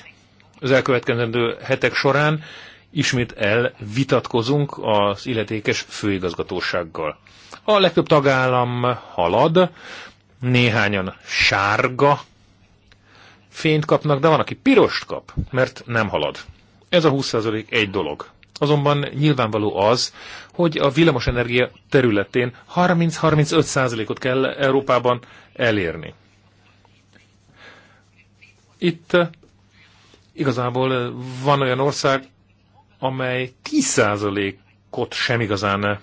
Az elkövetkezendő hetek során ismét elvitatkozunk az illetékes főigazgatósággal. A legtöbb tagállam halad, néhányan sárga fényt kapnak, de van, aki pirost kap, mert nem halad. Ez a 20% egy dolog. Azonban nyilvánvaló az, hogy a villamosenergia területén 30-35%-ot kell Európában elérni. Itt eh, igazából eh, van olyan ország, amely 10%-ot sem igazán eh,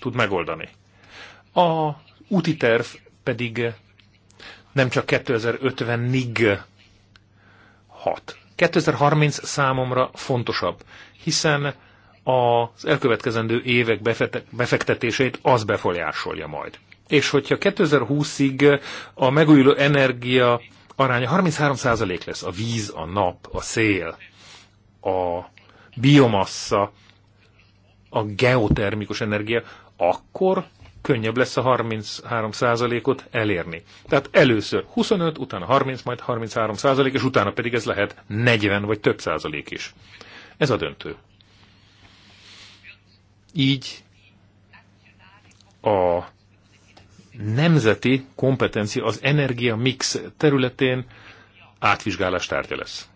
tud megoldani. A úti terv pedig nem csak 2050-ig hat. 2030 számomra fontosabb, hiszen az elkövetkezendő évek befektetéseit az befolyásolja majd. És hogyha 2020-ig a megújuló energia aránya 33% lesz, a víz, a nap, a szél, a biomassa, a geotermikus energia, akkor könnyebb lesz a 33 százalékot elérni. Tehát először 25, utána 30, majd 33 százalék, és utána pedig ez lehet 40 vagy több százalék is. Ez a döntő. Így a nemzeti kompetencia az energia mix területén átvizsgálás tárgya lesz.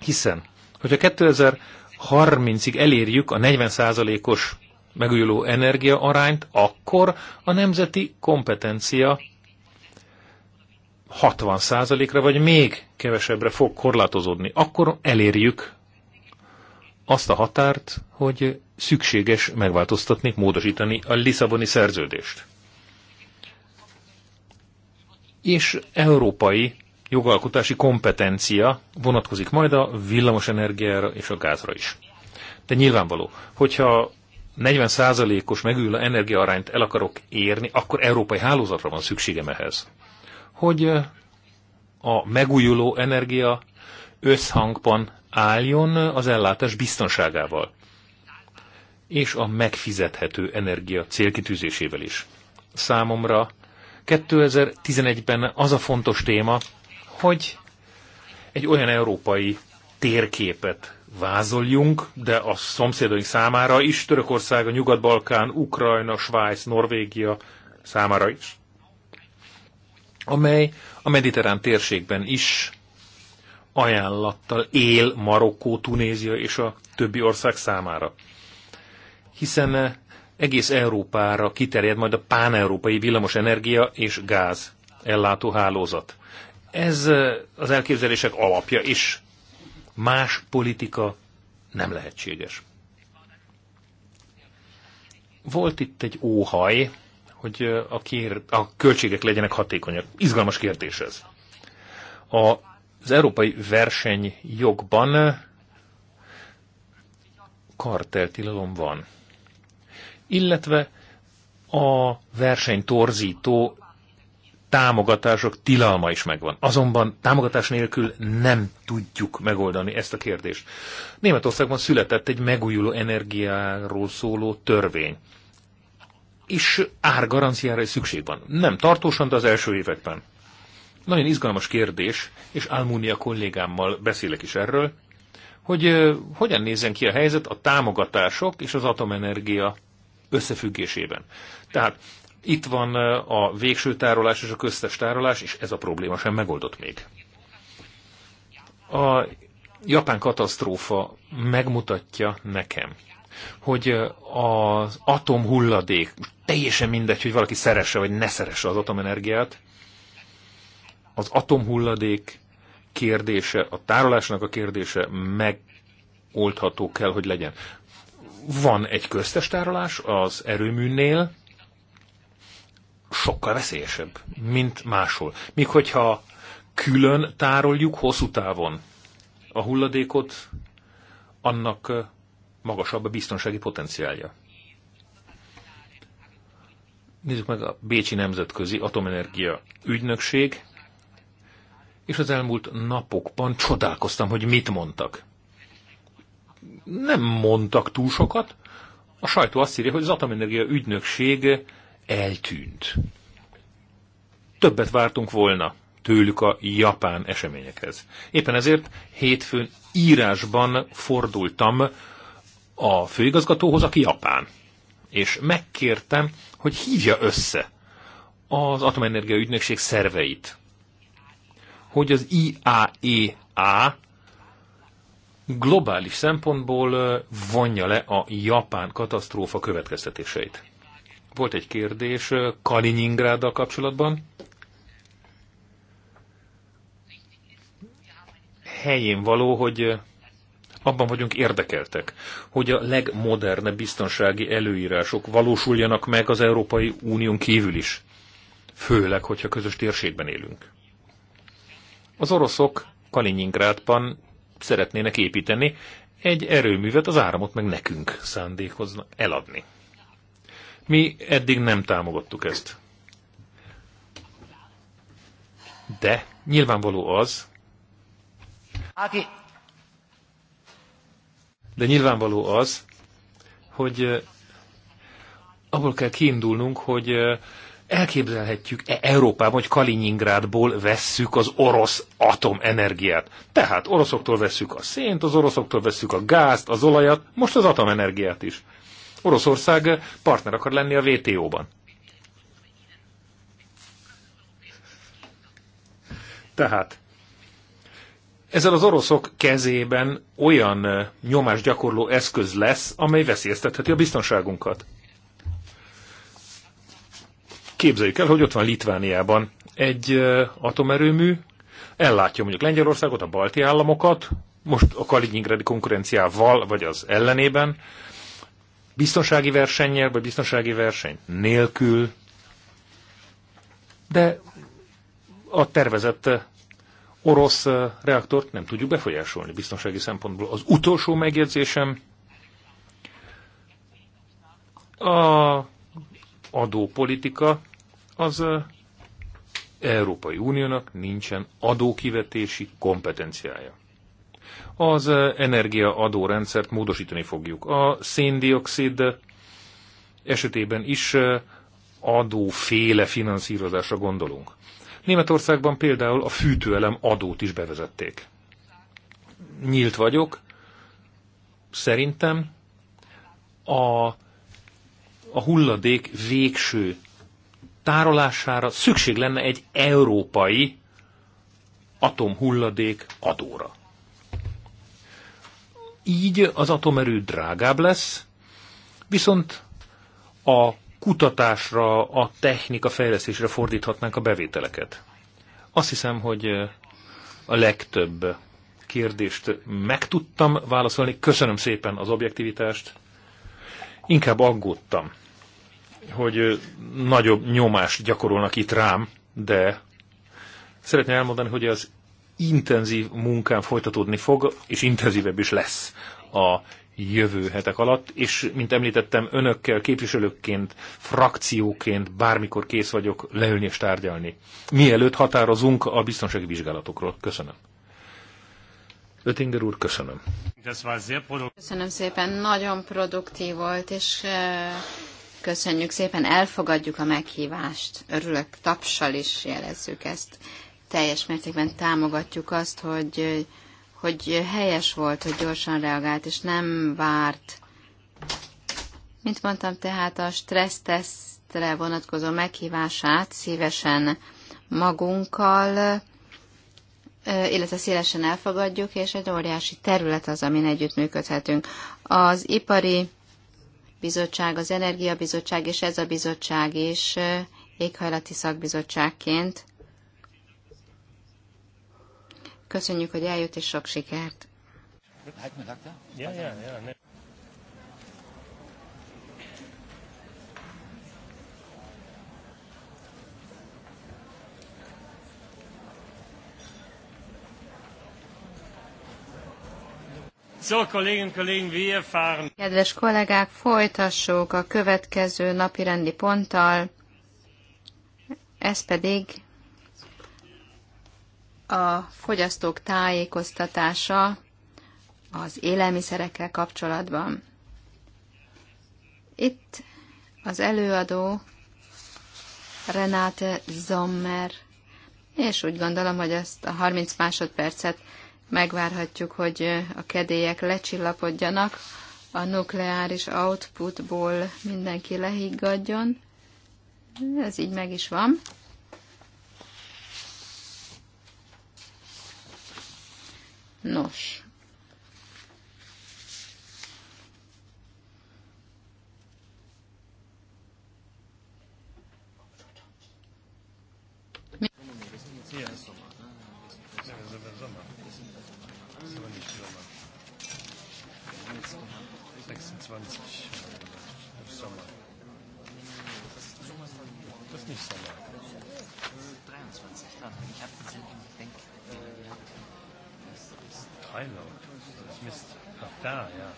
Hiszen, hogyha 2030-ig elérjük a 40%-os megújuló energia arányt, akkor a nemzeti kompetencia 60%-ra vagy még kevesebbre fog korlátozódni. Akkor elérjük azt a határt, hogy szükséges megváltoztatni, módosítani a Lisszaboni szerződést. És európai jogalkotási kompetencia vonatkozik majd a villamosenergiára és a gázra is. De nyilvánvaló, hogyha 40%-os megülő energiaarányt el akarok érni, akkor európai hálózatra van szükségem ehhez. Hogy a megújuló energia összhangban álljon az ellátás biztonságával, és a megfizethető energia célkitűzésével is. Számomra 2011-ben az a fontos téma, hogy egy olyan európai térképet vázoljunk, de a szomszédaink számára is, Törökország, a Nyugat-Balkán, Ukrajna, Svájc, Norvégia számára is, amely a mediterrán térségben is ajánlattal él Marokkó, Tunézia és a többi ország számára. Hiszen eh, egész Európára kiterjed majd a páneurópai villamos energia és gáz ellátó hálózat. Ez eh, az elképzelések alapja, és más politika nem lehetséges. Volt itt egy óhaj, hogy a, kér, a költségek legyenek hatékonyak. Izgalmas kérdés ez. A, az európai versenyjogban karteltilalom van. Illetve a versenytorzító támogatások tilalma is megvan. Azonban támogatás nélkül nem tudjuk megoldani ezt a kérdést. Németországban született egy megújuló energiáról szóló törvény. És árgaranciára is szükség van. Nem tartósan, de az első években. Nagyon izgalmas kérdés, és Almunia kollégámmal beszélek is erről, hogy hogyan nézzen ki a helyzet a támogatások és az atomenergia összefüggésében. Tehát itt van a végső tárolás és a köztes tárolás, és ez a probléma sem megoldott még. A japán katasztrófa megmutatja nekem, hogy az atomhulladék, teljesen mindegy, hogy valaki szeresse vagy ne szeresse az atomenergiát, az atomhulladék kérdése, a tárolásnak a kérdése megoldható kell, hogy legyen. Van egy köztes tárolás az erőműnél, sokkal veszélyesebb, mint máshol. Míg hogyha külön tároljuk hosszú távon a hulladékot, annak magasabb a biztonsági potenciálja. Nézzük meg a Bécsi Nemzetközi Atomenergia Ügynökség, és az elmúlt napokban csodálkoztam, hogy mit mondtak. Nem mondtak túl sokat. A sajtó azt írja, hogy az Atomenergia Ügynökség eltűnt. Többet vártunk volna tőlük a japán eseményekhez. Éppen ezért hétfőn írásban fordultam a főigazgatóhoz, aki japán, és megkértem, hogy hívja össze az Atomenergia Ügynökség szerveit, hogy az IAEA e globális szempontból vonja le a japán katasztrófa következtetéseit. Volt egy kérdés Kaliningráddal kapcsolatban. Helyén való, hogy abban vagyunk érdekeltek, hogy a legmodernebb biztonsági előírások valósuljanak meg az Európai Unión kívül is, főleg, hogyha közös térségben élünk. Az oroszok Kaliningrádban szeretnének építeni egy erőművet, az áramot meg nekünk szándékoznak eladni. Mi eddig nem támogattuk ezt. De nyilvánvaló az, de nyilvánvaló az, hogy abból kell kiindulnunk, hogy elképzelhetjük-e Európában, hogy Kaliningrádból vesszük az orosz atomenergiát. Tehát oroszoktól vesszük a szént, az oroszoktól vesszük a gázt, az olajat, most az atomenergiát is. Oroszország partner akar lenni a WTO-ban. Tehát ezzel az oroszok kezében olyan nyomásgyakorló eszköz lesz, amely veszélyeztetheti a biztonságunkat. Képzeljük el, hogy ott van Litvániában egy atomerőmű, ellátja mondjuk Lengyelországot, a balti államokat, most a Kaliningradi konkurenciával, vagy az ellenében, biztonsági versennyel, vagy biztonsági verseny nélkül, de a tervezett eh, orosz eh, reaktort nem tudjuk befolyásolni biztonsági szempontból. Az utolsó megjegyzésem a adópolitika az eh, Európai Uniónak nincsen adókivetési kompetenciája az energiaadórendszert módosítani fogjuk. A széndiokszid esetében is adóféle finanszírozásra gondolunk. Németországban például a fűtőelem adót is bevezették. Nyílt vagyok, szerintem a, a hulladék végső tárolására szükség lenne egy európai atomhulladék adóra így az atomerő drágább lesz, viszont a kutatásra, a technika fejlesztésre fordíthatnánk a bevételeket. Azt hiszem, hogy a legtöbb kérdést meg tudtam válaszolni. Köszönöm szépen az objektivitást. Inkább aggódtam, hogy nagyobb nyomást gyakorolnak itt rám, de szeretném elmondani, hogy az intenzív munkán folytatódni fog, és intenzívebb is lesz a jövő hetek alatt, és mint említettem, önökkel, képviselőkként, frakcióként bármikor kész vagyok leülni és tárgyalni. Mielőtt határozunk a biztonsági vizsgálatokról. Köszönöm. Ötinger úr, köszönöm. Köszönöm szépen, nagyon produktív volt, és eh, köszönjük szépen, elfogadjuk a meghívást. Örülök, tapsal is jelezzük ezt teljes mértékben támogatjuk azt, hogy, hogy helyes volt, hogy gyorsan reagált, és nem várt. Mint mondtam, tehát a stressztesztre vonatkozó meghívását szívesen magunkkal, illetve szélesen elfogadjuk, és egy óriási terület az, amin együttműködhetünk. Az ipari bizottság, az energiabizottság és ez a bizottság is éghajlati szakbizottságként Köszönjük, hogy eljött, és sok sikert! Kedves kollégák, folytassuk a következő napi rendi ponttal, ez pedig a fogyasztók tájékoztatása az élelmiszerekkel kapcsolatban. Itt az előadó Renate Zommer, és úgy gondolom, hogy ezt a 30 másodpercet megvárhatjuk, hogy a kedélyek lecsillapodjanak, a nukleáris outputból mindenki lehiggadjon. Ez így meg is van. Nos, da, ja.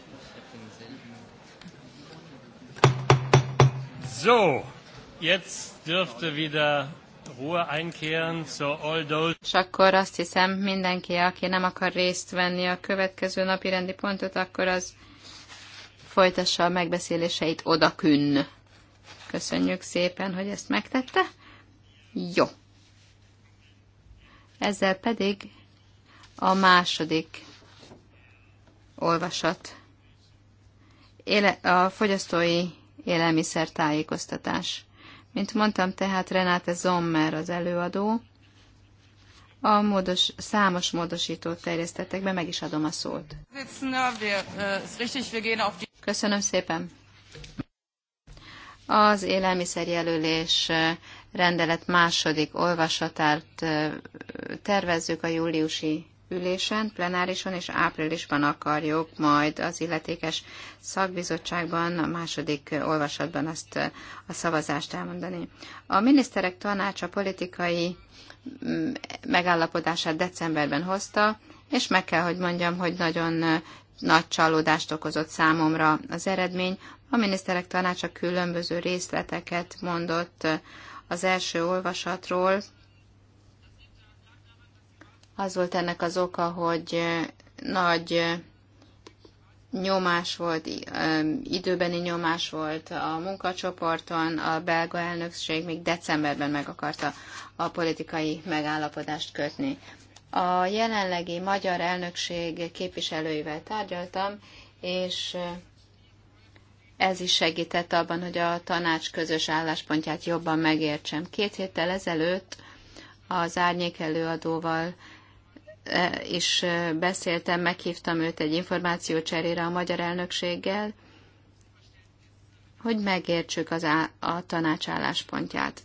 So, jetzt dürfte wieder Ruhe einkehren zur All those. És akkor azt hiszem, mindenki, aki nem akar részt venni a következő napi rendi pontot, akkor az folytassa a megbeszéléseit odakünn. Köszönjük szépen, hogy ezt megtette. Jó. Ezzel pedig a második olvasat. Éle, a fogyasztói élelmiszer tájékoztatás. Mint mondtam, tehát Renate Zommer az előadó. A módos, számos módosítót terjesztettek be, meg is adom a szót. Köszönöm szépen. Az élelmiszerjelölés rendelet második olvasatát tervezzük a júliusi ülésen, plenárison és áprilisban akarjuk majd az illetékes szakbizottságban, a második olvasatban azt a szavazást elmondani. A miniszterek tanácsa politikai mm, megállapodását decemberben hozta, és meg kell, hogy mondjam, hogy nagyon nagy csalódást okozott számomra az eredmény. A miniszterek tanácsa különböző részleteket mondott az első olvasatról, az volt ennek az oka, hogy nagy nyomás volt, időbeni nyomás volt a munkacsoporton, a belga elnökség még decemberben meg akarta a politikai megállapodást kötni. A jelenlegi magyar elnökség képviselőivel tárgyaltam, és ez is segített abban, hogy a tanács közös álláspontját jobban megértsem. Két héttel ezelőtt az árnyék előadóval is e, e, beszéltem, meghívtam őt egy információcserére a magyar elnökséggel, hogy megértsük az á, a tanács álláspontját.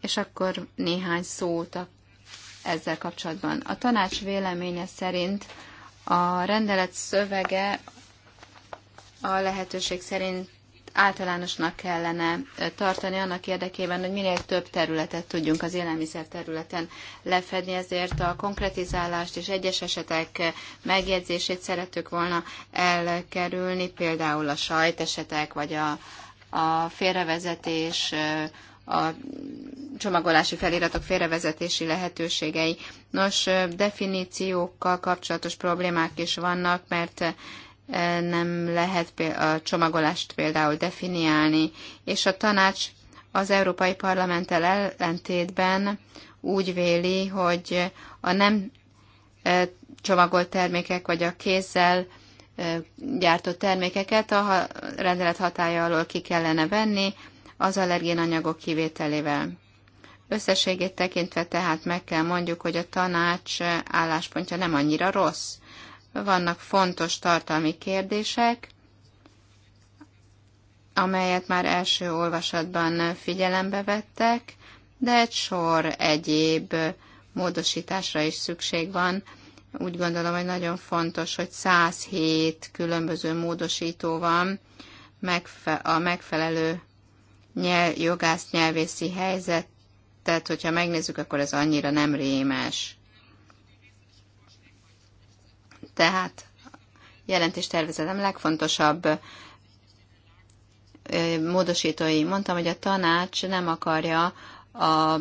És akkor néhány szót a, ezzel kapcsolatban. A tanács véleménye szerint a rendelet szövege a lehetőség szerint általánosnak kellene tartani annak érdekében, hogy minél több területet tudjunk az élelmiszer területen lefedni, ezért a konkretizálást és egyes esetek megjegyzését szeretük volna elkerülni, például a sajtesetek, vagy a, a félrevezetés, a csomagolási feliratok félrevezetési lehetőségei. Nos, definíciókkal kapcsolatos problémák is vannak, mert E, nem lehet a csomagolást például definiálni, és a tanács az Európai Parlamenttel ellentétben úgy véli, hogy a nem e, csomagolt termékek vagy a kézzel e, gyártott termékeket a rendelet hatája alól ki kellene venni, az allergén anyagok kivételével. Összességét tekintve tehát meg kell mondjuk, hogy a tanács álláspontja nem annyira rossz vannak fontos tartalmi kérdések, amelyet már első olvasatban figyelembe vettek, de egy sor egyéb módosításra is szükség van. Úgy gondolom, hogy nagyon fontos, hogy 107 különböző módosító van a megfelelő nyelv, jogász nyelvészi tehát hogyha megnézzük, akkor ez annyira nem rémes. Tehát jelentéstervezetem legfontosabb módosítói. Mondtam, hogy a tanács nem akarja a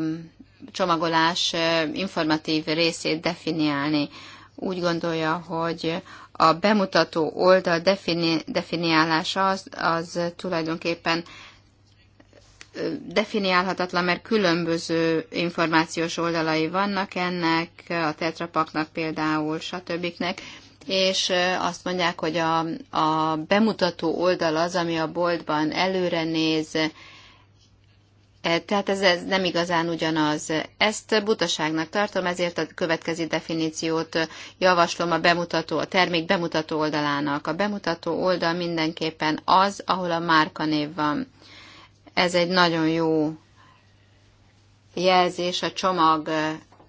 csomagolás informatív részét definiálni. Úgy gondolja, hogy a bemutató oldal defini- definiálása az, az tulajdonképpen definiálhatatlan, mert különböző információs oldalai vannak ennek, a tetrapaknak például, stb és azt mondják, hogy a, a bemutató oldal az, ami a boltban előre néz, e, tehát ez, ez nem igazán ugyanaz. Ezt butaságnak tartom, ezért a következő definíciót javaslom a bemutató, a termék bemutató oldalának. A bemutató oldal mindenképpen az, ahol a márkanév van. Ez egy nagyon jó jelzés a csomag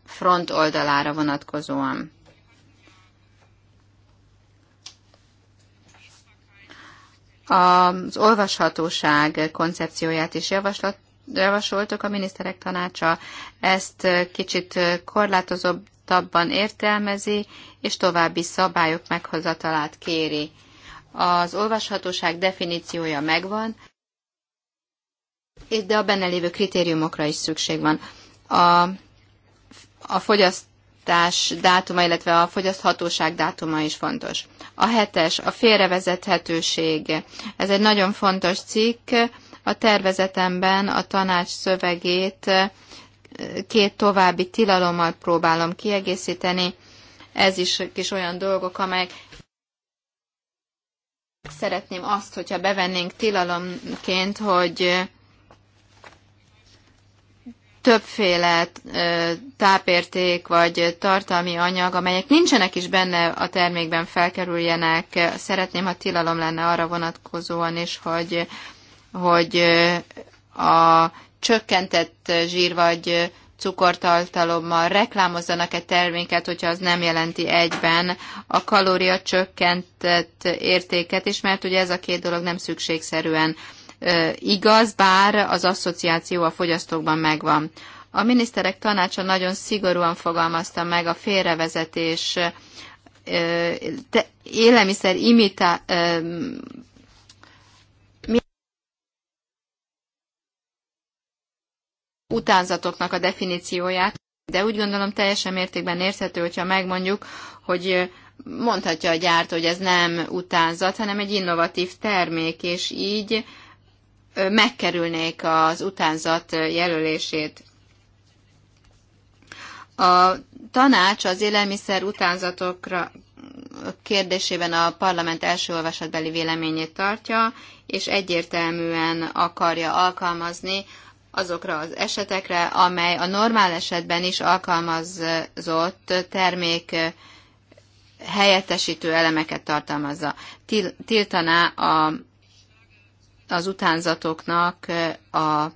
front oldalára vonatkozóan. az olvashatóság koncepcióját is javaslat, javasoltuk, a miniszterek tanácsa ezt kicsit korlátozottabban értelmezi, és további szabályok meghozatalát kéri. Az olvashatóság definíciója megvan, de a benne lévő kritériumokra is szükség van. A, a fogyaszt fogyasztás dátuma, illetve a fogyaszthatóság dátuma is fontos. A hetes, a félrevezethetőség. Ez egy nagyon fontos cikk. A tervezetemben a tanács szövegét eh, két további tilalommal próbálom kiegészíteni. Ez is kis olyan dolgok, amelyek szeretném azt, hogyha bevennénk tilalomként, hogy többféle tápérték vagy tartalmi anyag, amelyek nincsenek is benne a termékben felkerüljenek. Szeretném, ha tilalom lenne arra vonatkozóan is, hogy, hogy a csökkentett zsír vagy cukortartalommal reklámozzanak egy terméket, hogyha az nem jelenti egyben a kalória csökkentett értéket is, mert ugye ez a két dolog nem szükségszerűen igaz, bár az asszociáció a fogyasztókban megvan. A miniszterek tanácsa nagyon szigorúan fogalmazta meg a félrevezetés élelmiszer imita utánzatoknak a definícióját, de úgy gondolom teljesen mértékben érthető, hogyha megmondjuk, hogy mondhatja a gyártó, hogy ez nem utánzat, hanem egy innovatív termék, és így megkerülnék az utánzat jelölését. A tanács az élelmiszer utánzatokra kérdésében a parlament első olvasatbeli véleményét tartja, és egyértelműen akarja alkalmazni azokra az esetekre, amely a normál esetben is alkalmazott termék helyettesítő elemeket tartalmazza. Tiltaná a az utánzatoknak a,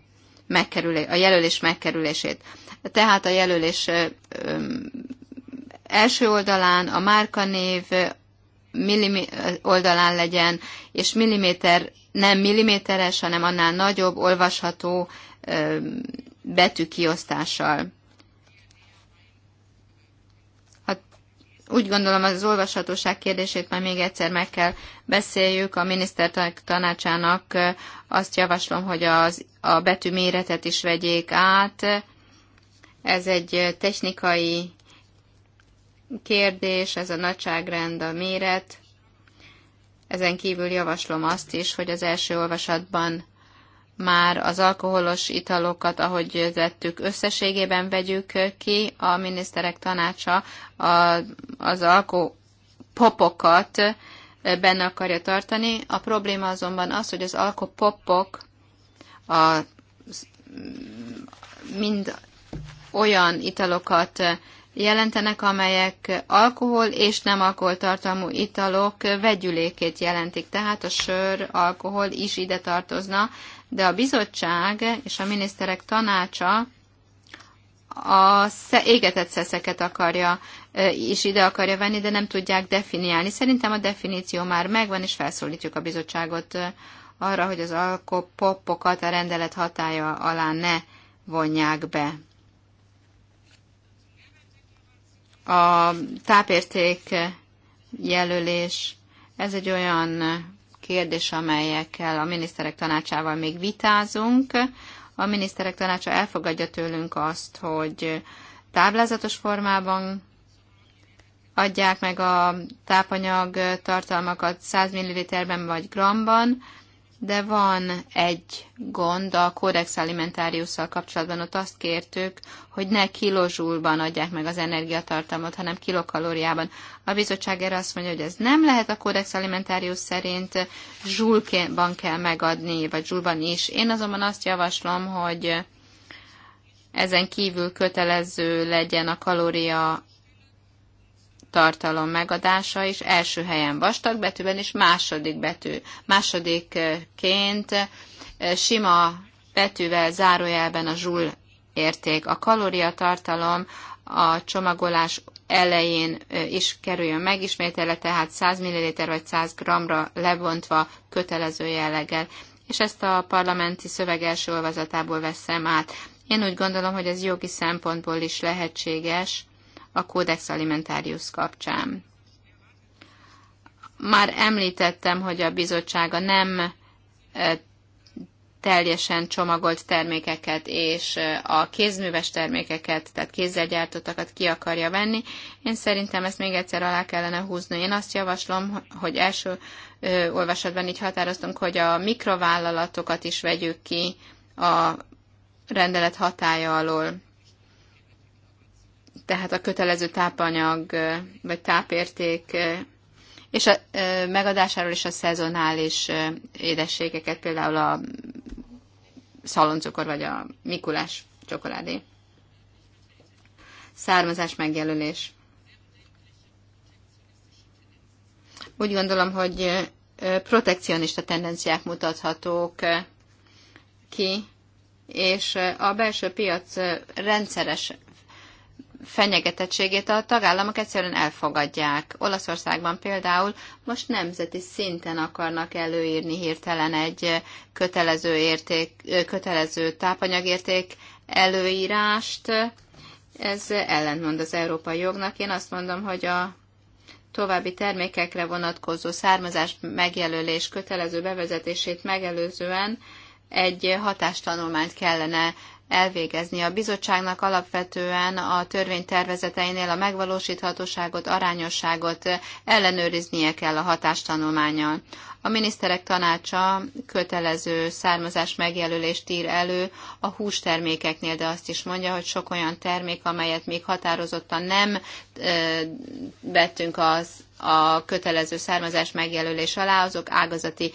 megkerülé, a jelölés megkerülését. Tehát a jelölés első oldalán a márkanév oldalán legyen, és milliméter, nem milliméteres, hanem annál nagyobb, olvasható betűkiosztással. úgy gondolom az olvashatóság kérdését már még egyszer meg kell beszéljük. A miniszter tanácsának azt javaslom, hogy az, a betű méretet is vegyék át. Ez egy technikai kérdés, ez a nagyságrend, a méret. Ezen kívül javaslom azt is, hogy az első olvasatban már az alkoholos italokat, ahogy tettük, összességében vegyük ki. A miniszterek tanácsa a, az alkohol popokat benne akarja tartani. A probléma azonban az, hogy az alkopopok a, mind olyan italokat jelentenek, amelyek alkohol és nem alkoholtartalmú italok vegyülékét jelentik. Tehát a sör, alkohol is ide tartozna, de a bizottság és a miniszterek tanácsa a égetett szeszeket akarja, és ide akarja venni, de nem tudják definiálni. Szerintem a definíció már megvan, és felszólítjuk a bizottságot arra, hogy az alkopopokat a rendelet hatája alá ne vonják be. A tápérték jelölés, ez egy olyan kérdés, amelyekkel a miniszterek tanácsával még vitázunk. A miniszterek tanácsa elfogadja tőlünk azt, hogy táblázatos formában adják meg a tápanyag tartalmakat 100 ml-ben vagy gramban, de van egy gond a Codex Alimentariusszal kapcsolatban, ott azt kértük, hogy ne kilozsulban adják meg az energiatartalmat, hanem kilokalóriában. A bizottság erre azt mondja, hogy ez nem lehet a Codex Alimentarius szerint zsulban kell megadni, vagy zsulban is. Én azonban azt javaslom, hogy ezen kívül kötelező legyen a kalória tartalom megadása, és első helyen vastag betűben, és második betű, másodikként eh, sima betűvel zárójelben a zsúl érték. A kalóriatartalom a csomagolás elején eh, is kerüljön megismételre, tehát 100 ml vagy 100 g-ra lebontva kötelező jelleggel. És ezt a parlamenti szöveg első olvasatából veszem át. Én úgy gondolom, hogy ez jogi szempontból is lehetséges, a Codex Alimentarius kapcsán. Már említettem, hogy a bizottsága nem e, teljesen csomagolt termékeket és e, a kézműves termékeket, tehát kézzel gyártottakat ki akarja venni. Én szerintem ezt még egyszer alá kellene húzni. Én azt javaslom, hogy első ö, e, olvasatban így határoztunk, hogy a mikrovállalatokat is vegyük ki a rendelet hatája alól tehát a kötelező tápanyag vagy tápérték és a megadásáról is a szezonális édességeket, például a szaloncukor vagy a mikulás csokoládé. Származás megjelölés. Úgy gondolom, hogy protekcionista tendenciák mutathatók ki, és a belső piac rendszeres fenyegetettségét a tagállamok egyszerűen elfogadják. Olaszországban például most nemzeti szinten akarnak előírni hirtelen egy kötelező, érték, kötelező tápanyagérték előírást. Ez ellentmond az európai jognak. Én azt mondom, hogy a további termékekre vonatkozó származás megjelölés kötelező bevezetését megelőzően egy hatástanulmányt kellene elvégezni. A bizottságnak alapvetően a törvénytervezeteinél a megvalósíthatóságot, arányosságot ellenőriznie kell a hatástanulmányal. A miniszterek tanácsa kötelező származás megjelölést ír elő a hústermékeknél, de azt is mondja, hogy sok olyan termék, amelyet még határozottan nem vettünk az a kötelező származás megjelölés alá, azok ágazati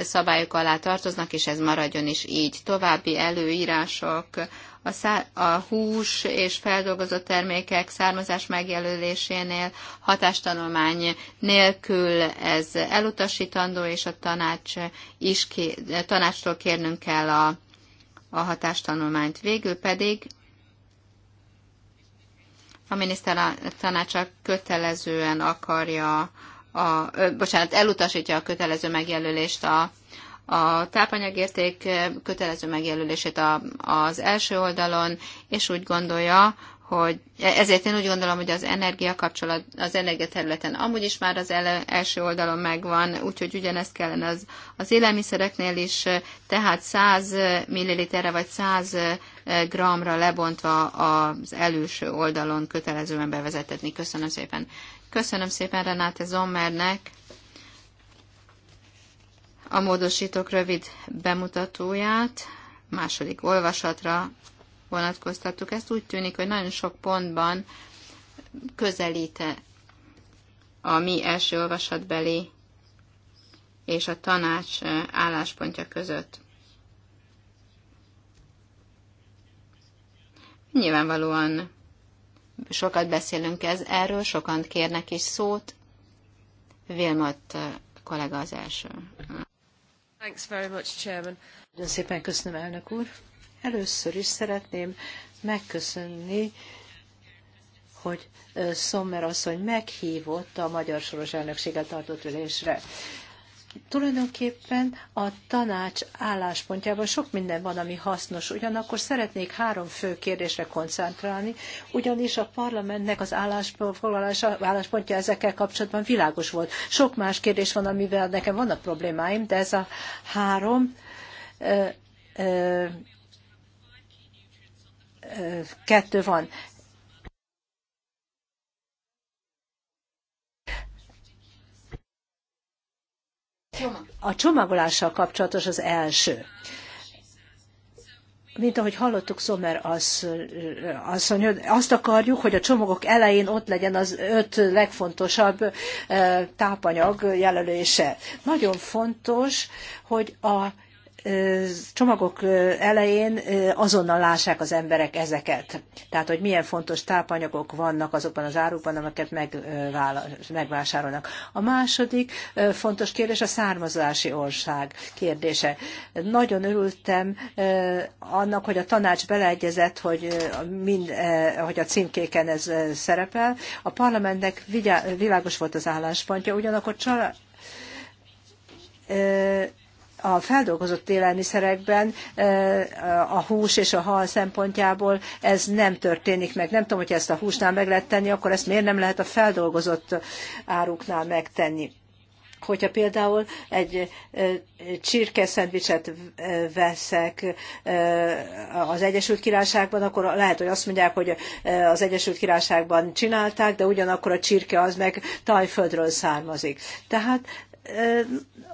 szabályok alá tartoznak, és ez maradjon is így. További előírások a, szá- a hús és feldolgozott termékek származás megjelölésénél hatástanulmány nélkül ez elutasítandó, és a tanács is ké- tanácstól kérnünk kell a, a hatástanulmányt. Végül pedig a miniszter tanácsa kötelezően akarja, a, ö, bocsánat, elutasítja a kötelező megjelölést a, a tápanyagérték kötelező megjelölését a, az első oldalon, és úgy gondolja, hogy ezért én úgy gondolom, hogy az energia kapcsolat, az energiaterületen amúgy is már az ele, első oldalon megvan, úgyhogy ugyanezt kellene az, az élelmiszereknél is, tehát 100 millilitre vagy 100 gramra lebontva az előső oldalon kötelezően bevezetetni. Köszönöm szépen. Köszönöm szépen Renáte Zommernek a módosítók rövid bemutatóját második olvasatra vonatkoztattuk. Ezt úgy tűnik, hogy nagyon sok pontban közelíte a mi első olvasatbeli és a tanács álláspontja között. Nyilvánvalóan sokat beszélünk ez erről, sokan kérnek is szót. Vilmot kollega az első. Thanks very much, Chairman. Nagyon szépen köszönöm, elnök úr. Először is szeretném megköszönni, hogy Szommer asszony meghívott a Magyar Soros Elnökséget tartott ülésre. Tulajdonképpen a tanács álláspontjában sok minden van, ami hasznos. Ugyanakkor szeretnék három fő kérdésre koncentrálni, ugyanis a parlamentnek az álláspontja ezekkel kapcsolatban világos volt. Sok más kérdés van, amivel nekem vannak problémáim, de ez a három ö, ö, kettő van. A csomagolással kapcsolatos az első. Mint ahogy hallottuk Szomer asszony, azt akarjuk, hogy a csomagok elején ott legyen az öt legfontosabb eh, tápanyag jelölése. Nagyon fontos, hogy a csomagok elején azonnal lássák az emberek ezeket. Tehát, hogy milyen fontos tápanyagok vannak azokban az árukban, amiket megvásárolnak. A második fontos kérdés a származási ország kérdése. Nagyon örültem annak, hogy a tanács beleegyezett, hogy, mind, hogy a címkéken ez szerepel. A parlamentnek világos volt az álláspontja, ugyanakkor család, a feldolgozott élelmiszerekben a hús és a hal szempontjából ez nem történik meg. Nem tudom, hogy ezt a húsnál meg lehet tenni, akkor ezt miért nem lehet a feldolgozott áruknál megtenni hogyha például egy csirke szendvicset veszek az Egyesült Királyságban, akkor lehet, hogy azt mondják, hogy az Egyesült Királyságban csinálták, de ugyanakkor a csirke az meg Tajföldről származik. Tehát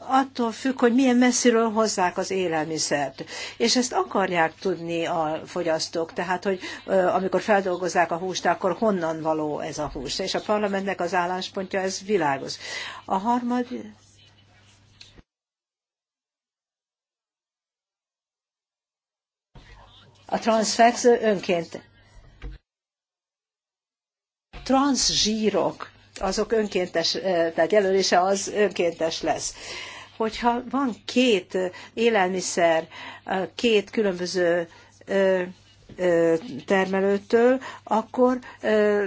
attól függ, hogy milyen messziről hozzák az élelmiszert. És ezt akarják tudni a fogyasztók, tehát, hogy amikor feldolgozzák a húst, akkor honnan való ez a hús. És a parlamentnek az álláspontja, ez világos. A harmad, A transfex önként. Transzsírok azok önkéntes, eh, tehát jelölése az önkéntes lesz. Hogyha van két eh, élelmiszer, eh, két különböző termelőtől, akkor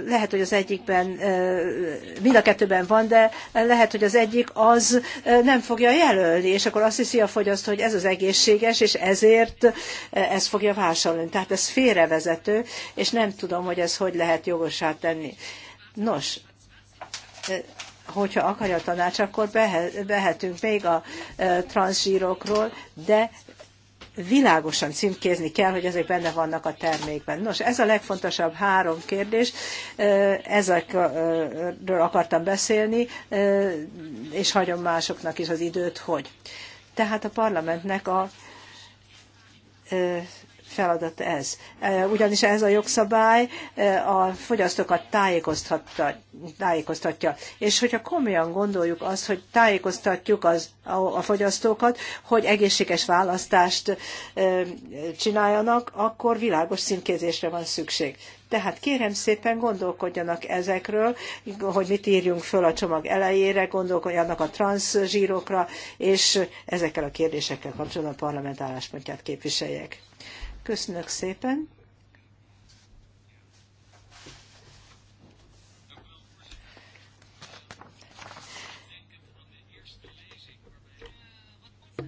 lehet, hogy az egyikben, mind a kettőben van, de lehet, hogy az egyik az nem fogja jelölni, és akkor azt hiszi a fogyasztó, hogy ez az egészséges, és ezért ez fogja vásárolni. Tehát ez félrevezető, és nem tudom, hogy ez hogy lehet jogosá tenni. Nos, hogyha akarja a tanács, akkor behetünk még a e, transzsírokról, de világosan címkézni kell, hogy ezek benne vannak a termékben. Nos, ez a legfontosabb három kérdés, e, ezekről akartam beszélni, e, és hagyom másoknak is az időt, hogy. Tehát a parlamentnek a feladat ez. E, ugyanis ez a jogszabály e, a fogyasztókat tájékoztatja. És hogyha komolyan gondoljuk azt, hogy tájékoztatjuk az, a, fogyasztókat, hogy egészséges választást e, csináljanak, akkor világos színkézésre van szükség. Tehát kérem szépen gondolkodjanak ezekről, hogy mit írjunk föl a csomag elejére, gondolkodjanak a transzsírokra, és ezekkel a kérdésekkel kapcsolatban a parlament álláspontját képviseljék. Köszönök szépen.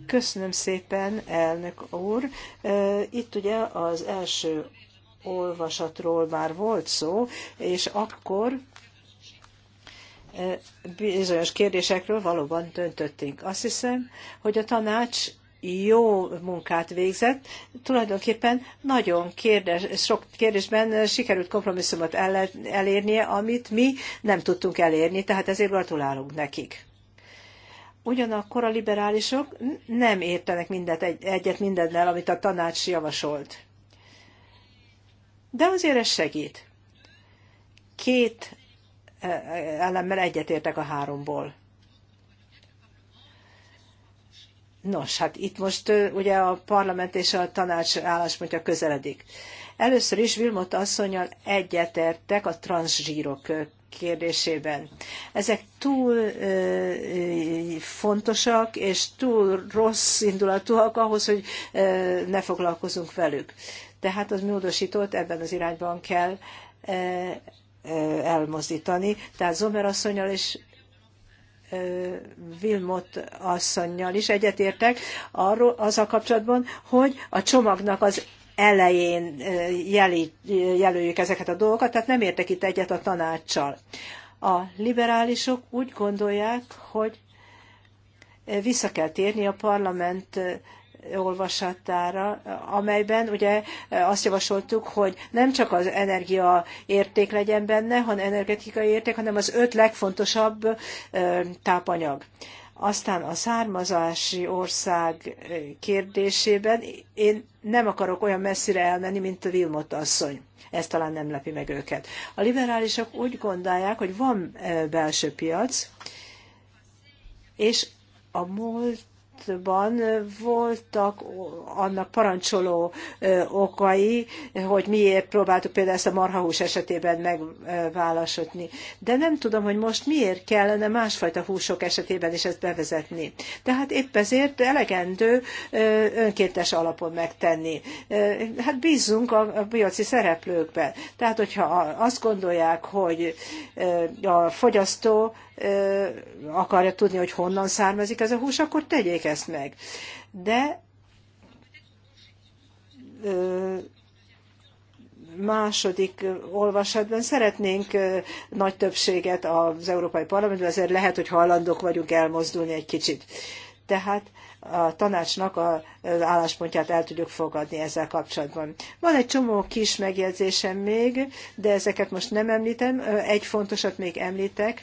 Köszönöm szépen, elnök úr. Itt ugye az első olvasatról már volt szó, és akkor bizonyos kérdésekről valóban döntöttünk. Azt hiszem, hogy a tanács jó munkát végzett. Tulajdonképpen nagyon kérdés, sok kérdésben sikerült kompromisszumot elérnie, amit mi nem tudtunk elérni, tehát ezért gratulálunk nekik. Ugyanakkor a liberálisok nem értenek mindet, egyet mindennel, amit a tanács javasolt. De azért ez segít. Két eh, eh, elemmel egyetértek a háromból. Nos, hát itt most ugye a parlament és a tanács álláspontja közeledik. Először is Vilmot asszonyal egyetértek a transzsírok kérdésében. Ezek túl ö, fontosak és túl rossz indulatúak ahhoz, hogy ö, ne foglalkozunk velük. Tehát az módosított ebben az irányban kell ö, elmozdítani. Tehát Zomer asszonyal és Vilmot asszonynal is egyetértek arról az a kapcsolatban, hogy a csomagnak az elején jelöljük ezeket a dolgokat, tehát nem értek itt egyet a tanácssal. A liberálisok úgy gondolják, hogy vissza kell térni a parlament olvasatára, amelyben ugye e, azt javasoltuk, hogy nem csak az energia érték legyen benne, hanem energetikai érték, hanem az öt legfontosabb e, tápanyag. Aztán a származási ország e, kérdésében én nem akarok olyan messzire elmenni, mint a Vilmot asszony. Ez talán nem lepi meg őket. A liberálisok úgy gondolják, hogy van belső piac, és a múlt 2006-ban voltak annak parancsoló okai, hogy miért próbáltuk például ezt a marhahús esetében megválasodni. De nem tudom, hogy most miért kellene másfajta húsok esetében is ezt bevezetni. Tehát épp ezért elegendő önkéntes alapon megtenni. Hát bízzunk a bioci szereplőkben. Tehát, hogyha azt gondolják, hogy a fogyasztó akarja tudni, hogy honnan származik ez a hús, akkor tegyék ezt meg. De második olvasatban szeretnénk nagy többséget az Európai Parlamentben, ezért lehet, hogy hajlandók vagyunk elmozdulni egy kicsit. Tehát a tanácsnak az álláspontját el tudjuk fogadni ezzel kapcsolatban. Van egy csomó kis megjegyzésem még, de ezeket most nem említem. Egy fontosat még említek,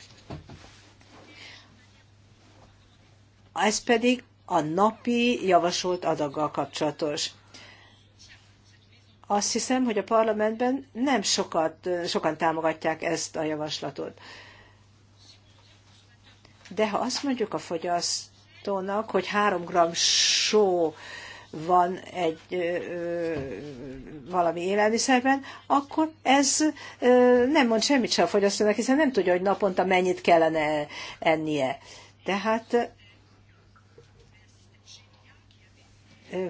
ez pedig a napi javasolt adaggal kapcsolatos. Azt hiszem, hogy a parlamentben nem sokat, sokan támogatják ezt a javaslatot. De ha azt mondjuk a fogyasztónak, hogy 3 g só van egy ö, ö, valami élelmiszerben, akkor ez ö, nem mond semmit sem a fogyasztónak, hiszen nem tudja, hogy naponta mennyit kellene ennie. Tehát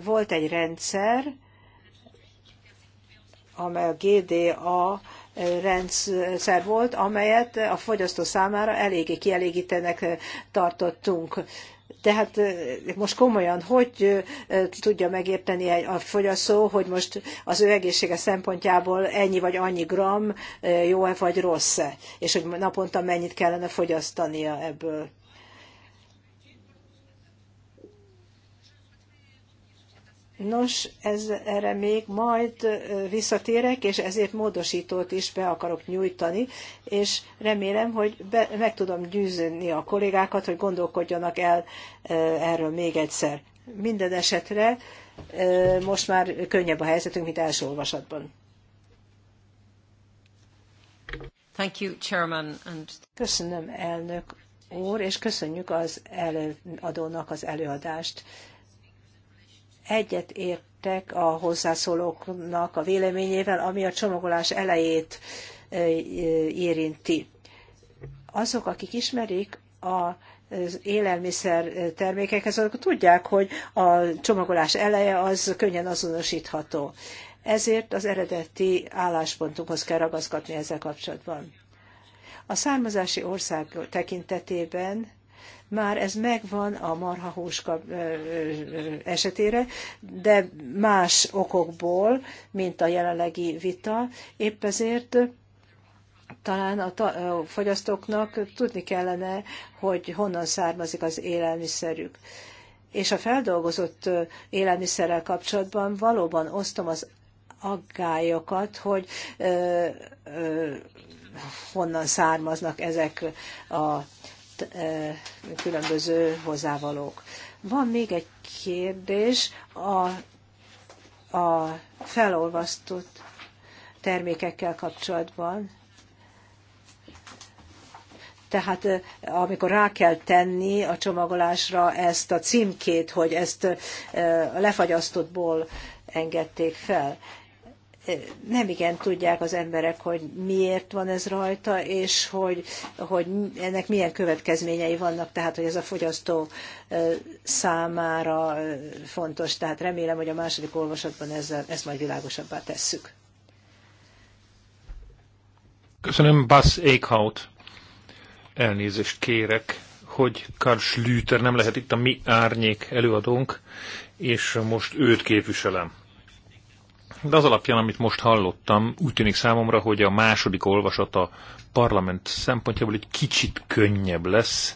volt egy rendszer, amely a GDA rendszer volt, amelyet a fogyasztó számára eléggé kielégítenek tartottunk. Tehát most komolyan, hogy tudja megérteni a fogyasztó, hogy most az ő egészsége szempontjából ennyi vagy annyi gram jó-e vagy rossz-e, és hogy naponta mennyit kellene fogyasztania ebből. Nos, ez, erre még majd visszatérek, és ezért módosítót is be akarok nyújtani, és remélem, hogy be, meg tudom győzni a kollégákat, hogy gondolkodjanak el erről még egyszer. Minden esetre most már könnyebb a helyzetünk, mint első olvasatban. Thank you, Chairman. And... Köszönöm, elnök úr, és köszönjük az előadónak az előadást egyet értek a hozzászólóknak a véleményével, ami a csomagolás elejét érinti. Azok, akik ismerik a az élelmiszer termékekhez, azok tudják, hogy a csomagolás eleje az könnyen azonosítható. Ezért az eredeti álláspontunkhoz kell ragaszkodni ezzel kapcsolatban. A származási ország tekintetében már ez megvan a marhahúska esetére, de más okokból, mint a jelenlegi vita, épp ezért talán a, fogyasztóknak tudni kellene, hogy honnan származik az élelmiszerük. És a feldolgozott élelmiszerrel kapcsolatban valóban osztom az aggályokat, hogy ö, ö, honnan származnak ezek a különböző hozzávalók. Van még egy kérdés a, a felolvasztott termékekkel kapcsolatban. Tehát amikor rá kell tenni a csomagolásra ezt a címkét, hogy ezt a lefagyasztottból engedték fel nem igen tudják az emberek, hogy miért van ez rajta, és hogy, hogy ennek milyen következményei vannak, tehát hogy ez a fogyasztó számára fontos. Tehát remélem, hogy a második olvasatban ezzel, ezt majd világosabbá tesszük. Köszönöm, Bass Eichhout. Elnézést kérek, hogy Karl Schlüter nem lehet itt a mi árnyék előadónk, és most őt képviselem de az alapján, amit most hallottam, úgy tűnik számomra, hogy a második olvasata parlament szempontjából egy kicsit könnyebb lesz,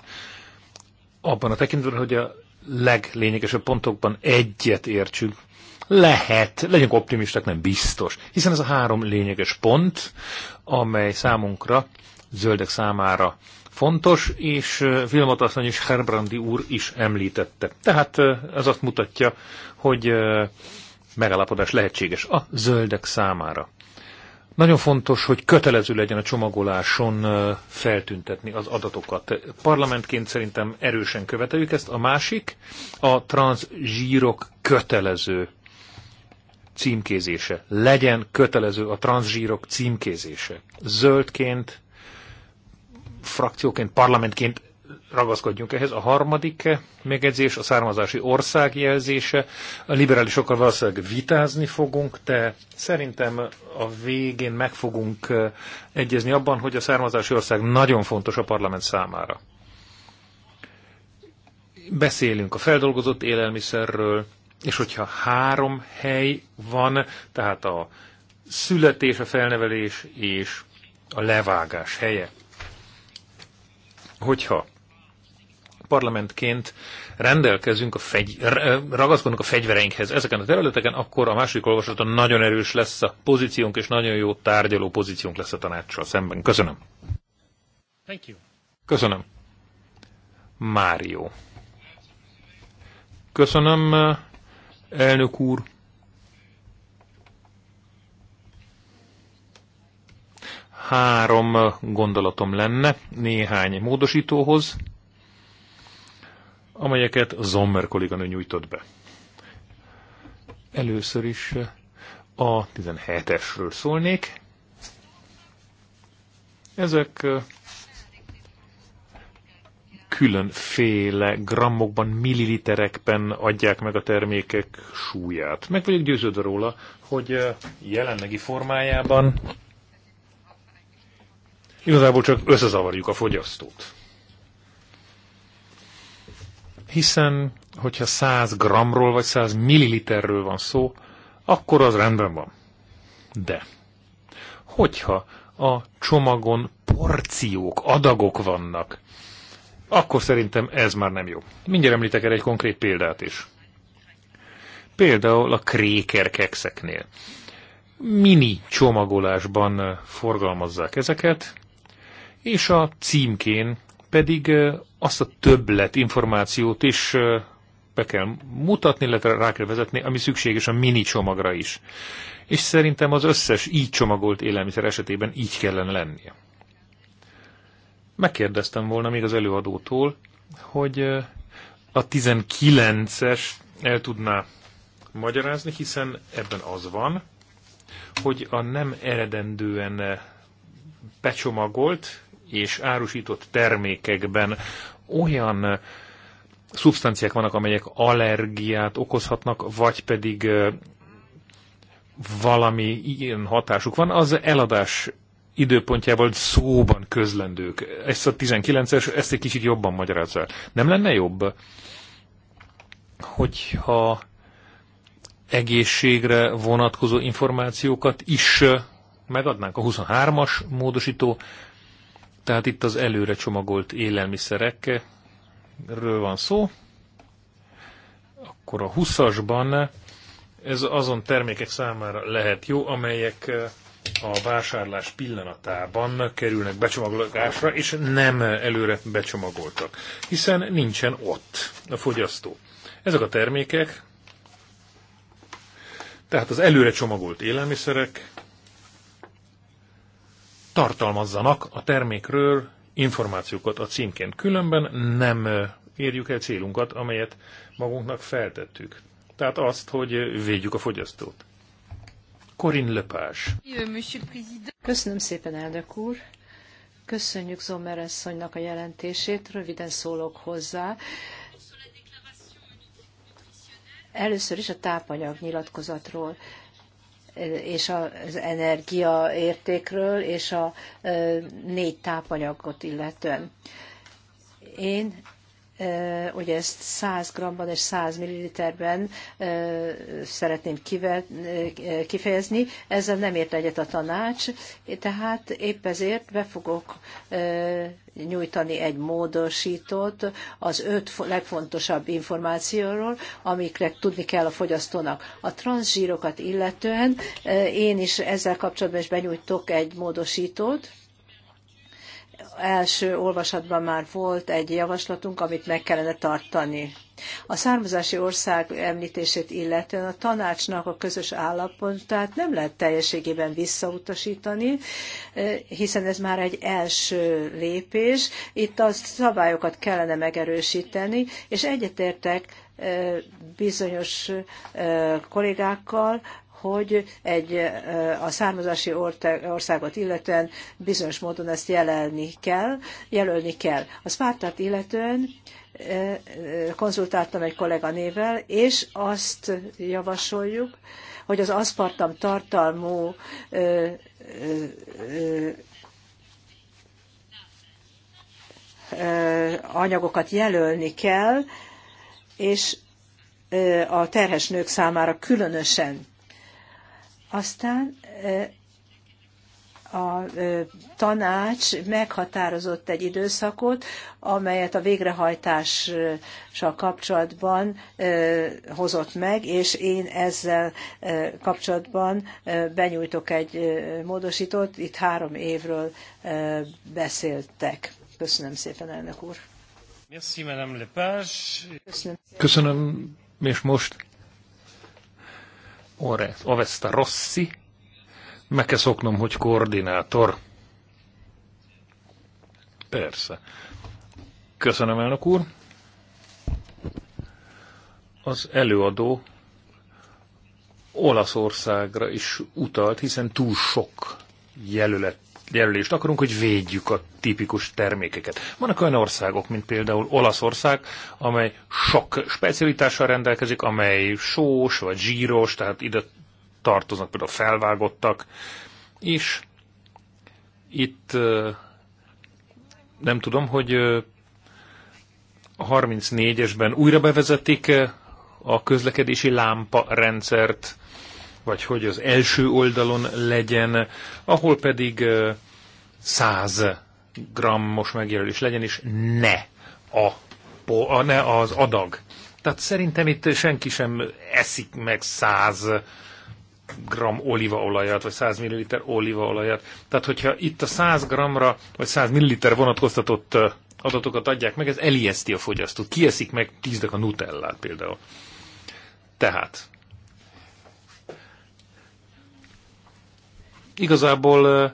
abban a tekintetben, hogy a leglényegesebb pontokban egyet értsünk. Lehet, legyünk optimisták, nem biztos. Hiszen ez a három lényeges pont, amely számunkra, zöldek számára fontos, és Vilmot asszony és Herbrandi úr is említette. Tehát ez azt mutatja, hogy megállapodás lehetséges a zöldek számára. Nagyon fontos, hogy kötelező legyen a csomagoláson feltüntetni az adatokat. Parlamentként szerintem erősen követeljük ezt. A másik a transzsírok kötelező címkézése. Legyen kötelező a transzsírok címkézése. Zöldként, frakcióként, parlamentként ragaszkodjunk ehhez. A harmadik megjegyzés a származási ország jelzése. A liberálisokkal valószínűleg vitázni fogunk, de szerintem a végén meg fogunk egyezni abban, hogy a származási ország nagyon fontos a parlament számára. Beszélünk a feldolgozott élelmiszerről, és hogyha három hely van, tehát a születés, a felnevelés és a levágás helye, hogyha parlamentként rendelkezünk, a fegy, ragaszkodunk a fegyvereinkhez ezeken a területeken, akkor a második olvasaton nagyon erős lesz a pozíciónk, és nagyon jó tárgyaló pozíciónk lesz a tanácssal szemben. Köszönöm. Thank you. Köszönöm. Mário. Köszönöm, elnök úr. Három gondolatom lenne néhány módosítóhoz amelyeket Zommer kolléganő nyújtott be. Először is a 17-esről szólnék. Ezek különféle grammokban, milliliterekben adják meg a termékek súlyát. Meg vagyok győződve róla, hogy jelenlegi formájában igazából csak összezavarjuk a fogyasztót hiszen hogyha 100 gramról vagy 100 milliliterről van szó, akkor az rendben van. De hogyha a csomagon porciók, adagok vannak, akkor szerintem ez már nem jó. Mindjárt említek el egy konkrét példát is. Például a kréker kekszeknél. Mini csomagolásban forgalmazzák ezeket, és a címkén pedig azt a többlet információt is be kell mutatni, illetve rá kell vezetni, ami szükséges a mini csomagra is. És szerintem az összes így csomagolt élelmiszer esetében így kellene lennie. Megkérdeztem volna még az előadótól, hogy a 19-es el tudná magyarázni, hiszen ebben az van, hogy a nem eredendően becsomagolt és árusított termékekben olyan szubstanciák vannak, amelyek allergiát okozhatnak, vagy pedig valami ilyen hatásuk van, az eladás időpontjával szóban közlendők. Ezt a 19-es, ezt egy kicsit jobban magyarázza. Nem lenne jobb, hogyha egészségre vonatkozó információkat is megadnánk? A 23-as módosító tehát itt az előre csomagolt élelmiszerekről van szó. Akkor a 20-asban ez azon termékek számára lehet jó, amelyek eh, a vásárlás pillanatában kerülnek becsomagolásra, és nem előre becsomagoltak, hiszen nincsen ott a fogyasztó. Ezek a termékek, tehát az előre csomagolt élelmiszerek, tartalmazzanak a termékről információkat a címként. Különben nem érjük el célunkat, amelyet magunknak feltettük. Tehát azt, hogy védjük a fogyasztót. Corinne Lepás. Köszönöm szépen, elnök úr. Köszönjük Zomer asszonynak a jelentését, röviden szólok hozzá. Először is a tápanyag nyilatkozatról és az energia értékről, és a négy tápanyagot illetően. Én hogy ezt 100 g-ban és 100 ml-ben szeretném kifejezni. Ezzel nem ért egyet a tanács, tehát épp ezért be fogok nyújtani egy módosítót az öt legfontosabb információról, amikre tudni kell a fogyasztónak. A transzsírokat illetően én is ezzel kapcsolatban is benyújtok egy módosítót, első olvasatban már volt egy javaslatunk, amit meg kellene tartani. A származási ország említését illetően a tanácsnak a közös állapotát nem lehet teljességében visszautasítani, eh, hiszen ez már egy első lépés. Itt a szabályokat kellene megerősíteni, és egyetértek eh, bizonyos eh, kollégákkal, hogy egy, a származási országot illetően bizonyos módon ezt jelölni kell, jelölni kell. A Spártát illetően konzultáltam egy kolléganével, és azt javasoljuk, hogy az aszpartam tartalmú anyagokat jelölni kell, és a terhes nők számára különösen. Aztán a tanács meghatározott egy időszakot, amelyet a végrehajtással kapcsolatban hozott meg, és én ezzel kapcsolatban benyújtok egy módosítót, itt három évről beszéltek. Köszönöm szépen, elnök úr. Köszönöm. Köszönöm, és most Ovesta Rossi, meg kell szoknom, hogy koordinátor. Persze. Köszönöm, elnök úr. Az előadó Olaszországra is utalt, hiszen túl sok jelölet jelölést akarunk, hogy védjük a tipikus termékeket. Vannak olyan országok, mint például Olaszország, amely sok specialitással rendelkezik, amely sós vagy zsíros, tehát ide tartoznak például felvágottak, és itt nem tudom, hogy a 34-esben újra bevezetik a közlekedési lámpa rendszert, vagy hogy az első oldalon legyen, ahol pedig 100 grammos megjelölés legyen, és ne, a, a, ne az adag. Tehát szerintem itt senki sem eszik meg 100 gram olívaolajat, vagy 100 ml olívaolajat. Tehát, hogyha itt a 100 gramra, vagy 100 ml vonatkoztatott adatokat adják meg, ez elijeszti a fogyasztót. Kieszik meg 10 a nutellát például. Tehát Igazából,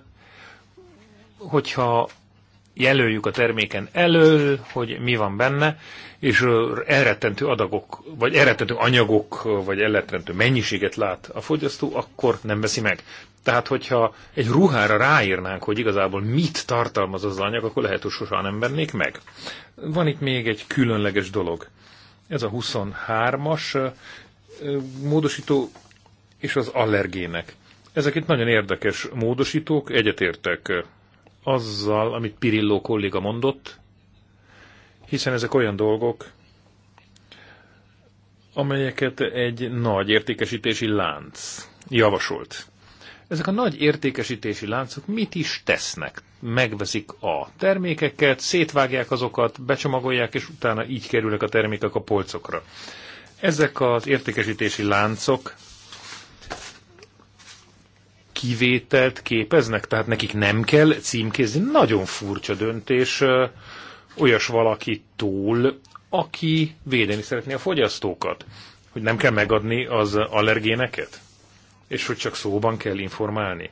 hogyha jelöljük a terméken elől, hogy mi van benne, és elrettentő adagok, vagy elrettentő anyagok, vagy elrettentő mennyiséget lát a fogyasztó, akkor nem veszi meg. Tehát, hogyha egy ruhára ráírnánk, hogy igazából mit tartalmaz az anyag, akkor lehet, hogy sosem nem vennék meg. Van itt még egy különleges dolog. Ez a 23-as módosító és az allergének. Ezek itt nagyon érdekes módosítók, egyetértek azzal, amit Pirilló kolléga mondott, hiszen ezek olyan dolgok, amelyeket egy nagy értékesítési lánc javasolt. Ezek a nagy értékesítési láncok mit is tesznek? Megveszik a termékeket, szétvágják azokat, becsomagolják, és utána így kerülnek a termékek a polcokra. Ezek az értékesítési láncok kivételt képeznek, tehát nekik nem kell címkézni. Nagyon furcsa döntés olyas valakitól, aki védeni szeretné a fogyasztókat, hogy nem kell megadni az allergéneket, és hogy csak szóban kell informálni.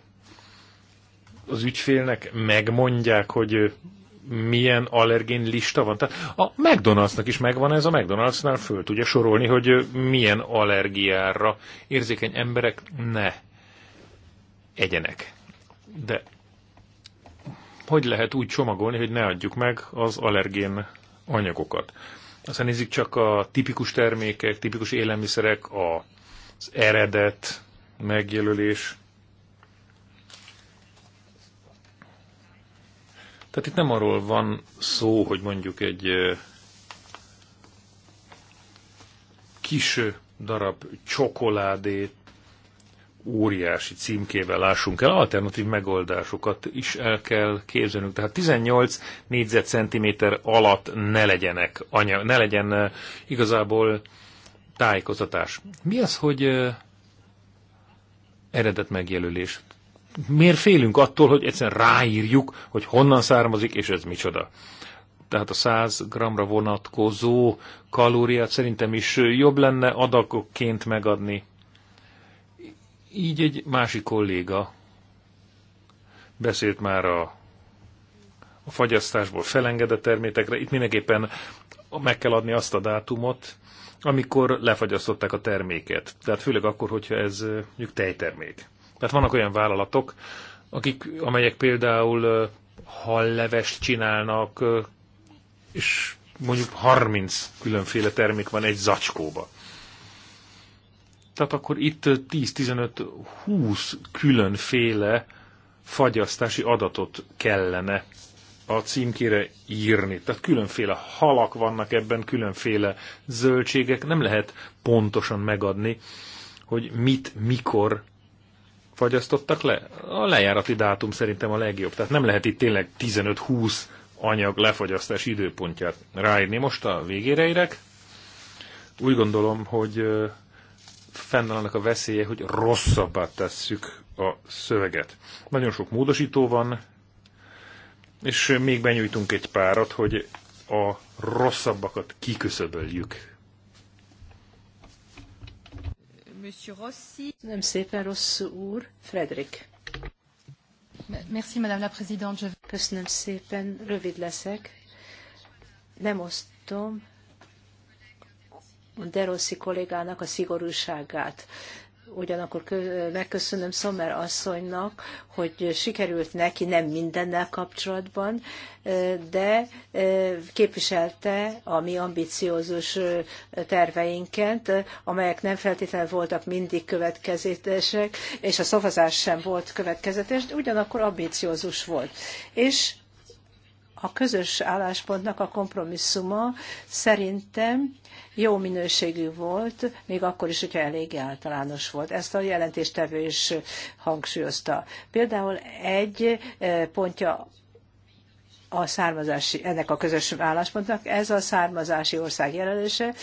Az ügyfélnek megmondják, hogy milyen allergén lista van. Tehát a McDonald'snak is megvan ez, a McDonald'snál föl tudja sorolni, hogy milyen allergiára érzékeny emberek ne egyenek. De hogy lehet úgy csomagolni, hogy ne adjuk meg az allergén anyagokat? Aztán nézzük csak a tipikus termékek, tipikus élelmiszerek, az eredet, megjelölés. Tehát itt nem arról van szó, hogy mondjuk egy kis darab csokoládét óriási címkével lássunk el, alternatív megoldásokat is el kell képzelnünk. Tehát 18 négyzetcentiméter alatt ne legyenek anya, ne legyen eh, igazából tájékoztatás. Mi az, hogy eh, eredet megjelölés? Miért félünk attól, hogy egyszerűen ráírjuk, hogy honnan származik, és ez micsoda? tehát a 100 g-ra vonatkozó kalóriát szerintem is eh, jobb lenne adagokként megadni. Így egy másik kolléga beszélt már a, a fagyasztásból felengedett termékekre. Itt mindenképpen meg kell adni azt a dátumot, amikor lefagyasztották a terméket. Tehát főleg akkor, hogyha ez mondjuk tejtermék. Tehát vannak olyan vállalatok, akik, amelyek például hallevest csinálnak, és mondjuk 30 különféle termék van egy zacskóba. Tehát akkor itt 10-15-20 különféle fagyasztási adatot kellene a címkére írni. Tehát különféle halak vannak ebben, különféle zöldségek. Nem lehet pontosan megadni, hogy mit, mikor fagyasztottak le. A lejárati dátum szerintem a legjobb. Tehát nem lehet itt tényleg 15-20 anyag lefagyasztás időpontját ráírni. Most a végére érek. Úgy gondolom, hogy Fennáll annak a veszélye, hogy rosszabbá tesszük a szöveget. Nagyon sok módosító van, és még benyújtunk egy párat, hogy a rosszabbakat kiküszöböljük. Monsieur Rossi. Nem szépen rossz úr, Frederick. Merci, Madame la Présidente. Köszönöm szépen, rövid leszek. Nem osztom de Rossi kollégának a szigorúságát. Ugyanakkor megköszönöm Szomer asszonynak, hogy sikerült neki nem mindennel kapcsolatban, de képviselte a mi ambiciózus terveinket, amelyek nem feltétlenül voltak mindig következetesek, és a szavazás sem volt következetes, de ugyanakkor ambiciózus volt. És a közös álláspontnak a kompromisszuma szerintem jó minőségű volt, még akkor is, hogyha elég általános volt. Ezt a jelentéstevő is hangsúlyozta. Például egy eh, pontja a származási, ennek a közös álláspontnak, ez a származási ország jelölése.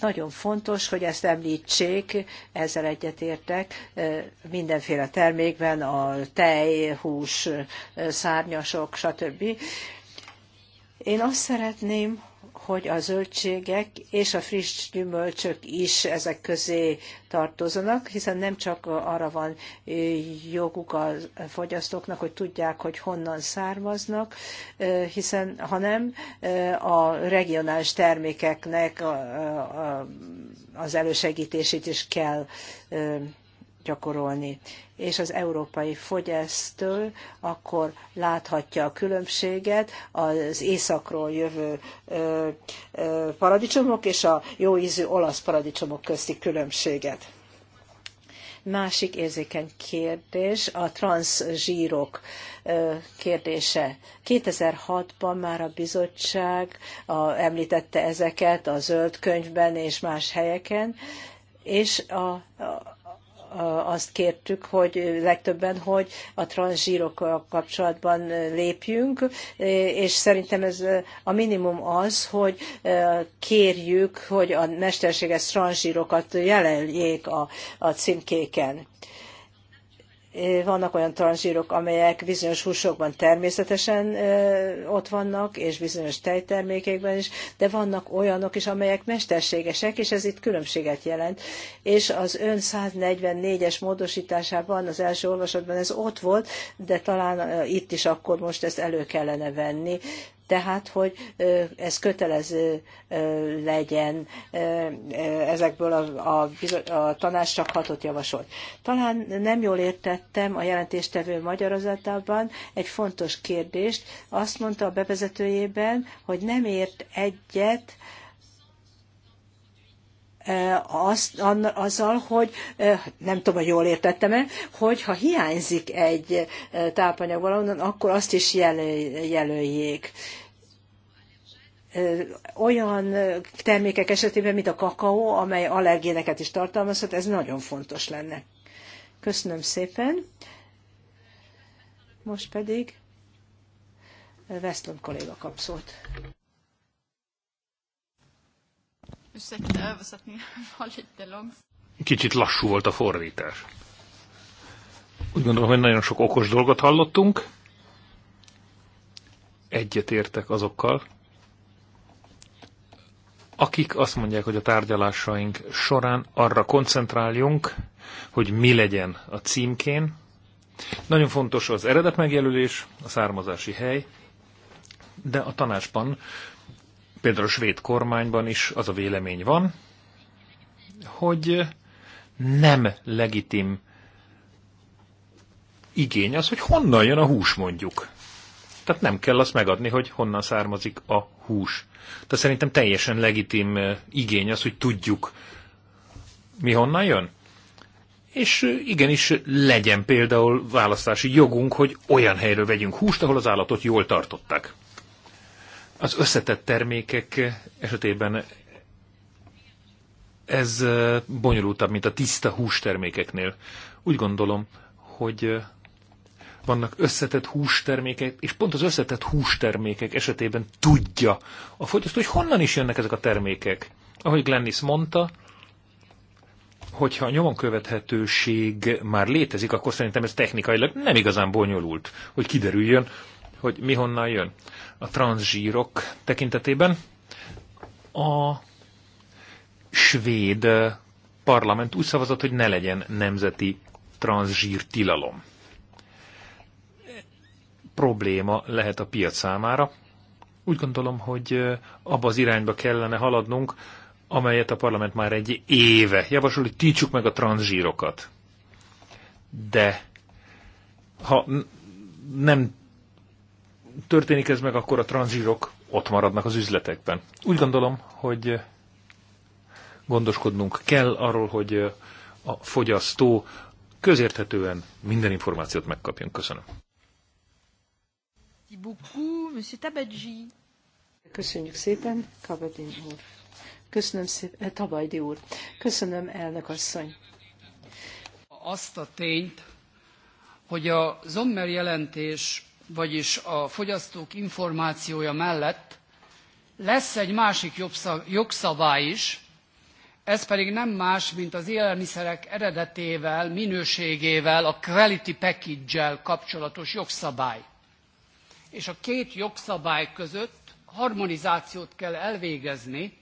Nagyon fontos, hogy ezt említsék, ezzel egyetértek, eh, mindenféle termékben, a tej, hús, eh, szárnyasok, stb. Én azt szeretném, hogy a zöldségek és a friss gyümölcsök is ezek közé tartozanak, hiszen nem csak arra van joguk a fogyasztóknak, hogy tudják, hogy honnan származnak, hiszen hanem a regionális termékeknek az elősegítését is kell gyakorolni. És az európai fogyasztól akkor láthatja a különbséget az északról jövő ö, ö, paradicsomok és a jó ízű olasz paradicsomok közti különbséget. Másik érzékeny kérdés a transzsírok kérdése. 2006-ban már a bizottság a, említette ezeket a zöld könyvben és más helyeken, és a, a azt kértük, hogy legtöbben, hogy a transzsírokkal kapcsolatban lépjünk, és szerintem ez a minimum az, hogy kérjük, hogy a mesterséges transzsírokat jelöljék a, a címkéken Eh, vannak olyan transzsírok, amelyek bizonyos húsokban természetesen eh, ott vannak, és bizonyos tejtermékekben is, de vannak olyanok is, amelyek mesterségesek, és ez itt különbséget jelent. És az ön 144-es módosításában, az első olvasatban ez ott volt, de talán eh, itt is akkor most ezt elő kellene venni, tehát hogy ez kötelező legyen ezekből a, a, a tanács csak hatot javasolt. Talán nem jól értettem a jelentéstevő magyarázatában egy fontos kérdést. Azt mondta a bevezetőjében, hogy nem ért egyet, az, azzal, hogy nem tudom, hogy jól értettem-e, hogy ha hiányzik egy tápanyag valahonnan, akkor azt is jelöljék olyan termékek esetében, mint a kakaó, amely allergéneket is tartalmazhat, ez nagyon fontos lenne. Köszönöm szépen. Most pedig Westlund kolléga kap szót. Ursäkta översättningen var lite Kicsit lassú volt a fordítás. Úgy gondolom, hogy nagyon sok okos dolgot hallottunk. Egyet értek azokkal, akik azt mondják, hogy a tárgyalásaink során arra koncentráljunk, hogy mi legyen a címkén. Nagyon fontos az eredet megjelölés, a származási hely, de a tanácsban például a svéd kormányban is az a vélemény van, hogy nem legitim igény az, hogy honnan jön a hús mondjuk. Tehát nem kell azt megadni, hogy honnan származik a hús. Tehát szerintem teljesen legitim eh, igény az, hogy tudjuk, mi honnan jön. És eh, igenis legyen például választási jogunk, hogy olyan helyről vegyünk húst, ahol az állatot jól tartották. Az összetett termékek esetében ez bonyolultabb, mint a tiszta hústermékeknél. Úgy gondolom, hogy vannak összetett hústermékek, és pont az összetett hústermékek esetében tudja a fogyasztó, hogy honnan is jönnek ezek a termékek. Ahogy Glennis mondta, hogyha a nyomon követhetőség már létezik, akkor szerintem ez technikailag nem igazán bonyolult, hogy kiderüljön, hogy mi honnan jön. A transzsírok tekintetében a svéd parlament úgy szavazott, hogy ne legyen nemzeti transzsír tilalom. Probléma lehet a piac számára. Úgy gondolom, hogy abba az irányba kellene haladnunk, amelyet a parlament már egy éve javasol, hogy tiltsuk meg a transzsírokat. De ha nem történik ez meg, akkor a tranzsírok ott maradnak az üzletekben. Úgy gondolom, hogy gondoskodnunk kell arról, hogy a fogyasztó közérthetően minden információt megkapjon. Köszönöm. Köszönjük szépen, Kabadin úr. Köszönöm szépen, eh, Tabajdi úr. Köszönöm, elnök asszony. Azt a tényt, hogy a Zommer jelentés vagyis a fogyasztók információja mellett lesz egy másik jogszabály is, ez pedig nem más, mint az élelmiszerek eredetével, minőségével, a quality package-el kapcsolatos jogszabály. És a két jogszabály között harmonizációt kell elvégezni.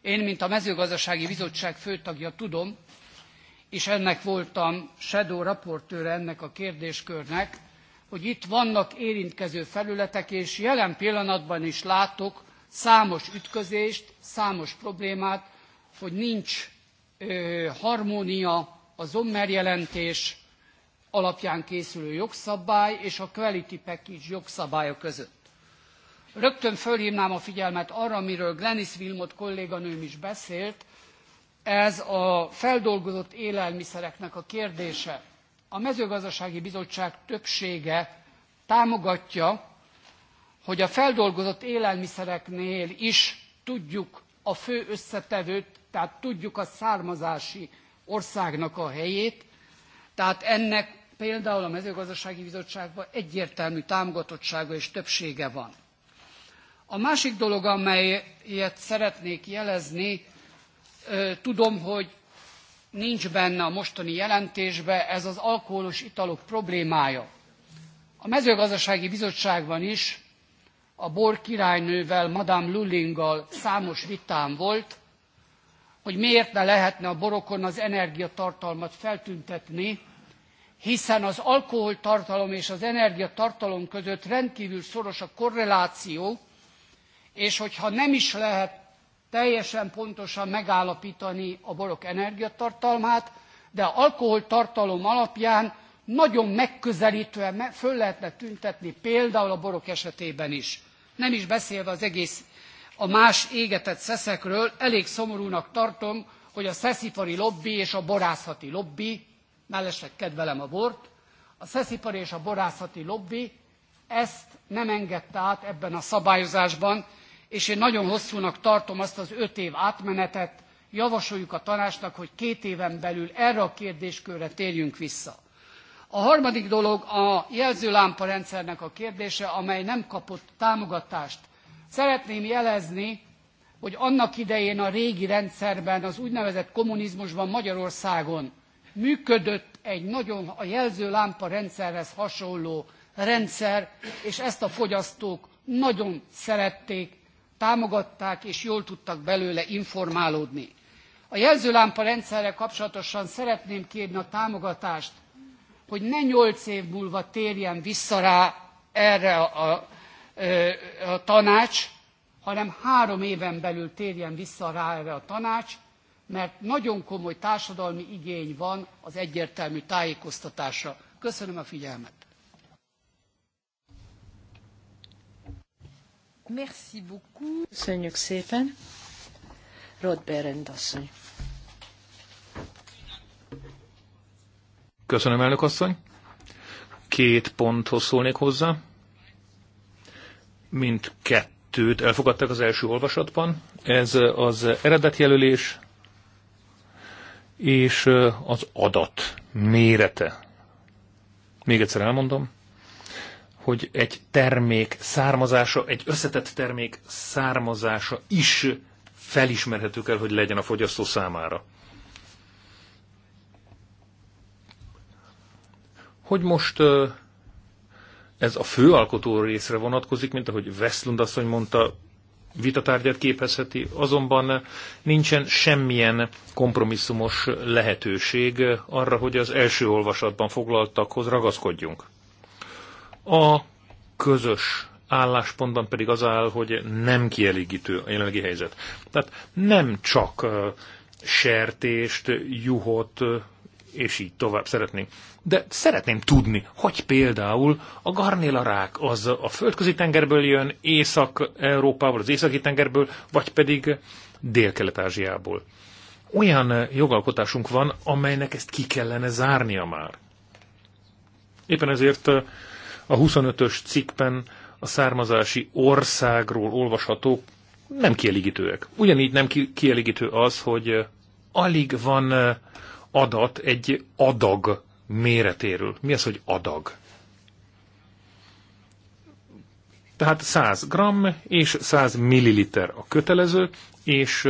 Én, mint a mezőgazdasági bizottság főtagja tudom, és ennek voltam shadow raportőre ennek a kérdéskörnek, hogy itt vannak érintkező felületek, és jelen pillanatban is látok számos ütközést, számos problémát, hogy nincs ö, harmónia a Zommer jelentés alapján készülő jogszabály és a Quality Package jogszabálya között. Rögtön fölhívnám a figyelmet arra, amiről Glenis Wilmot kolléganőm is beszélt, ez a feldolgozott élelmiszereknek a kérdése a mezőgazdasági bizottság többsége támogatja, hogy a feldolgozott élelmiszereknél is tudjuk a fő összetevőt, tehát tudjuk a származási országnak a helyét, tehát ennek például a mezőgazdasági bizottságban egyértelmű támogatottsága és többsége van. A másik dolog, amelyet szeretnék jelezni, tudom, hogy nincs benne a mostani jelentésbe ez az alkoholos italok problémája. A mezőgazdasági bizottságban is a bor királynővel, Madame Lullinggal számos vitám volt, hogy miért ne lehetne a borokon az energiatartalmat feltüntetni, hiszen az alkoholtartalom és az energiatartalom között rendkívül szoros a korreláció, és hogyha nem is lehet teljesen pontosan megállapítani a borok energiatartalmát, de alkoholtartalom alapján nagyon megközelítően föl lehetne tüntetni például a borok esetében is. Nem is beszélve az egész a más égetett szeszekről, elég szomorúnak tartom, hogy a szeszipari lobby és a borászati lobby, mellesleg kedvelem a bort, a szeszipari és a borászati lobby ezt nem engedte át ebben a szabályozásban, és én nagyon hosszúnak tartom azt az öt év átmenetet, javasoljuk a tanácsnak, hogy két éven belül erre a kérdéskörre térjünk vissza. A harmadik dolog a jelzőlámpa rendszernek a kérdése, amely nem kapott támogatást. Szeretném jelezni, hogy annak idején a régi rendszerben, az úgynevezett kommunizmusban Magyarországon működött egy nagyon a jelzőlámpa rendszerhez hasonló rendszer, és ezt a fogyasztók nagyon szerették, támogatták és jól tudtak belőle informálódni. A jelzőlámpa rendszerrel kapcsolatosan szeretném kérni a támogatást, hogy ne nyolc év múlva térjen vissza rá erre a, a, a tanács, hanem három éven belül térjen vissza rá erre a tanács, mert nagyon komoly társadalmi igény van az egyértelmű tájékoztatásra. Köszönöm a figyelmet! Merci beaucoup. Köszönjük szépen. Rod asszony. Köszönöm, elnök asszony. Két ponthoz szólnék hozzá. Mint kettőt elfogadtak az első olvasatban. Ez az eredetjelölés és az adat mérete. Még egyszer elmondom hogy egy termék származása, egy összetett termék származása is felismerhető kell, hogy legyen a fogyasztó számára. Hogy most ez a főalkotó részre vonatkozik, mint ahogy Westlund asszony mondta, vitatárgyat képezheti, azonban nincsen semmilyen kompromisszumos lehetőség arra, hogy az első olvasatban foglaltakhoz ragaszkodjunk. A közös álláspontban pedig az áll, hogy nem kielégítő a jelenlegi helyzet. Tehát nem csak sertést, juhot, és így tovább szeretnénk. De szeretném tudni, hogy például a garnélarák az a földközi tengerből jön, Észak-Európából, az északi tengerből, vagy pedig Dél-Kelet-Ázsiából. Olyan jogalkotásunk van, amelynek ezt ki kellene zárnia már. Éppen ezért a 25-ös cikkben a származási országról olvasható nem kielégítőek. Ugyanígy nem kielégítő az, hogy alig van adat egy adag méretéről. Mi az, hogy adag? Tehát 100 g és 100 milliliter a kötelező, és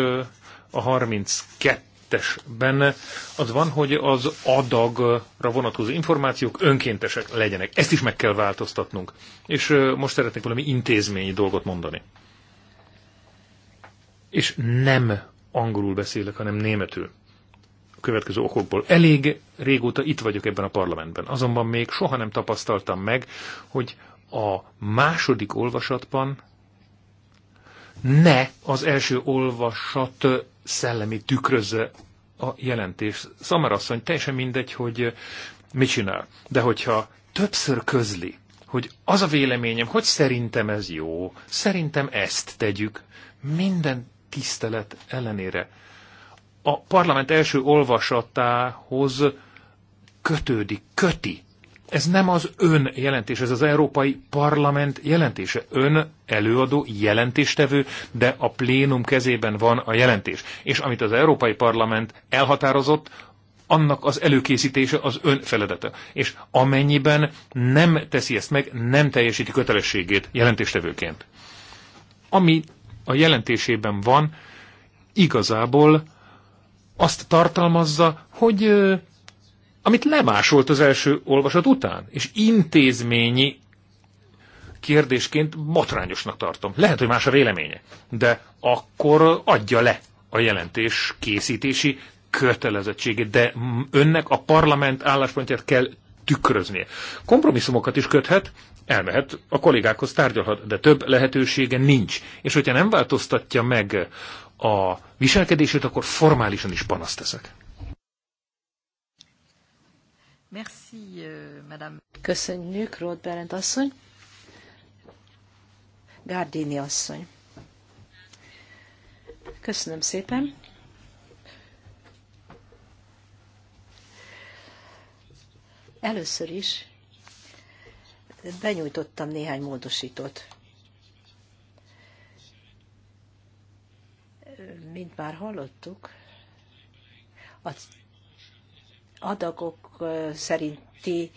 a 32 kettesben az van, hogy az adagra vonatkozó információk önkéntesek legyenek. Ezt is meg kell változtatnunk. És most szeretnék valami intézményi dolgot mondani. És nem angolul beszélek, hanem németül. A következő okokból. Elég régóta itt vagyok ebben a parlamentben. Azonban még soha nem tapasztaltam meg, hogy a második olvasatban ne az első olvasat szellemi tükrözze a jelentés. Szamarasszony, teljesen mindegy, hogy mit csinál. De hogyha többször közli, hogy az a véleményem, hogy szerintem ez jó, szerintem ezt tegyük, minden tisztelet ellenére. A parlament első olvasatához kötődik, köti ez nem az ön jelentés, ez az Európai Parlament jelentése. Ön előadó, jelentéstevő, de a plénum kezében van a jelentés. És amit az Európai Parlament elhatározott, annak az előkészítése az ön feladata. És amennyiben nem teszi ezt meg, nem teljesíti kötelességét jelentéstevőként. Ami a jelentésében van, igazából azt tartalmazza, hogy amit lemásolt az első olvasat után, és intézményi kérdésként botrányosnak tartom. Lehet, hogy más a véleménye, de akkor adja le a jelentés készítési kötelezettségét, de önnek a parlament álláspontját kell tükröznie. Kompromisszumokat is köthet, elmehet, a kollégákhoz tárgyalhat, de több lehetősége nincs. És hogyha nem változtatja meg a viselkedését, akkor formálisan is panaszt teszek. Merci, euh, madame. Köszönjük, Ród Berend asszony. Gárdini asszony. Köszönöm szépen. Először is benyújtottam néhány módosítót. Mint már hallottuk, a adagok szerinti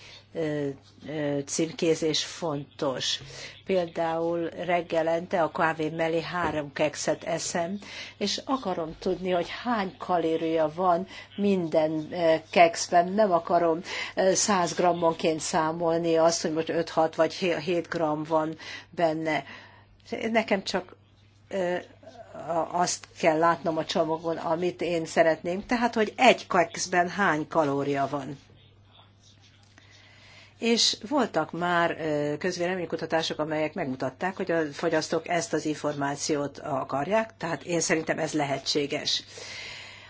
címkézés fontos. Például reggelente a kávé mellé három kekszet eszem, és akarom tudni, hogy hány kalériaja van minden kekszben. Nem akarom 100 grammonként számolni azt, hogy most 5-6 vagy 7 gram van benne. Nekem csak azt kell látnom a csomagon, amit én szeretném, tehát hogy egy kekszben hány kalória van. És voltak már közvéleménykutatások, amelyek megmutatták, hogy a fogyasztók ezt az információt akarják, tehát én szerintem ez lehetséges.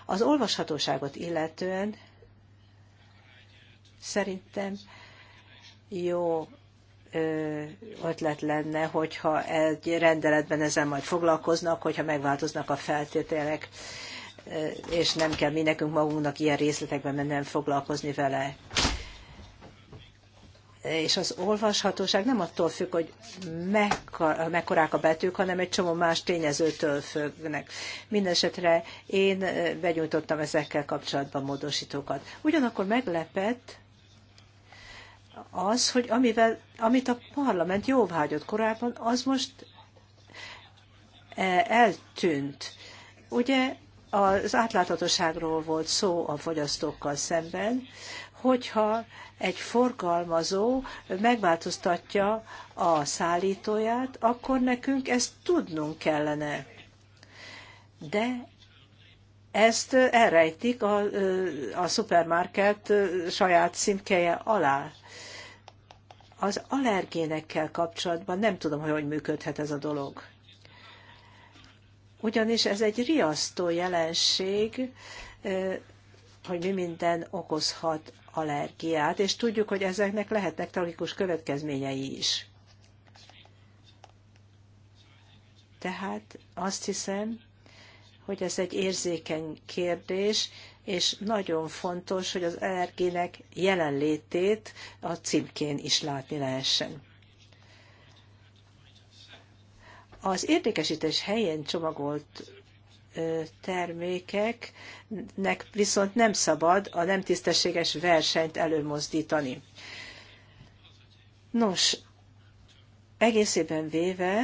Az olvashatóságot illetően szerintem jó ötlet lenne, hogyha egy rendeletben ezzel majd foglalkoznak, hogyha megváltoznak a feltételek, és nem kell mi nekünk magunknak ilyen részletekben mennem foglalkozni vele. És az olvashatóság nem attól függ, hogy mekkorák a betűk, hanem egy csomó más tényezőtől függnek. Mindenesetre én benyújtottam ezekkel kapcsolatban módosítókat. Ugyanakkor meglepett, az, hogy amivel, amit a parlament jóvágyott korábban, az most e, eltűnt. Ugye az átláthatóságról volt szó a fogyasztókkal szemben, hogyha egy forgalmazó megváltoztatja a szállítóját, akkor nekünk ezt tudnunk kellene. De ezt elrejtik a, a szupermarket saját szintkeje alá. Az allergénekkel kapcsolatban nem tudom, hogy hogy működhet ez a dolog. Ugyanis ez egy riasztó jelenség, hogy mi minden okozhat allergiát, és tudjuk, hogy ezeknek lehetnek tragikus következményei is. Tehát azt hiszem, hogy ez egy érzékeny kérdés, és nagyon fontos, hogy az ERG-nek jelenlétét a címkén is látni lehessen. Az értékesítés helyén csomagolt termékeknek viszont nem szabad a nem tisztességes versenyt előmozdítani. Nos, egészében véve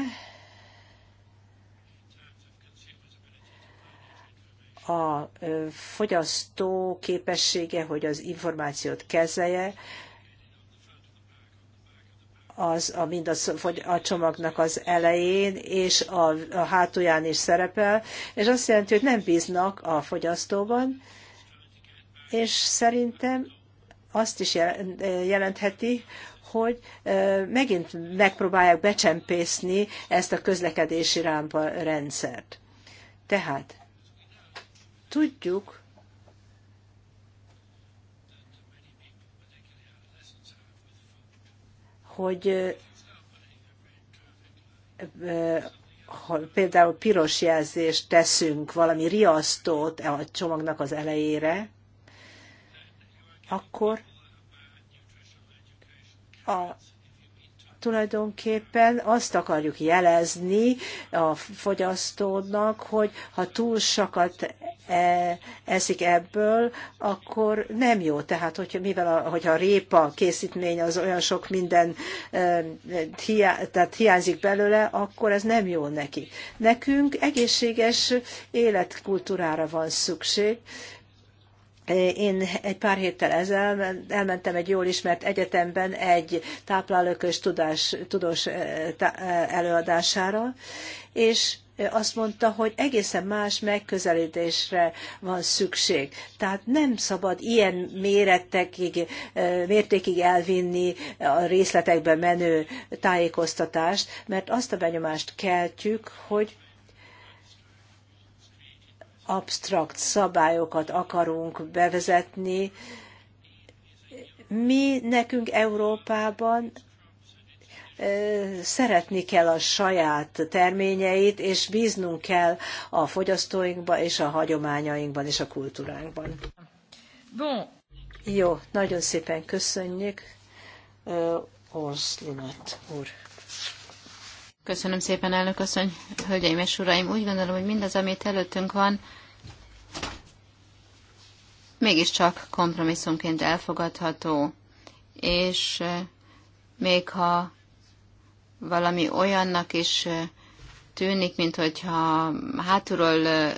a fogyasztó képessége, hogy az információt kezelje, az a, mind a, a csomagnak az elején és a, a hátulján is szerepel, és azt jelenti, hogy nem bíznak a fogyasztóban, és szerintem azt is jelentheti, hogy megint megpróbálják becsempészni ezt a közlekedési rámpa rendszert. Tehát Tudjuk, hogy ha például piros jelzést teszünk, valami riasztót a csomagnak az elejére, akkor a tulajdonképpen azt akarjuk jelezni a fogyasztónak, hogy ha túl sokat e, eszik ebből, akkor nem jó. Tehát, hogy mivel a, hogyha a répa készítmény az olyan sok minden e, hiá, tehát hiányzik belőle, akkor ez nem jó neki. Nekünk egészséges életkultúrára van szükség, én egy pár héttel ezelőtt elmentem egy jól ismert egyetemben egy táplálókös tudás, tudós eh, eh, előadására, és azt mondta, hogy egészen más megközelítésre van szükség. Tehát nem szabad ilyen méretekig, eh, mértékig elvinni a részletekbe menő tájékoztatást, mert azt a benyomást keltjük, hogy absztrakt szabályokat akarunk bevezetni. Mi nekünk Európában szeretni kell a saját terményeit, és bíznunk kell a fogyasztóinkban, és a hagyományainkban, és a kultúránkban. Bon. Jó, nagyon szépen köszönjük Orszlinat úr. Köszönöm szépen, elnök asszony, hölgyeim és uraim. Úgy gondolom, hogy mindaz, amit előttünk van, mégiscsak kompromisszumként elfogadható, és eh, még ha valami olyannak is eh, tűnik, mint hogyha hátulról eh,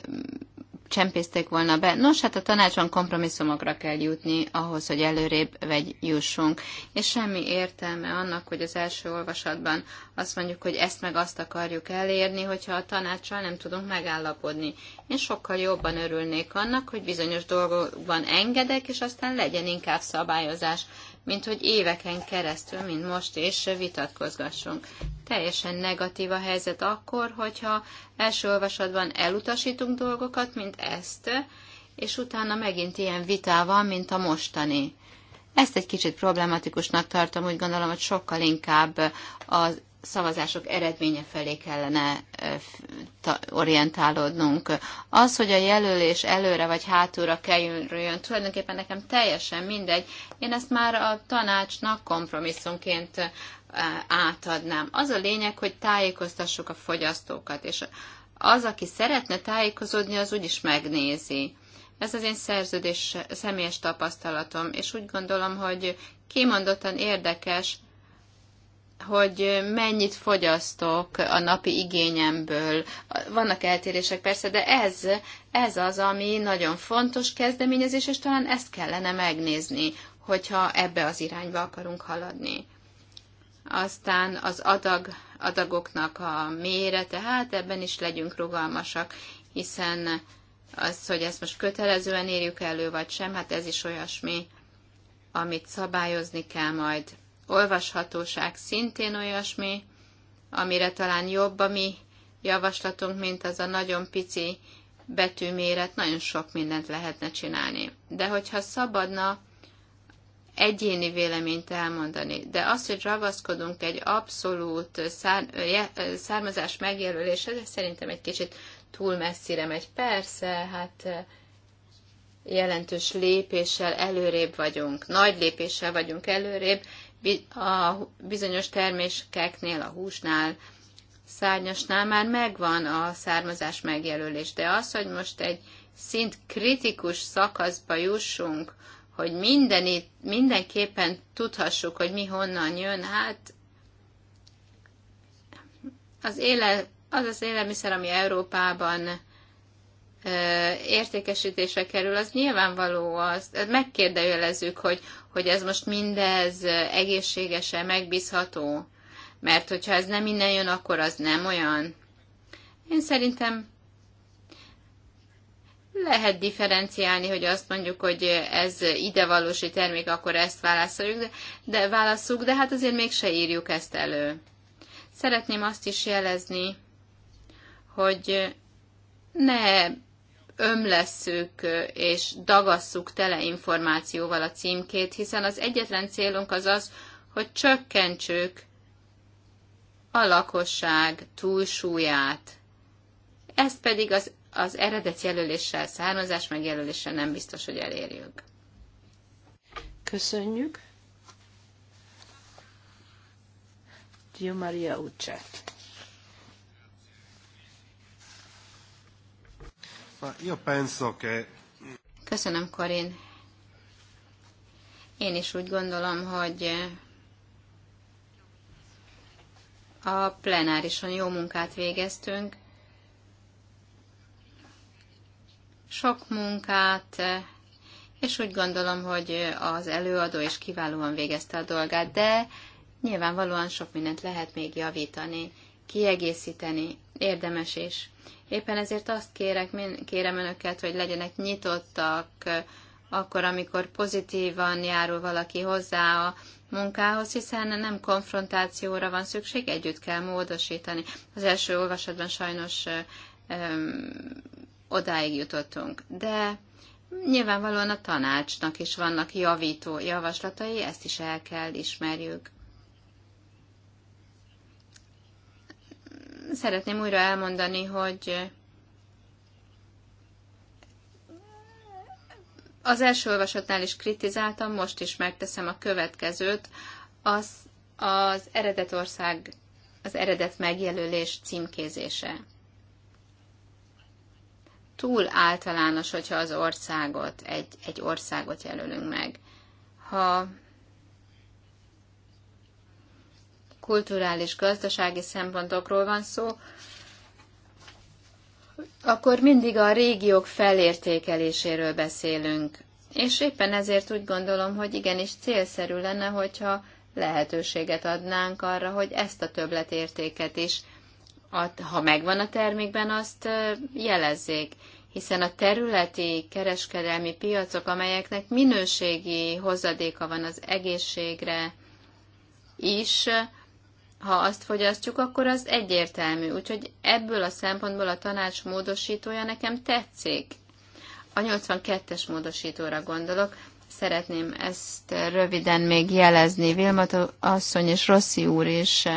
csempészték volna be. Nos, hát a tanácsban kompromisszumokra kell jutni ahhoz, hogy előrébb vegy jussunk. És semmi értelme annak, hogy az első olvasatban azt mondjuk, hogy ezt meg azt akarjuk elérni, hogyha a tanácssal nem tudunk megállapodni. Én sokkal jobban örülnék annak, hogy bizonyos dolgokban engedek, és aztán legyen inkább szabályozás mint hogy éveken keresztül, mint most is vitatkozgassunk. Teljesen negatív a helyzet akkor, hogyha első olvasatban elutasítunk dolgokat, mint ezt, és utána megint ilyen vitával, mint a mostani. Ezt egy kicsit problematikusnak tartom, úgy gondolom, hogy sokkal inkább az szavazások eredménye felé kellene orientálódnunk. Az, hogy a jelölés előre vagy hátulra kerüljön, tulajdonképpen nekem teljesen mindegy. Én ezt már a tanácsnak kompromisszumként átadnám. Az a lényeg, hogy tájékoztassuk a fogyasztókat, és az, aki szeretne tájékozódni, az úgyis megnézi. Ez az én szerződés, személyes tapasztalatom, és úgy gondolom, hogy kimondottan érdekes hogy mennyit fogyasztok a napi igényemből. Vannak eltérések persze, de ez, ez az, ami nagyon fontos kezdeményezés, és talán ezt kellene megnézni, hogyha ebbe az irányba akarunk haladni. Aztán az adag, adagoknak a mérete, hát ebben is legyünk rugalmasak, hiszen az, hogy ezt most kötelezően érjük elő, vagy sem, hát ez is olyasmi, amit szabályozni kell majd olvashatóság szintén olyasmi, amire talán jobb a mi javaslatunk, mint az a nagyon pici betűméret, nagyon sok mindent lehetne csinálni. De hogyha szabadna egyéni véleményt elmondani, de az, hogy ragaszkodunk egy abszolút származás megjelöléshez, ez szerintem egy kicsit túl messzire megy. Persze, hát jelentős lépéssel előrébb vagyunk, nagy lépéssel vagyunk előrébb, a bizonyos termékeknél, a húsnál, szárnyasnál már megvan a származás megjelölés, de az, hogy most egy szint kritikus szakaszba jussunk, hogy minden itt, mindenképpen tudhassuk, hogy mi honnan jön, hát az, éle, az az élelmiszer, ami Európában értékesítésre kerül, az nyilvánvaló, azt megkérdejelezzük, hogy, hogy ez most mindez egészségesen megbízható, mert hogyha ez nem innen jön, akkor az nem olyan. Én szerintem lehet differenciálni, hogy azt mondjuk, hogy ez idevalósi termék, akkor ezt válaszoljuk, de, de válasszuk, de hát azért mégse írjuk ezt elő. Szeretném azt is jelezni, hogy ne ömlesszük és dagasszuk tele információval a címkét, hiszen az egyetlen célunk az az, hogy csökkentsük a lakosság túlsúlyát. Ez pedig az, az eredet jelöléssel, származás megjelöléssel nem biztos, hogy elérjük. Köszönjük. Dio Maria Ucsát. Köszönöm, Karin. Én is úgy gondolom, hogy a plenárison jó munkát végeztünk. Sok munkát, és úgy gondolom, hogy az előadó is kiválóan végezte a dolgát, de nyilvánvalóan sok mindent lehet még javítani, kiegészíteni, érdemes is. Éppen ezért azt kérek, kérem önöket, hogy legyenek nyitottak, akkor, amikor pozitívan járul valaki hozzá a munkához, hiszen nem konfrontációra van szükség, együtt kell módosítani. Az első olvasatban sajnos öm, odáig jutottunk. De nyilvánvalóan a tanácsnak is vannak javító javaslatai, ezt is el kell ismerjük. szeretném újra elmondani, hogy az első olvasatnál is kritizáltam, most is megteszem a következőt, az, az eredetország, az eredet megjelölés címkézése. Túl általános, hogyha az országot, egy, egy országot jelölünk meg. Ha kulturális, gazdasági szempontokról van szó, akkor mindig a régiók felértékeléséről beszélünk. És éppen ezért úgy gondolom, hogy igenis célszerű lenne, hogyha lehetőséget adnánk arra, hogy ezt a többletértéket is, ha megvan a termékben, azt jelezzék. Hiszen a területi kereskedelmi piacok, amelyeknek minőségi hozadéka van az egészségre is, ha azt fogyasztjuk, akkor az egyértelmű. Úgyhogy ebből a szempontból a tanács módosítója nekem tetszik. A 82-es módosítóra gondolok. Szeretném ezt röviden még jelezni. Vilma asszony és Rossi úr is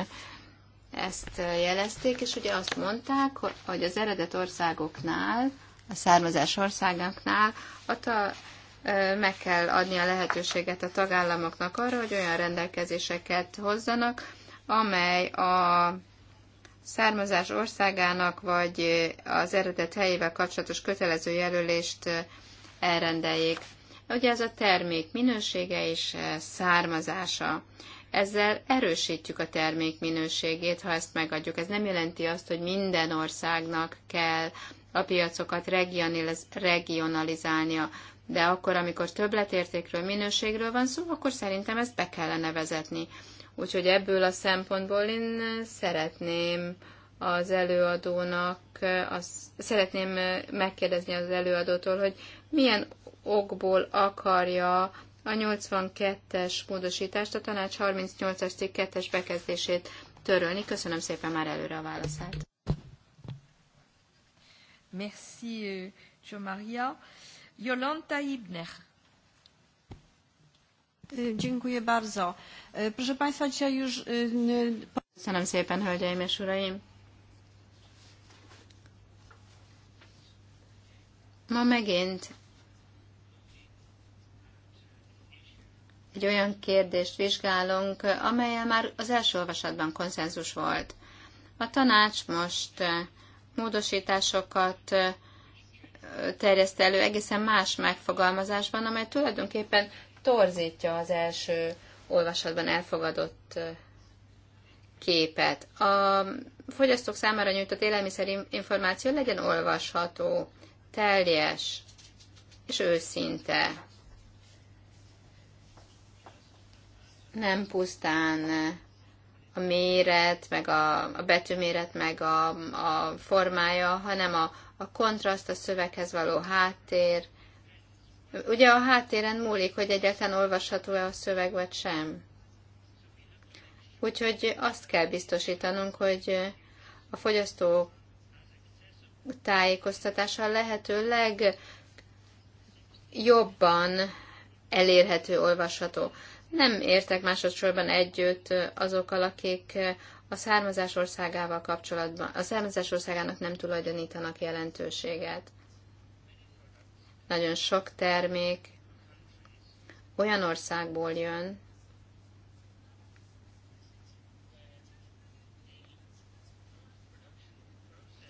ezt jelezték, és ugye azt mondták, hogy az eredet országoknál, a származás országoknál a ta, meg kell adni a lehetőséget a tagállamoknak arra, hogy olyan rendelkezéseket hozzanak, amely a származás országának vagy az eredet helyével kapcsolatos kötelező jelölést eh, elrendeljék. Ugye ez a termék minősége és eh, származása. Ezzel erősítjük a termék minőségét, ha ezt megadjuk. Ez nem jelenti azt, hogy minden országnak kell a piacokat regionalizálnia. De akkor, amikor többletértékről, minőségről van szó, akkor szerintem ezt be kellene vezetni. Úgyhogy ebből a szempontból én szeretném az előadónak, azt, szeretném megkérdezni az előadótól, hogy milyen okból akarja a 82-es módosítást, a tanács 38-as cikk 2-es bekezdését törölni. Köszönöm szépen már előre a válaszát. Merci, euh, Jo Maria. Jolanta Ibner. Dziękuję bardzo. E, proszę Państwa, dzisiaj już... E, Köszönöm szépen, hölgyeim és uraim! Ma megint egy olyan kérdést vizsgálunk, amelyen már az első olvasatban konszenzus volt. A tanács most e, módosításokat terjeszt elő egészen más megfogalmazásban, amely tulajdonképpen torzítja az első olvasatban elfogadott képet. A fogyasztók számára nyújtott élelmiszer információ legyen olvasható, teljes és őszinte. Nem pusztán a méret, meg a, a betűméret, meg a, a formája, hanem a, a kontraszt, a szöveghez való háttér, Ugye a háttéren múlik, hogy egyáltalán olvasható-e a szöveg, vagy sem. Úgyhogy azt kell biztosítanunk, hogy a fogyasztó tájékoztatása lehető legjobban elérhető, olvasható. Nem értek másodszorban együtt azokkal, akik a származás országával kapcsolatban, a származás országának nem tulajdonítanak jelentőséget. Nagyon sok termék olyan országból jön,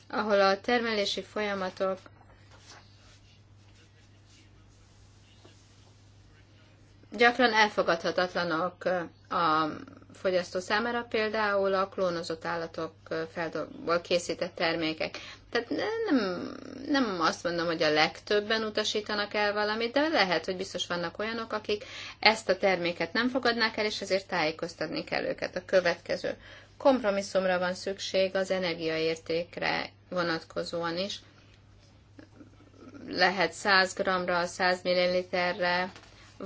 ahol a termelési folyamatok gyakran elfogadhatatlanok a fogyasztó számára, például a klónozott állatokból készített termékek. Tehát nem, nem azt mondom, hogy a legtöbben utasítanak el valamit, de lehet, hogy biztos vannak olyanok, akik ezt a terméket nem fogadnák el, és ezért tájékoztatni kell őket. A következő kompromisszumra van szükség az energiaértékre vonatkozóan is. Lehet 100 g-ra, 100 ml-re,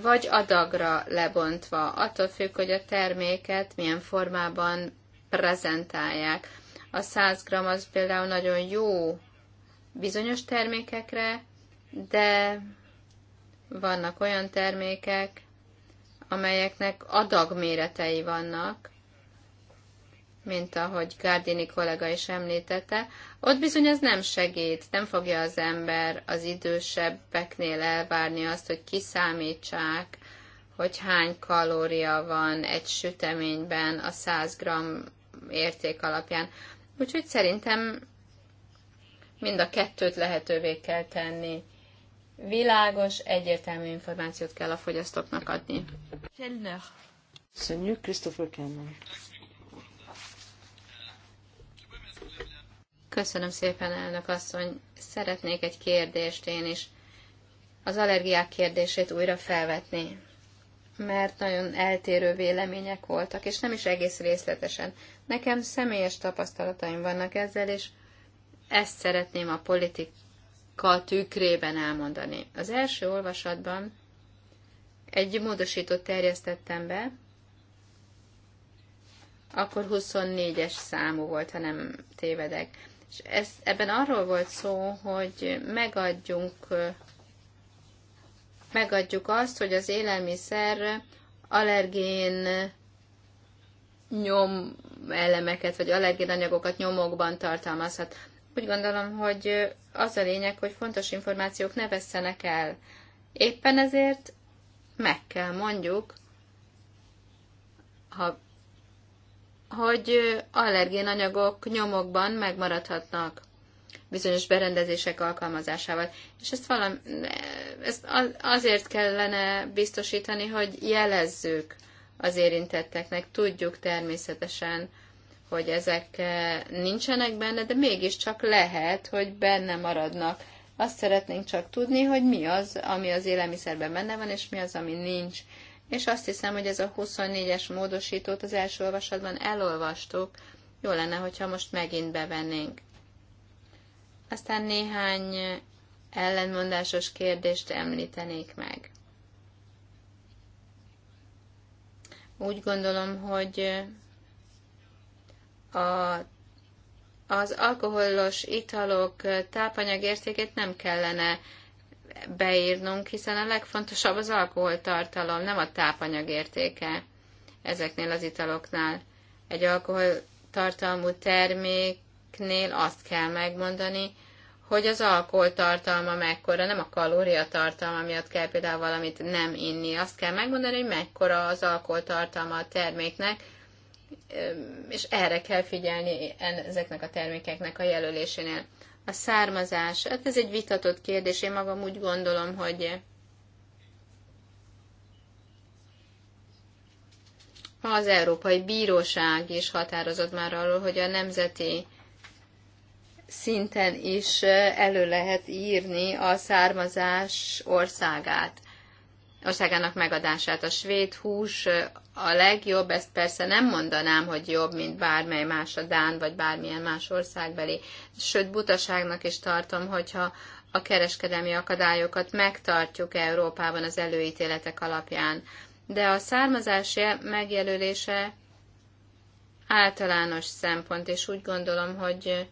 vagy adagra lebontva, attól függ, hogy a terméket milyen formában prezentálják. A 100 g az például nagyon jó bizonyos termékekre, de vannak olyan termékek, amelyeknek adagméretei vannak, mint ahogy Gardini kollega is említette, ott bizony ez nem segít, nem fogja az ember az idősebbeknél elvárni azt, hogy kiszámítsák, hogy hány kalória van egy süteményben a 100 g érték alapján. Úgyhogy szerintem mind a kettőt lehetővé kell tenni. Világos, egyértelmű információt kell a fogyasztóknak adni. Kellner. Köszönjük, Christopher Kellner. Köszönöm szépen, elnök asszony. Szeretnék egy kérdést én is. Az allergiák kérdését újra felvetni, mert nagyon eltérő vélemények voltak, és nem is egész részletesen. Nekem személyes tapasztalataim vannak ezzel, és ezt szeretném a politika tükrében elmondani. Az első olvasatban egy módosítót terjesztettem be, akkor 24-es számú volt, ha nem tévedek. És ez, ebben arról volt szó, hogy megadjunk, megadjuk azt, hogy az élelmiszer allergén nyom elemeket, vagy allergén anyagokat nyomokban tartalmazhat. Úgy gondolom, hogy az a lényeg, hogy fontos információk ne vesszenek el. Éppen ezért meg kell mondjuk, ha hogy allergén anyagok nyomokban megmaradhatnak bizonyos berendezések alkalmazásával. És ezt, valami, ezt azért kellene biztosítani, hogy jelezzük az érintetteknek, tudjuk természetesen, hogy ezek nincsenek benne, de mégiscsak lehet, hogy benne maradnak. Azt szeretnénk csak tudni, hogy mi az, ami az élelmiszerben benne van, és mi az, ami nincs és azt hiszem, hogy ez a 24-es módosítót az első olvasatban elolvastuk, jó lenne, hogyha most megint bevennénk. Aztán néhány ellenmondásos kérdést említenék meg. Úgy gondolom, hogy a, az alkoholos italok tápanyagértékét nem kellene beírnunk, hiszen a legfontosabb az alkoholtartalom, nem a tápanyag értéke ezeknél az italoknál. Egy alkoholtartalmú terméknél azt kell megmondani, hogy az alkoholtartalma mekkora, nem a kalóriatartalma miatt kell például valamit nem inni. Azt kell megmondani, hogy mekkora az alkoholtartalma a terméknek, és erre kell figyelni ezeknek a termékeknek a jelölésénél a származás, hát ez egy vitatott kérdés, én magam úgy gondolom, hogy az Európai Bíróság is határozott már arról, hogy a nemzeti szinten is elő lehet írni a származás országát, országának megadását. A svéd hús a legjobb, ezt persze nem mondanám, hogy jobb, mint bármely más a Dán, vagy bármilyen más országbeli. Sőt, butaságnak is tartom, hogyha a kereskedelmi akadályokat megtartjuk Európában az előítéletek alapján. De a származás megjelölése általános szempont, és úgy gondolom, hogy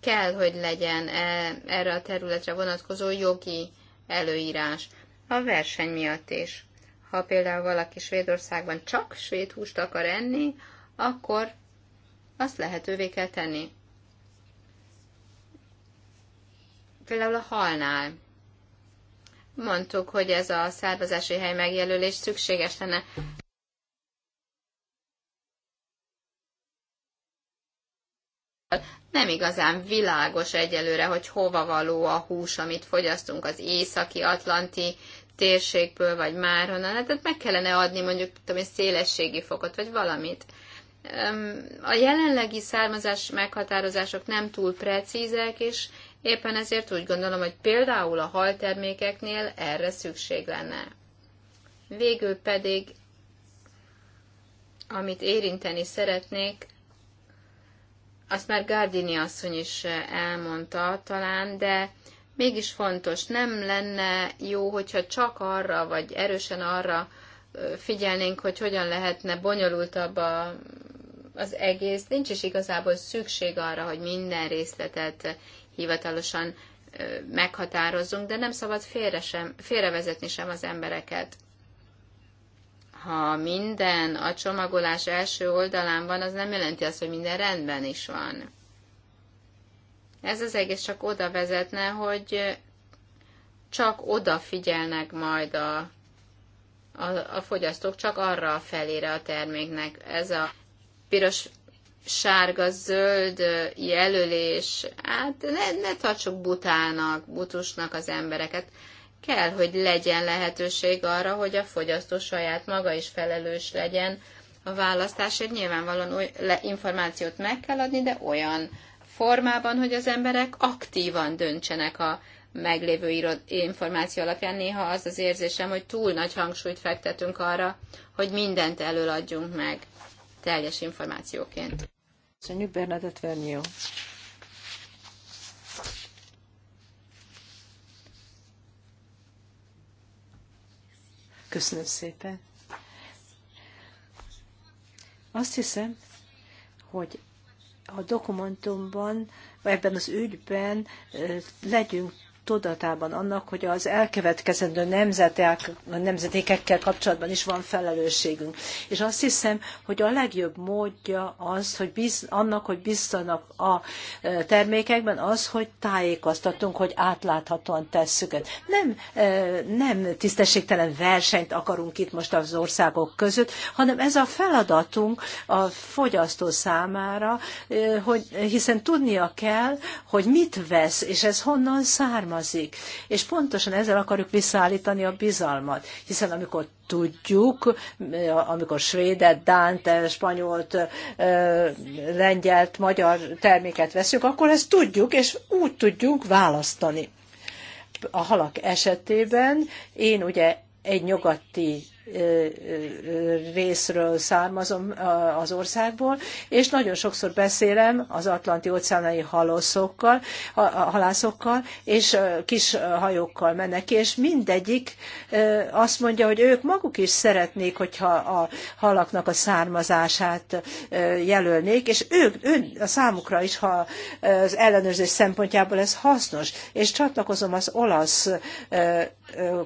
kell, hogy legyen e, erre a területre vonatkozó jogi előírás. A verseny miatt is ha például valaki Svédországban csak svéd húst akar enni, akkor azt lehetővé kell tenni. Például a halnál. Mondtuk, hogy ez a származási hely megjelölés szükséges lenne. Nem igazán világos egyelőre, hogy hova való a hús, amit fogyasztunk az északi, atlanti térségből, vagy már honnan, tehát hát meg kellene adni mondjuk tudom, egy szélességi fokot, vagy valamit. A jelenlegi származás meghatározások nem túl precízek, és éppen ezért úgy gondolom, hogy például a haltermékeknél erre szükség lenne. Végül pedig, amit érinteni szeretnék, azt már Gardini asszony is elmondta talán, de mégis fontos. Nem lenne jó, hogyha csak arra, vagy erősen arra figyelnénk, hogy hogyan lehetne bonyolultabb a, az egész. Nincs is igazából szükség arra, hogy minden részletet hivatalosan meghatározzunk, de nem szabad félre sem, félrevezetni sem az embereket. Ha minden a csomagolás első oldalán van, az nem jelenti azt, hogy minden rendben is van ez az egész csak oda vezetne, hogy csak odafigyelnek majd a, a, a fogyasztók, csak arra a felére a terméknek. Ez a piros, sárga, zöld jelölés, hát ne, ne tartsuk butának, butusnak az embereket. Kell, hogy legyen lehetőség arra, hogy a fogyasztó saját maga is felelős legyen a választásért. Nyilvánvalóan új, le, információt meg kell adni, de olyan formában, hogy az emberek aktívan döntsenek a meglévő információ alapján. Néha az az érzésem, hogy túl nagy hangsúlyt fektetünk arra, hogy mindent előadjunk meg teljes információként. Köszönjük Bernadett Vernió. Köszönöm szépen. Azt hiszem, hogy a dokumentumban, ebben az ügyben legyünk tudatában annak, hogy az elkövetkezendő nemzetek, nemzetékekkel kapcsolatban is van felelősségünk. És azt hiszem, hogy a legjobb módja az, hogy biz, annak, hogy biztanak a e, termékekben, az, hogy tájékoztatunk, hogy átláthatóan tesszük. Nem, e, nem tisztességtelen versenyt akarunk itt most az országok között, hanem ez a feladatunk a fogyasztó számára, e, hogy, hiszen tudnia kell, hogy mit vesz, és ez honnan származik származik. És pontosan ezzel akarjuk visszaállítani a bizalmat, hiszen amikor tudjuk, amikor svédet, dánt, spanyolt, lengyelt, magyar terméket veszünk, akkor ezt tudjuk, és úgy tudjuk választani. A halak esetében én ugye egy nyugati részről származom az országból, és nagyon sokszor beszélem az atlanti óceánai halászokkal, halászokkal, és kis hajókkal mennek és mindegyik azt mondja, hogy ők maguk is szeretnék, hogyha a halaknak a származását jelölnék, és ők, ön, a számukra is, ha az ellenőrzés szempontjából ez hasznos. És csatlakozom az olasz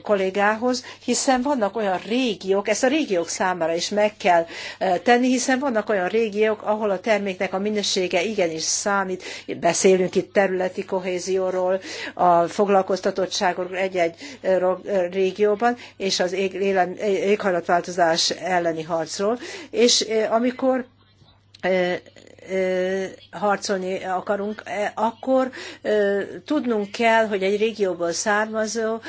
kollégához, hiszen vannak olyan régi régiók, ezt a régiók számára is meg kell e, tenni, hiszen vannak olyan régiók, ahol a terméknek a minősége igenis számít. Beszélünk itt területi kohézióról, a foglalkoztatottságról egy-egy e, e, régióban, és az éghajlatváltozás elleni harcról. És amikor harcolni akarunk, akkor tudnunk kell, hogy egy régióból származó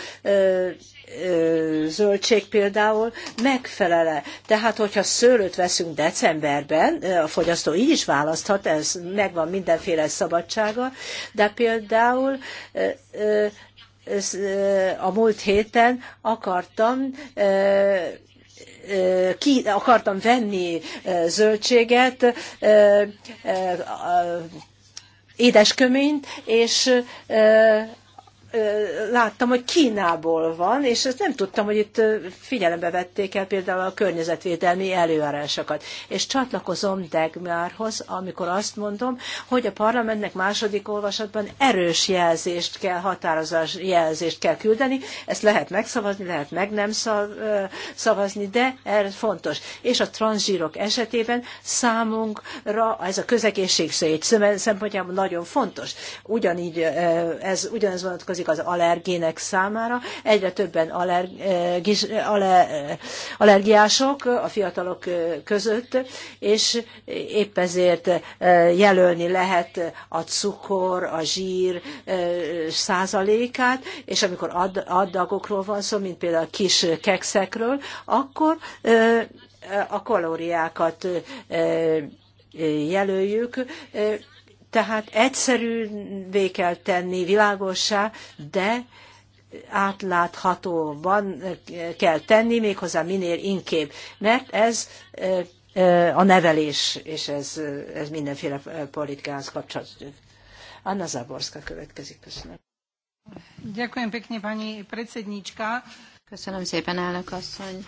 zöldség például megfelele. Tehát, hogyha szőlőt veszünk decemberben, a fogyasztó így is választhat, ez megvan mindenféle szabadsága, de például a múlt héten akartam ki akartam venni zöldséget, édesköményt, és láttam, hogy Kínából van, és ezt nem tudtam, hogy itt figyelembe vették el például a környezetvédelmi előárásokat. És csatlakozom Degmárhoz, amikor azt mondom, hogy a parlamentnek második olvasatban erős jelzést kell, határozás jelzést kell küldeni. Ezt lehet megszavazni, lehet meg nem szavazni, de ez fontos. És a transzsírok esetében számunkra ez a közegészség szempontjából nagyon fontos. Ugyanígy ez, ugyanez vonatkozik vonatkozik az allergének számára. Egyre többen allergis, eh, eh, aller, eh, allergiások a fiatalok között, és épp ezért jelölni lehet a cukor, a zsír százalékát, és amikor addagokról van szó, mint például a kis kekszekről, akkor a kalóriákat jelöljük, tehát egyszerűvé kell tenni, világossá, de átláthatóban kell tenni, méghozzá minél inkább, mert ez a nevelés, és ez, ez mindenféle politikához kapcsolódik. Anna Zaborska következik, köszönöm. Ďakujem pekne, pani predsedníčka. Köszönöm szépen, elnök asszony.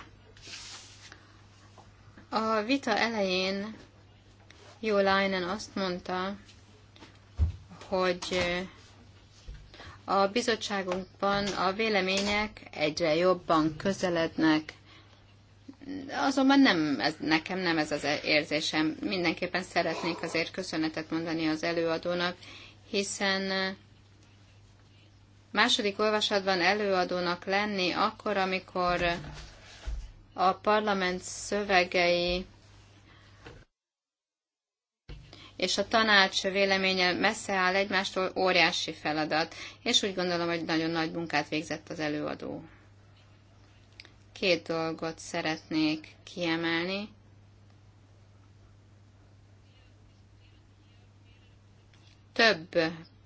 A vita elején Jó Leinen azt mondta, hogy eh, a bizottságunkban a vélemények egyre jobban közelednek, azonban nem, ez, nekem nem ez az e- érzésem. Mindenképpen szeretnék azért köszönetet mondani az előadónak, hiszen eh, második olvasatban előadónak lenni akkor, amikor a parlament szövegei és a tanács véleménye messze áll egymástól, óriási feladat, és úgy gondolom, hogy nagyon nagy munkát végzett az előadó. Két dolgot szeretnék kiemelni. Több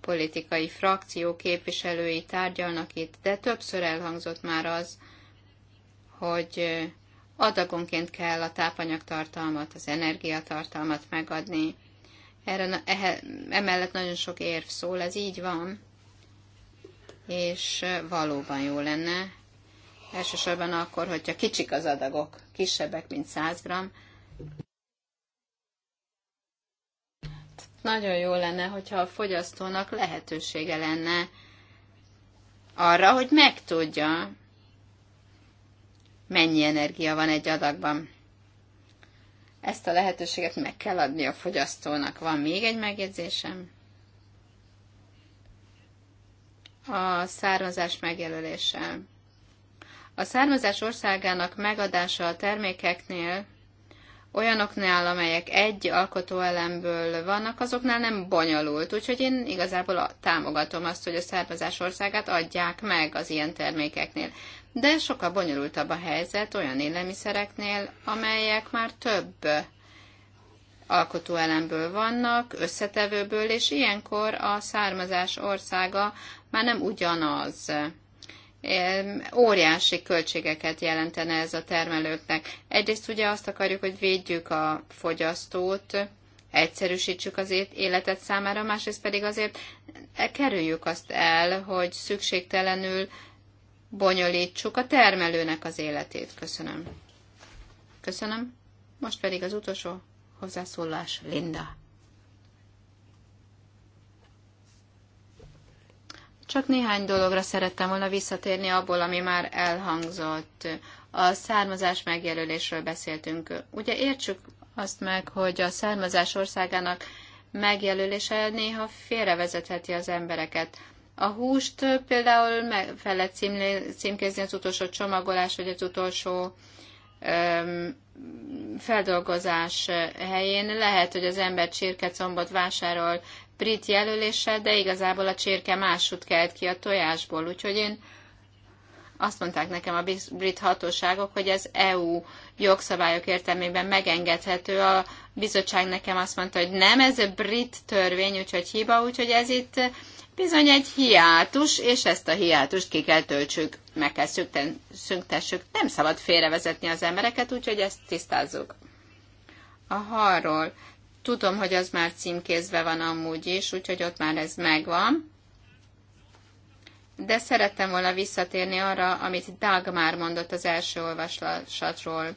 politikai frakció képviselői tárgyalnak itt, de többször elhangzott már az, hogy adagonként kell a tápanyagtartalmat, az energiatartalmat megadni erre, emellett nagyon sok érv szól, ez így van, és valóban jó lenne. Elsősorban akkor, hogyha kicsik az adagok, kisebbek, mint 100 g, nagyon jó lenne, hogyha a fogyasztónak lehetősége lenne arra, hogy megtudja, mennyi energia van egy adagban. Ezt a lehetőséget meg kell adni a fogyasztónak. Van még egy megjegyzésem? A származás megjelölése. A származás országának megadása a termékeknél olyanoknál, amelyek egy alkotóelemből vannak, azoknál nem bonyolult. Úgyhogy én igazából támogatom azt, hogy a származás országát adják meg az ilyen termékeknél de sokkal bonyolultabb a helyzet olyan élelmiszereknél, amelyek már több alkotóelemből vannak, összetevőből, és ilyenkor a származás országa már nem ugyanaz. Óriási költségeket jelentene ez a termelőknek. Egyrészt ugye azt akarjuk, hogy védjük a fogyasztót, egyszerűsítsük az életet számára, másrészt pedig azért e- kerüljük azt el, hogy szükségtelenül bonyolítsuk a termelőnek az életét. Köszönöm. Köszönöm. Most pedig az utolsó hozzászólás, Linda. Csak néhány dologra szerettem volna visszatérni abból, ami már elhangzott. A származás megjelölésről beszéltünk. Ugye értsük azt meg, hogy a származás országának megjelölése néha félrevezetheti az embereket. A húst például meg fel lehet címlé, címkézni az utolsó csomagolás, vagy az utolsó öm, feldolgozás helyén. Lehet, hogy az ember combot vásárol brit jelöléssel, de igazából a csirke másút kelt ki a tojásból. Úgyhogy én azt mondták nekem a brit hatóságok, hogy ez EU jogszabályok értelmében megengedhető. A bizottság nekem azt mondta, hogy nem, ez a brit törvény, úgyhogy hiba, úgyhogy ez itt bizony egy hiátus, és ezt a hiátust ki kell töltsük, meg kell szüntessük. Nem szabad félrevezetni az embereket, úgyhogy ezt tisztázzuk. A harról. Tudom, hogy az már címkézve van amúgy is, úgyhogy ott már ez megvan. De szerettem volna visszatérni arra, amit Dag már mondott az első olvasatról.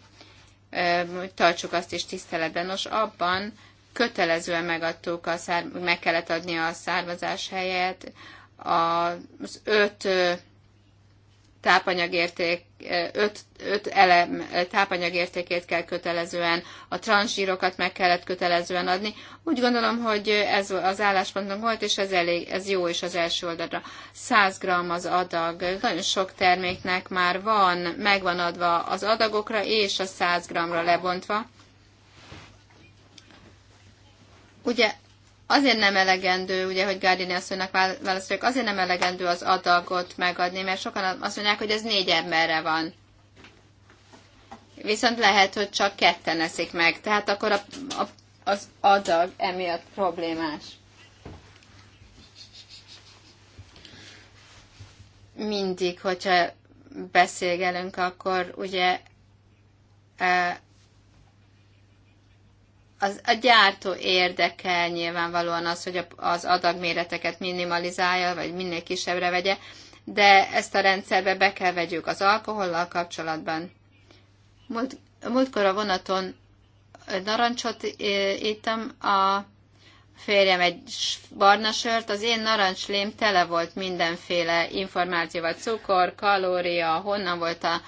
Tartsuk azt is tiszteletben. Nos, abban, kötelezően megadtuk a szár, meg kellett adni a származás helyet, az öt tápanyagérték, öt, öt elem tápanyagértékét kell kötelezően, a transzsírokat meg kellett kötelezően adni. Úgy gondolom, hogy ez az álláspontunk volt, és ez, elég, ez jó is az első oldalra. 100 g az adag. Nagyon sok terméknek már van, megvan adva az adagokra és a 100 g-ra lebontva. ugye azért nem elegendő, ugye, hogy Gárdini asszonynak válaszoljak, azért nem elegendő az adagot megadni, mert sokan azt mondják, hogy ez négy emberre van. Viszont lehet, hogy csak ketten eszik meg, tehát akkor a, a, az adag emiatt problémás. Mindig, hogyha beszélgelünk, akkor ugye eh, az, a gyártó érdekel nyilvánvalóan az, hogy az adagméreteket minimalizálja, vagy minél kisebbre vegye, de ezt a rendszerbe be kell vegyük az alkohollal kapcsolatban. Múlt, múltkor a vonaton narancsot ittam, a férjem egy barna sört, az én narancslém tele volt mindenféle információval, cukor, kalória, honnan volt a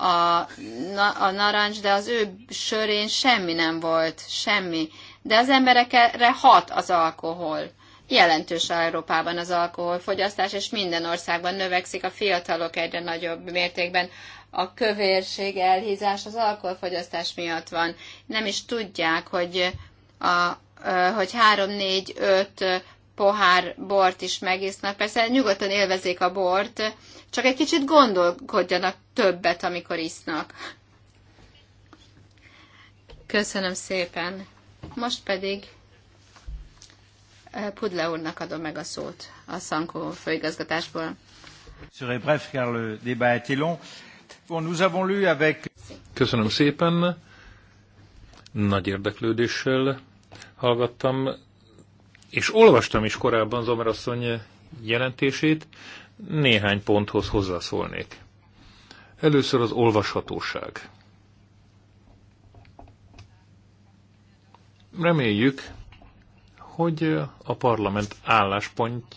a, na, a narancs, de az ő sörén semmi nem volt, semmi. De az emberekre hat az alkohol. Jelentős Európában az alkoholfogyasztás, és minden országban növekszik a fiatalok egyre nagyobb mértékben. A kövérség, elhízás az alkoholfogyasztás miatt van. Nem is tudják, hogy, a, hogy 3, 4, 5 pohár bort is megisznak. Persze nyugodtan élvezik a bort, csak egy kicsit gondolkodjanak többet, amikor isznak. Köszönöm szépen. Most pedig eh, Pudle úrnak adom meg a szót a Szankó főigazgatásból. Köszönöm szépen. Nagy érdeklődéssel hallgattam és olvastam is korábban Zomerasszony jelentését, néhány ponthoz hozzászólnék. Először az olvashatóság. Reméljük, hogy a parlament álláspontja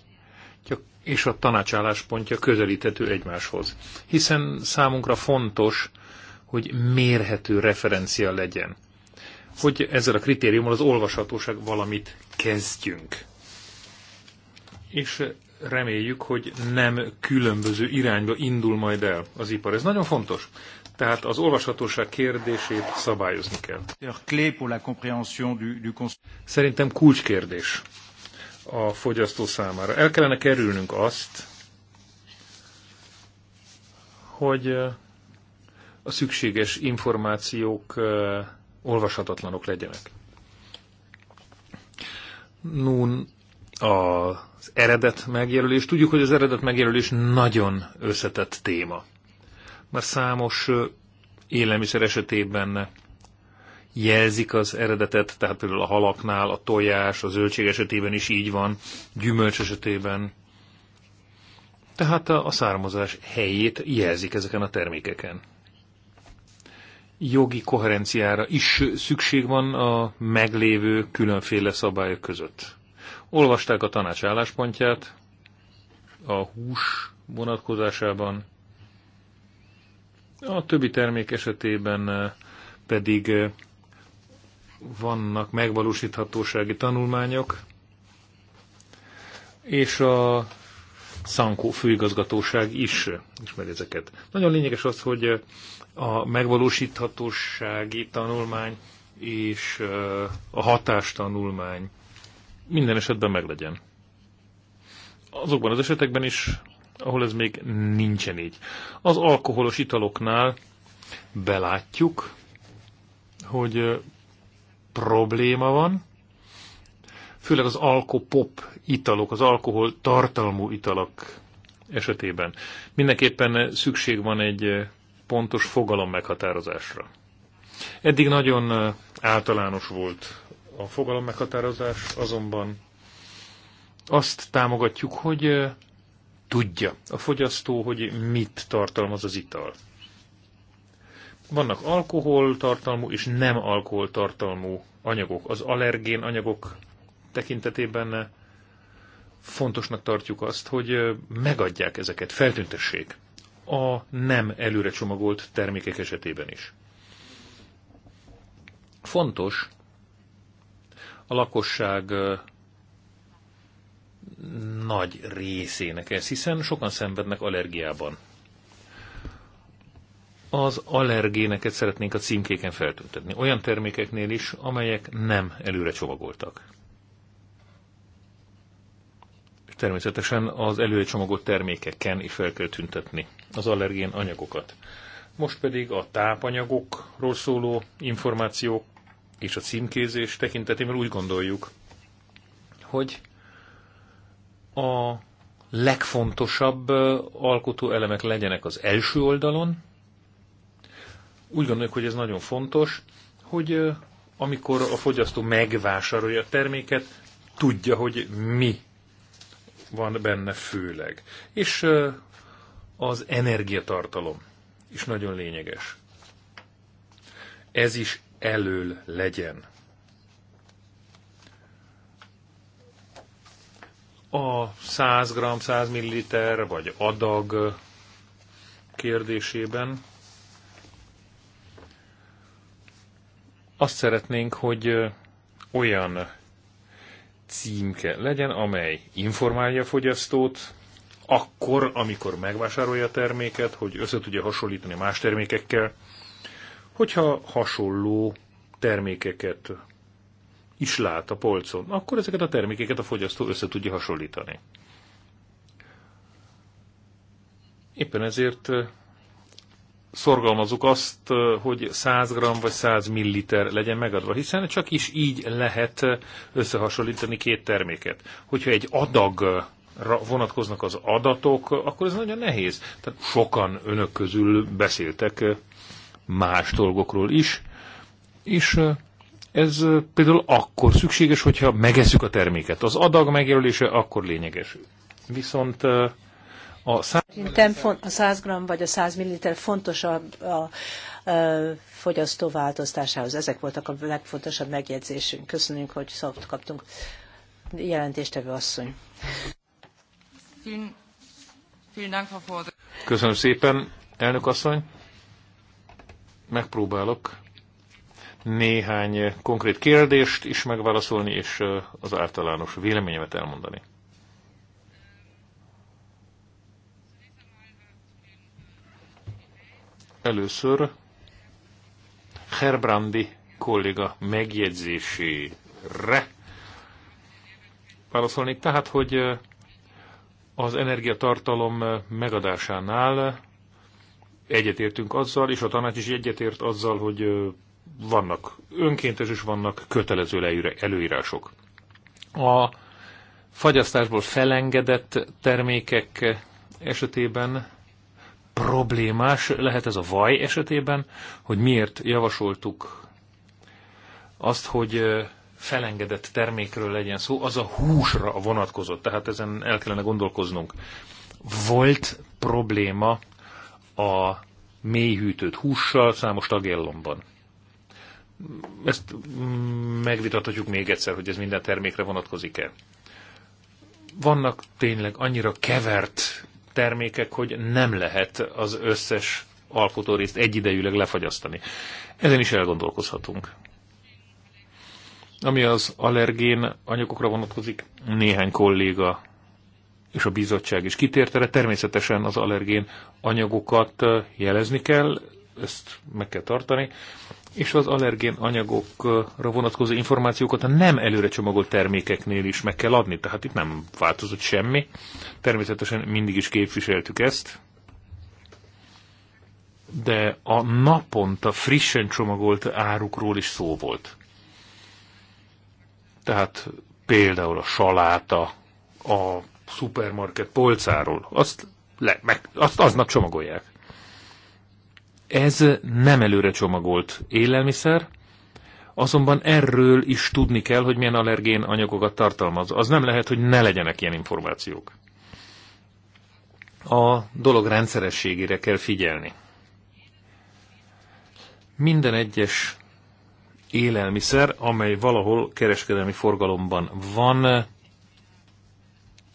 és a tanács álláspontja közelíthető egymáshoz, hiszen számunkra fontos, hogy mérhető referencia legyen hogy ezzel a kritériummal az olvashatóság valamit kezdjünk. És reméljük, hogy nem különböző irányba indul majd el az ipar. Ez nagyon fontos. Tehát az olvashatóság kérdését szabályozni kell. Szerintem kulcskérdés a fogyasztó számára. El kellene kerülnünk azt, hogy a szükséges információk olvashatatlanok legyenek. Nun az eredet megjelölés. Tudjuk, hogy az eredet megjelölés nagyon összetett téma. Mert számos élelmiszer esetében jelzik az eredetet, tehát például a halaknál, a tojás, a zöldség esetében is így van, gyümölcs esetében. Tehát a származás helyét jelzik ezeken a termékeken jogi koherenciára is szükség van a meglévő különféle szabályok között. Olvasták a tanács álláspontját a hús vonatkozásában, a többi termék esetében eh, pedig eh, vannak megvalósíthatósági tanulmányok, és a Szankó főigazgatóság is ismeri ezeket. Nagyon lényeges az, hogy eh, a megvalósíthatósági tanulmány és uh, a hatástanulmány minden esetben meglegyen. Azokban az esetekben is, ahol ez még nincsen így. Az alkoholos italoknál belátjuk, hogy uh, probléma van, főleg az alkopop italok, az alkohol tartalmú italak esetében. Mindenképpen szükség van egy uh, pontos fogalom meghatározásra. Eddig nagyon általános volt a fogalom meghatározás, azonban azt támogatjuk, hogy tudja a fogyasztó, hogy mit tartalmaz az ital. Vannak alkoholtartalmú és nem alkoholtartalmú anyagok. Az allergén anyagok tekintetében fontosnak tartjuk azt, hogy megadják ezeket, feltüntessék a nem előre csomagolt termékek esetében is. Fontos a lakosság nagy részének ez, hiszen sokan szenvednek allergiában. Az allergéneket szeretnénk a címkéken feltüntetni, olyan termékeknél is, amelyek nem előre csomagoltak. Természetesen az előre csomagolt termékeken is fel kell tüntetni az allergén anyagokat. Most pedig a tápanyagokról szóló információk és a címkézés tekintetében úgy gondoljuk, hogy a legfontosabb alkotó elemek legyenek az első oldalon. Úgy gondoljuk, hogy ez nagyon fontos, hogy amikor a fogyasztó megvásárolja a terméket, tudja, hogy mi van benne főleg. És az energiatartalom is nagyon lényeges. Ez is elől legyen. A 100 g, 100 ml vagy adag kérdésében azt szeretnénk, hogy olyan címke legyen, amely informálja a fogyasztót, akkor, amikor megvásárolja a terméket, hogy össze tudja hasonlítani más termékekkel, hogyha hasonló termékeket is lát a polcon, akkor ezeket a termékeket a fogyasztó össze tudja hasonlítani. Éppen ezért szorgalmazok azt, hogy 100 g vagy 100 milliliter legyen megadva, hiszen csak is így lehet összehasonlítani két terméket. Hogyha egy adag vonatkoznak az adatok, akkor ez nagyon nehéz. Tehát sokan önök közül beszéltek eh, más dolgokról is, és eh, ez eh, például akkor szükséges, hogyha megeszük a terméket. Az adag megjelölése akkor lényeges. Viszont a 100, a 100 g vagy a 100 ml fontos a, a, a fogyasztó változtásához. Ezek voltak a legfontosabb megjegyzésünk. Köszönjük, hogy szót kaptunk. Jelentéstevő asszony. Köszönöm szépen, elnök asszony. Megpróbálok néhány konkrét kérdést is megválaszolni, és az általános véleményemet elmondani. Először Herbrandi kolléga megjegyzésére válaszolnék, tehát, hogy az energiatartalom megadásánál egyetértünk azzal, és a tanács is egyetért azzal, hogy vannak önkéntes és vannak kötelező előírások. A fagyasztásból felengedett termékek esetében problémás lehet ez a vaj esetében, hogy miért javasoltuk azt, hogy felengedett termékről legyen szó, az a húsra vonatkozott, tehát ezen el kellene gondolkoznunk. Volt probléma a mélyhűtőt hússal számos tagjellomban. Ezt megvitathatjuk még egyszer, hogy ez minden termékre vonatkozik-e. Vannak tényleg annyira kevert termékek, hogy nem lehet az összes alkotórészt egyidejűleg lefagyasztani. Ezen is elgondolkozhatunk. Ami az allergén anyagokra vonatkozik, néhány kolléga és a bizottság is kitért erre. Természetesen az allergén anyagokat jelezni kell, ezt meg kell tartani, és az allergén anyagokra vonatkozó információkat a nem előre csomagolt termékeknél is meg kell adni, tehát itt nem változott semmi. Természetesen mindig is képviseltük ezt, de a naponta frissen csomagolt árukról is szó volt. Tehát például a saláta a szupermarket polcáról, azt, le, meg, azt aznap csomagolják. Ez nem előre csomagolt élelmiszer, azonban erről is tudni kell, hogy milyen allergén anyagokat tartalmaz. Az nem lehet, hogy ne legyenek ilyen információk. A dolog rendszerességére kell figyelni. Minden egyes élelmiszer, amely valahol kereskedelmi forgalomban van,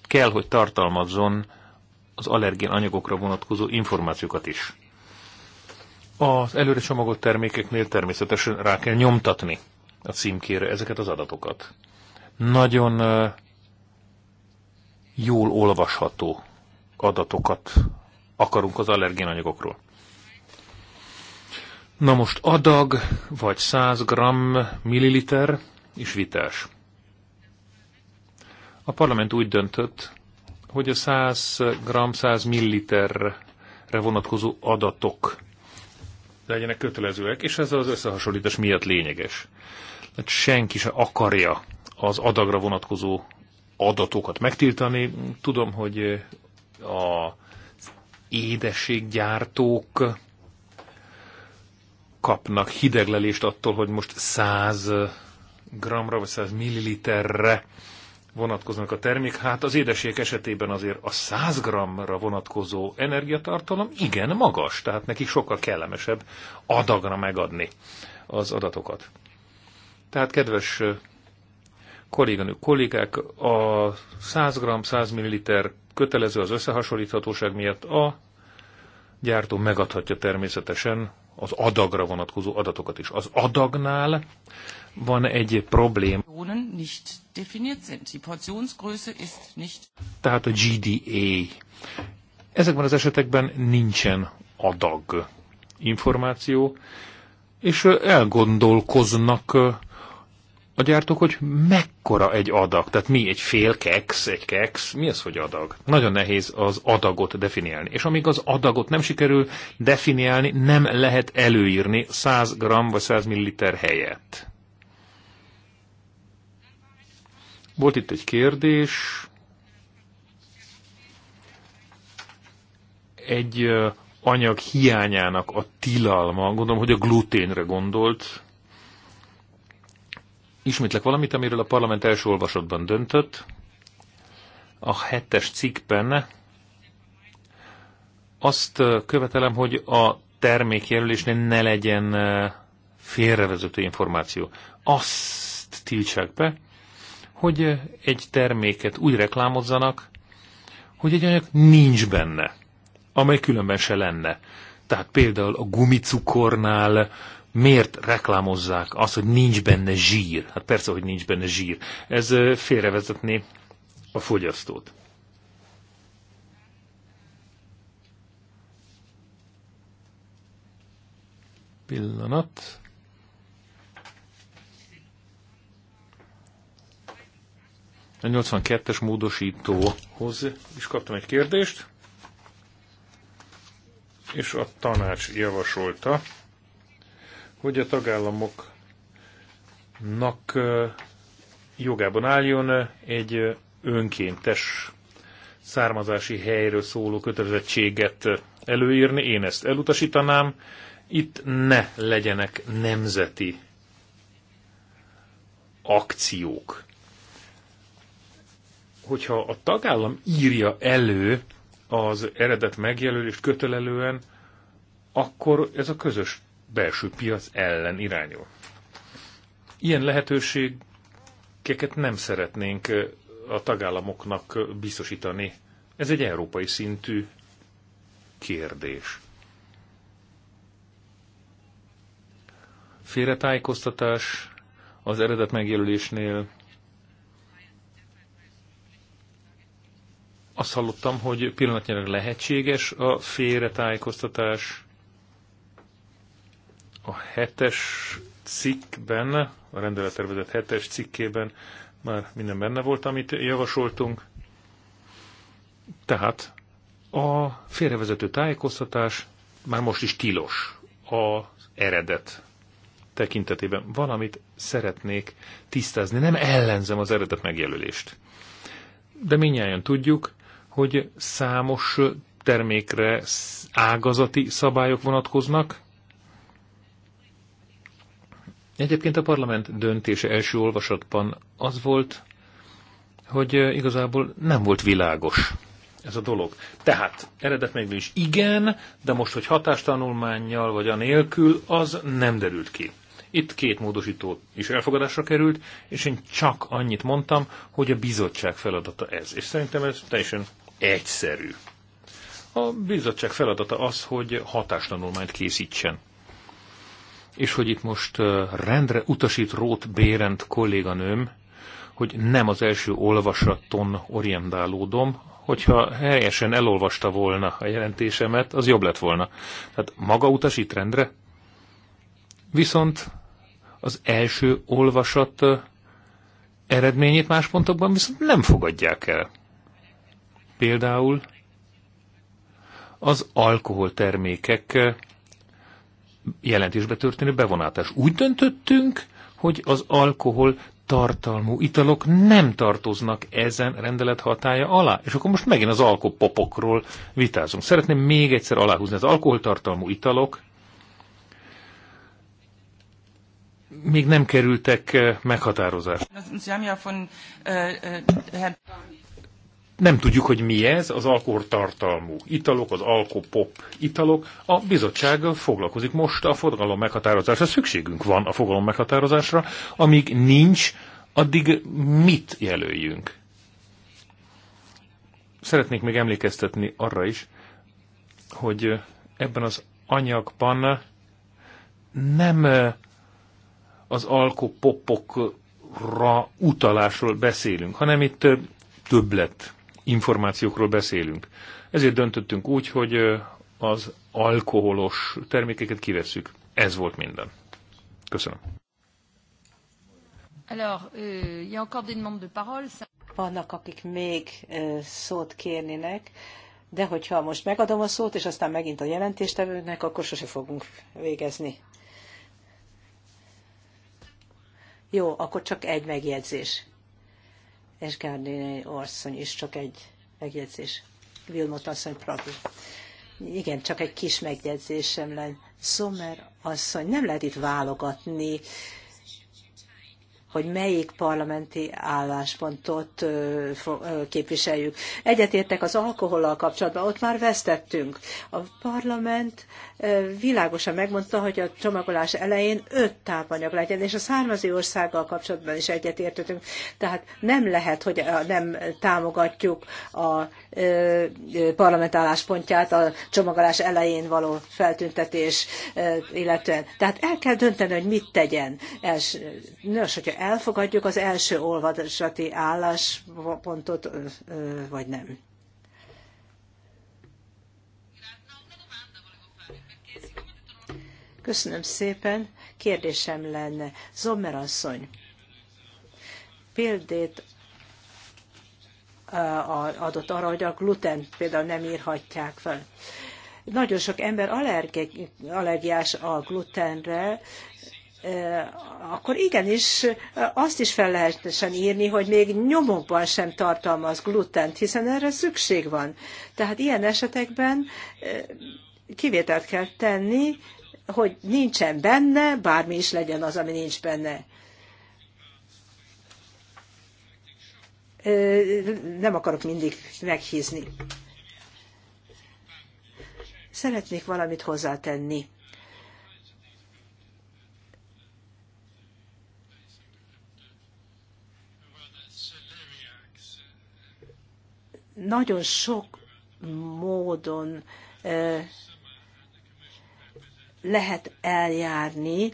kell, hogy tartalmazzon az allergén anyagokra vonatkozó információkat is. Az előre csomagolt termékeknél természetesen rá kell nyomtatni a címkére ezeket az adatokat. Nagyon jól olvasható adatokat akarunk az anyagokról. Na most adag, vagy 100 g milliliter is vitás. A parlament úgy döntött, hogy a 100 g 100 milliliterre vonatkozó adatok legyenek kötelezőek, és ez az összehasonlítás miatt lényeges. Mert senki se akarja az adagra vonatkozó adatokat megtiltani. Tudom, hogy a édességgyártók kapnak hideglelést attól, hogy most 100 gramra vagy 100 milliliterre vonatkoznak a termék. Hát az édeség esetében azért a 100 gramra vonatkozó energiatartalom igen magas, tehát nekik sokkal kellemesebb adagra megadni az adatokat. Tehát kedves kolléganő, kollégák, a 100 gram, 100 milliliter kötelező az összehasonlíthatóság miatt a gyártó megadhatja természetesen az adagra vonatkozó adatokat is. Az adagnál van egy problém. Tehát a GDA. Ezekben az esetekben nincsen adag információ, és elgondolkoznak a gyártók, hogy mekkora egy adag. Tehát mi egy fél keks, egy keks, mi az, hogy adag? Nagyon nehéz az adagot definiálni. És amíg az adagot nem sikerül definiálni, nem lehet előírni 100 g vagy 100 ml helyett. Volt itt egy kérdés. Egy anyag hiányának a tilalma, gondolom, hogy a gluténre gondolt, Ismétlek valamit, amiről a parlament első olvasatban döntött. A hetes cikkben azt követelem, hogy a termékjelölésnél ne legyen félrevezető információ. Azt tiltsák be, hogy egy terméket úgy reklámozzanak, hogy egy anyag nincs benne, amely különben se lenne. Tehát például a gumicukornál miért reklámozzák azt, hogy nincs benne zsír? Hát persze, hogy nincs benne zsír. Ez félrevezetné a fogyasztót. Pillanat. A 82-es módosítóhoz is kaptam egy kérdést, és a tanács javasolta, hogy a tagállamoknak jogában álljon egy önkéntes származási helyről szóló kötelezettséget előírni. Én ezt elutasítanám. Itt ne legyenek nemzeti akciók. Hogyha a tagállam írja elő az eredet megjelölést kötelelően, akkor ez a közös belső piac ellen irányul. Ilyen lehetőségeket nem szeretnénk a tagállamoknak biztosítani. Ez egy európai szintű kérdés. Félretájékoztatás az eredet megjelölésnél. Azt hallottam, hogy pillanatnyilag lehetséges a félretájékoztatás a hetes cikkben, a rendelettervezet hetes cikkében már minden benne volt, amit javasoltunk. Tehát a félrevezető tájékoztatás már most is tilos az eredet tekintetében. Valamit szeretnék tisztázni, nem ellenzem az eredet megjelölést. De minnyáján tudjuk, hogy számos termékre ágazati szabályok vonatkoznak, Egyébként a parlament döntése első olvasatban az volt, hogy igazából nem volt világos ez a dolog. Tehát eredet is igen, de most, hogy hatástanulmányjal vagy anélkül, az nem derült ki. Itt két módosító is elfogadásra került, és én csak annyit mondtam, hogy a bizottság feladata ez. És szerintem ez teljesen egyszerű. A bizottság feladata az, hogy hatástanulmányt készítsen és hogy itt most rendre utasít Rót Bérent kolléganőm, hogy nem az első olvasaton orientálódom, hogyha helyesen elolvasta volna a jelentésemet, az jobb lett volna. Tehát maga utasít rendre, viszont az első olvasat eredményét más pontokban viszont nem fogadják el. Például az alkoholtermékek jelentésbe történő bevonátás. Úgy döntöttünk, hogy az alkohol tartalmú italok nem tartoznak ezen rendelet hatája alá. És akkor most megint az alkopopokról vitázunk. Szeretném még egyszer aláhúzni, az alkoholtartalmú italok még nem kerültek eh, meghatározásra nem tudjuk, hogy mi ez az alkoholtartalmú italok, az alkopop italok. A bizottság foglalkozik most a fogalom meghatározásra. Szükségünk van a fogalom meghatározásra. Amíg nincs, addig mit jelöljünk? Szeretnék még emlékeztetni arra is, hogy ebben az anyagban nem az alkopopokra utalásról beszélünk, hanem itt többlet információkról beszélünk. Ezért döntöttünk úgy, hogy az alkoholos termékeket kivesszük. Ez volt minden. Köszönöm. Alors, euh, il y a encore des demandes de parole. Vannak, akik még szót kérnének, de hogyha most megadom a szót, és aztán megint a jelentéstevőnek, akkor sose fogunk végezni. Jó, akkor csak egy megjegyzés és asszony is csak egy megjegyzés. Vilmot asszony, Pragi. Igen, csak egy kis megjegyzésem lenne. Szomer asszony, nem lehet itt válogatni hogy melyik parlamenti álláspontot képviseljük. Egyetértek az alkohollal kapcsolatban, ott már vesztettünk. A parlament világosan megmondta, hogy a csomagolás elején öt tápanyag legyen, és a származi országgal kapcsolatban is egyetértettünk. Tehát nem lehet, hogy nem támogatjuk a parlament álláspontját a csomagolás elején való feltüntetés illetően. Tehát el kell dönteni, hogy mit tegyen. Nos, hogyha elfogadjuk az első olvasati álláspontot, vagy nem. Köszönöm szépen. Kérdésem lenne. Zommer asszony, példét adott arra, hogy a gluten például nem írhatják fel. Nagyon sok ember allergiás a glutenre, akkor igenis azt is fel lehessen írni, hogy még nyomokban sem tartalmaz glutent, hiszen erre szükség van. Tehát ilyen esetekben kivételt kell tenni, hogy nincsen benne, bármi is legyen az, ami nincs benne. Nem akarok mindig meghízni. Szeretnék valamit hozzátenni nagyon sok módon lehet eljárni,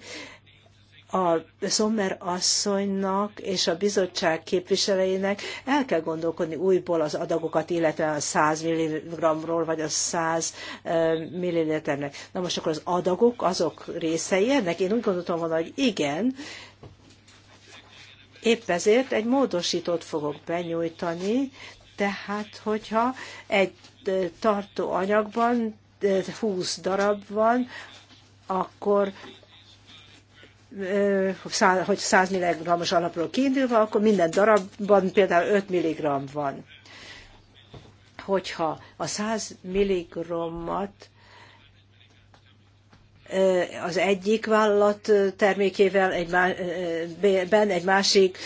a Sommer asszonynak és a bizottság képviselőinek el kell gondolkodni újból az adagokat, illetve a 100 mg-ról vagy a 100 milliliternek. Na most akkor az adagok azok részei ennek? Én úgy gondoltam volna, hogy igen, Épp ezért egy módosítót fogok benyújtani, tehát, hogyha egy tartó anyagban 20 darab van, akkor hogy 100 mg-os alapról kiindulva, akkor minden darabban például 5 mg van. Hogyha a 100 mg-at az egyik vállalat termékével, egy ben egy másik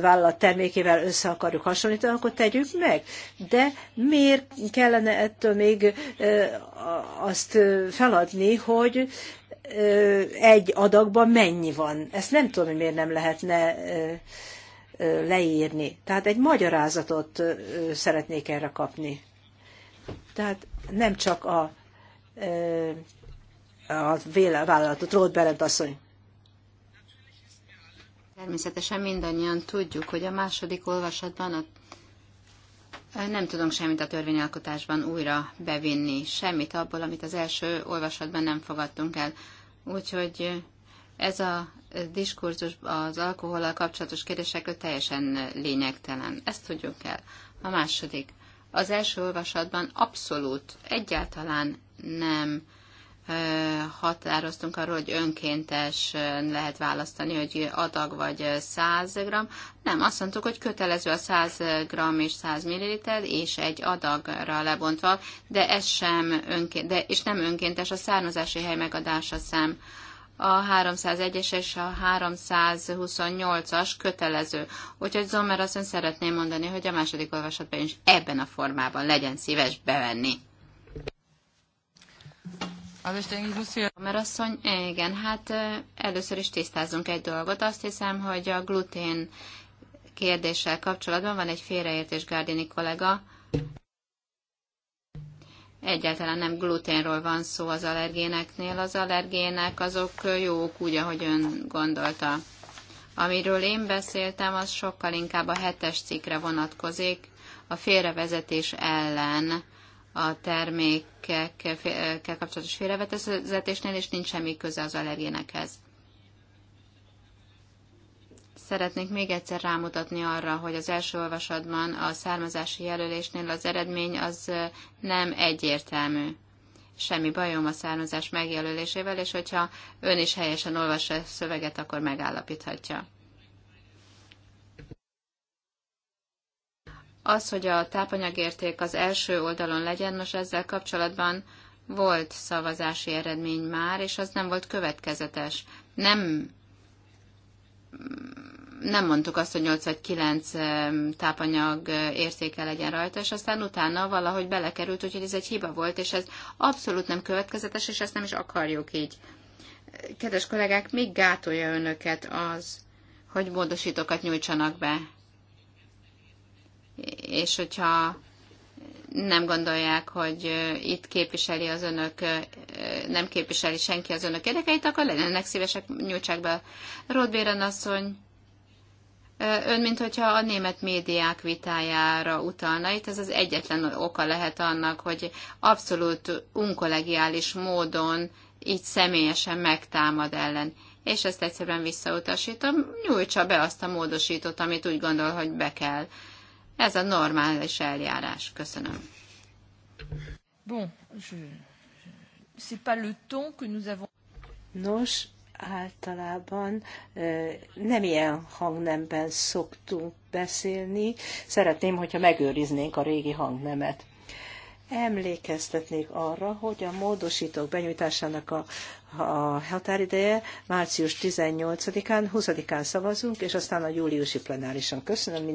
vállalat termékével össze akarjuk hasonlítani, akkor tegyük meg. De miért kellene ettől még azt feladni, hogy egy adagban mennyi van? Ezt nem tudom, hogy miért nem lehetne leírni. Tehát egy magyarázatot szeretnék erre kapni. Tehát nem csak a a vállalatot. Rót Berend asszony. Természetesen mindannyian tudjuk, hogy a második olvasatban a nem tudunk semmit a törvényalkotásban újra bevinni, semmit abból, amit az első olvasatban nem fogadtunk el. Úgyhogy ez a diskurzus az alkohollal kapcsolatos kérdésekről teljesen lényegtelen. Ezt tudjuk el. A második. Az első olvasatban abszolút, egyáltalán nem határoztunk arról, hogy önkéntes lehet választani, hogy adag vagy 100 g. Nem, azt mondtuk, hogy kötelező a 100 g és 100 ml, és egy adagra lebontva, de ez sem önkéntes, de, és nem önkéntes a származási hely megadása szám. A 301-es és a 328-as kötelező. Úgyhogy Zomer azt szeretném mondani, hogy a második olvasatban is ebben a formában legyen szíves bevenni. Az is tényleg Merasszony, igen, hát először is tisztázunk egy dolgot. Azt hiszem, hogy a glutén kérdéssel kapcsolatban van egy félreértés Gárdini kollega. Egyáltalán nem gluténról van szó az allergéneknél. Az allergének azok jók, úgy, ahogy ön gondolta. Amiről én beszéltem, az sokkal inkább a hetes cikkre vonatkozik, a félrevezetés ellen a termékekkel kapcsolatos félrevetezetésnél, és nincs semmi köze az allergénekhez. Szeretnék még egyszer rámutatni arra, hogy az első olvasatban a származási jelölésnél az eredmény az nem egyértelmű. Semmi bajom a származás megjelölésével, és hogyha ön is helyesen olvassa a szöveget, akkor megállapíthatja. Az, hogy a tápanyagérték az első oldalon legyen, most ezzel kapcsolatban volt szavazási eredmény már, és az nem volt következetes. Nem, nem mondtuk azt, hogy 8 vagy 9 tápanyag értéke legyen rajta, és aztán utána valahogy belekerült, úgyhogy ez egy hiba volt, és ez abszolút nem következetes, és ezt nem is akarjuk így. Kedves kollégák, még gátolja önöket az, hogy módosítókat nyújtsanak be és hogyha nem gondolják, hogy itt képviseli az önök, nem képviseli senki az önök érdekeit, akkor lennének szívesek, nyújtsák be. Rodbéren asszony, ön, mint hogyha a német médiák vitájára utalna, itt ez az egyetlen oka lehet annak, hogy abszolút unkollegiális módon így személyesen megtámad ellen. És ezt egyszerűen visszautasítom, nyújtsa be azt a módosítót, amit úgy gondol, hogy be kell ez a normális eljárás. Köszönöm. Bon, je... c'est pas le ton que nous avons. Nos, általában nem ilyen hangnemben szoktunk beszélni. Szeretném, hogyha megőriznénk a régi hangnemet. Emlékeztetnék arra, hogy a módosítók benyújtásának a, a határideje március 18-án, 20-án szavazunk, és aztán a júliusi plenárison. Köszönöm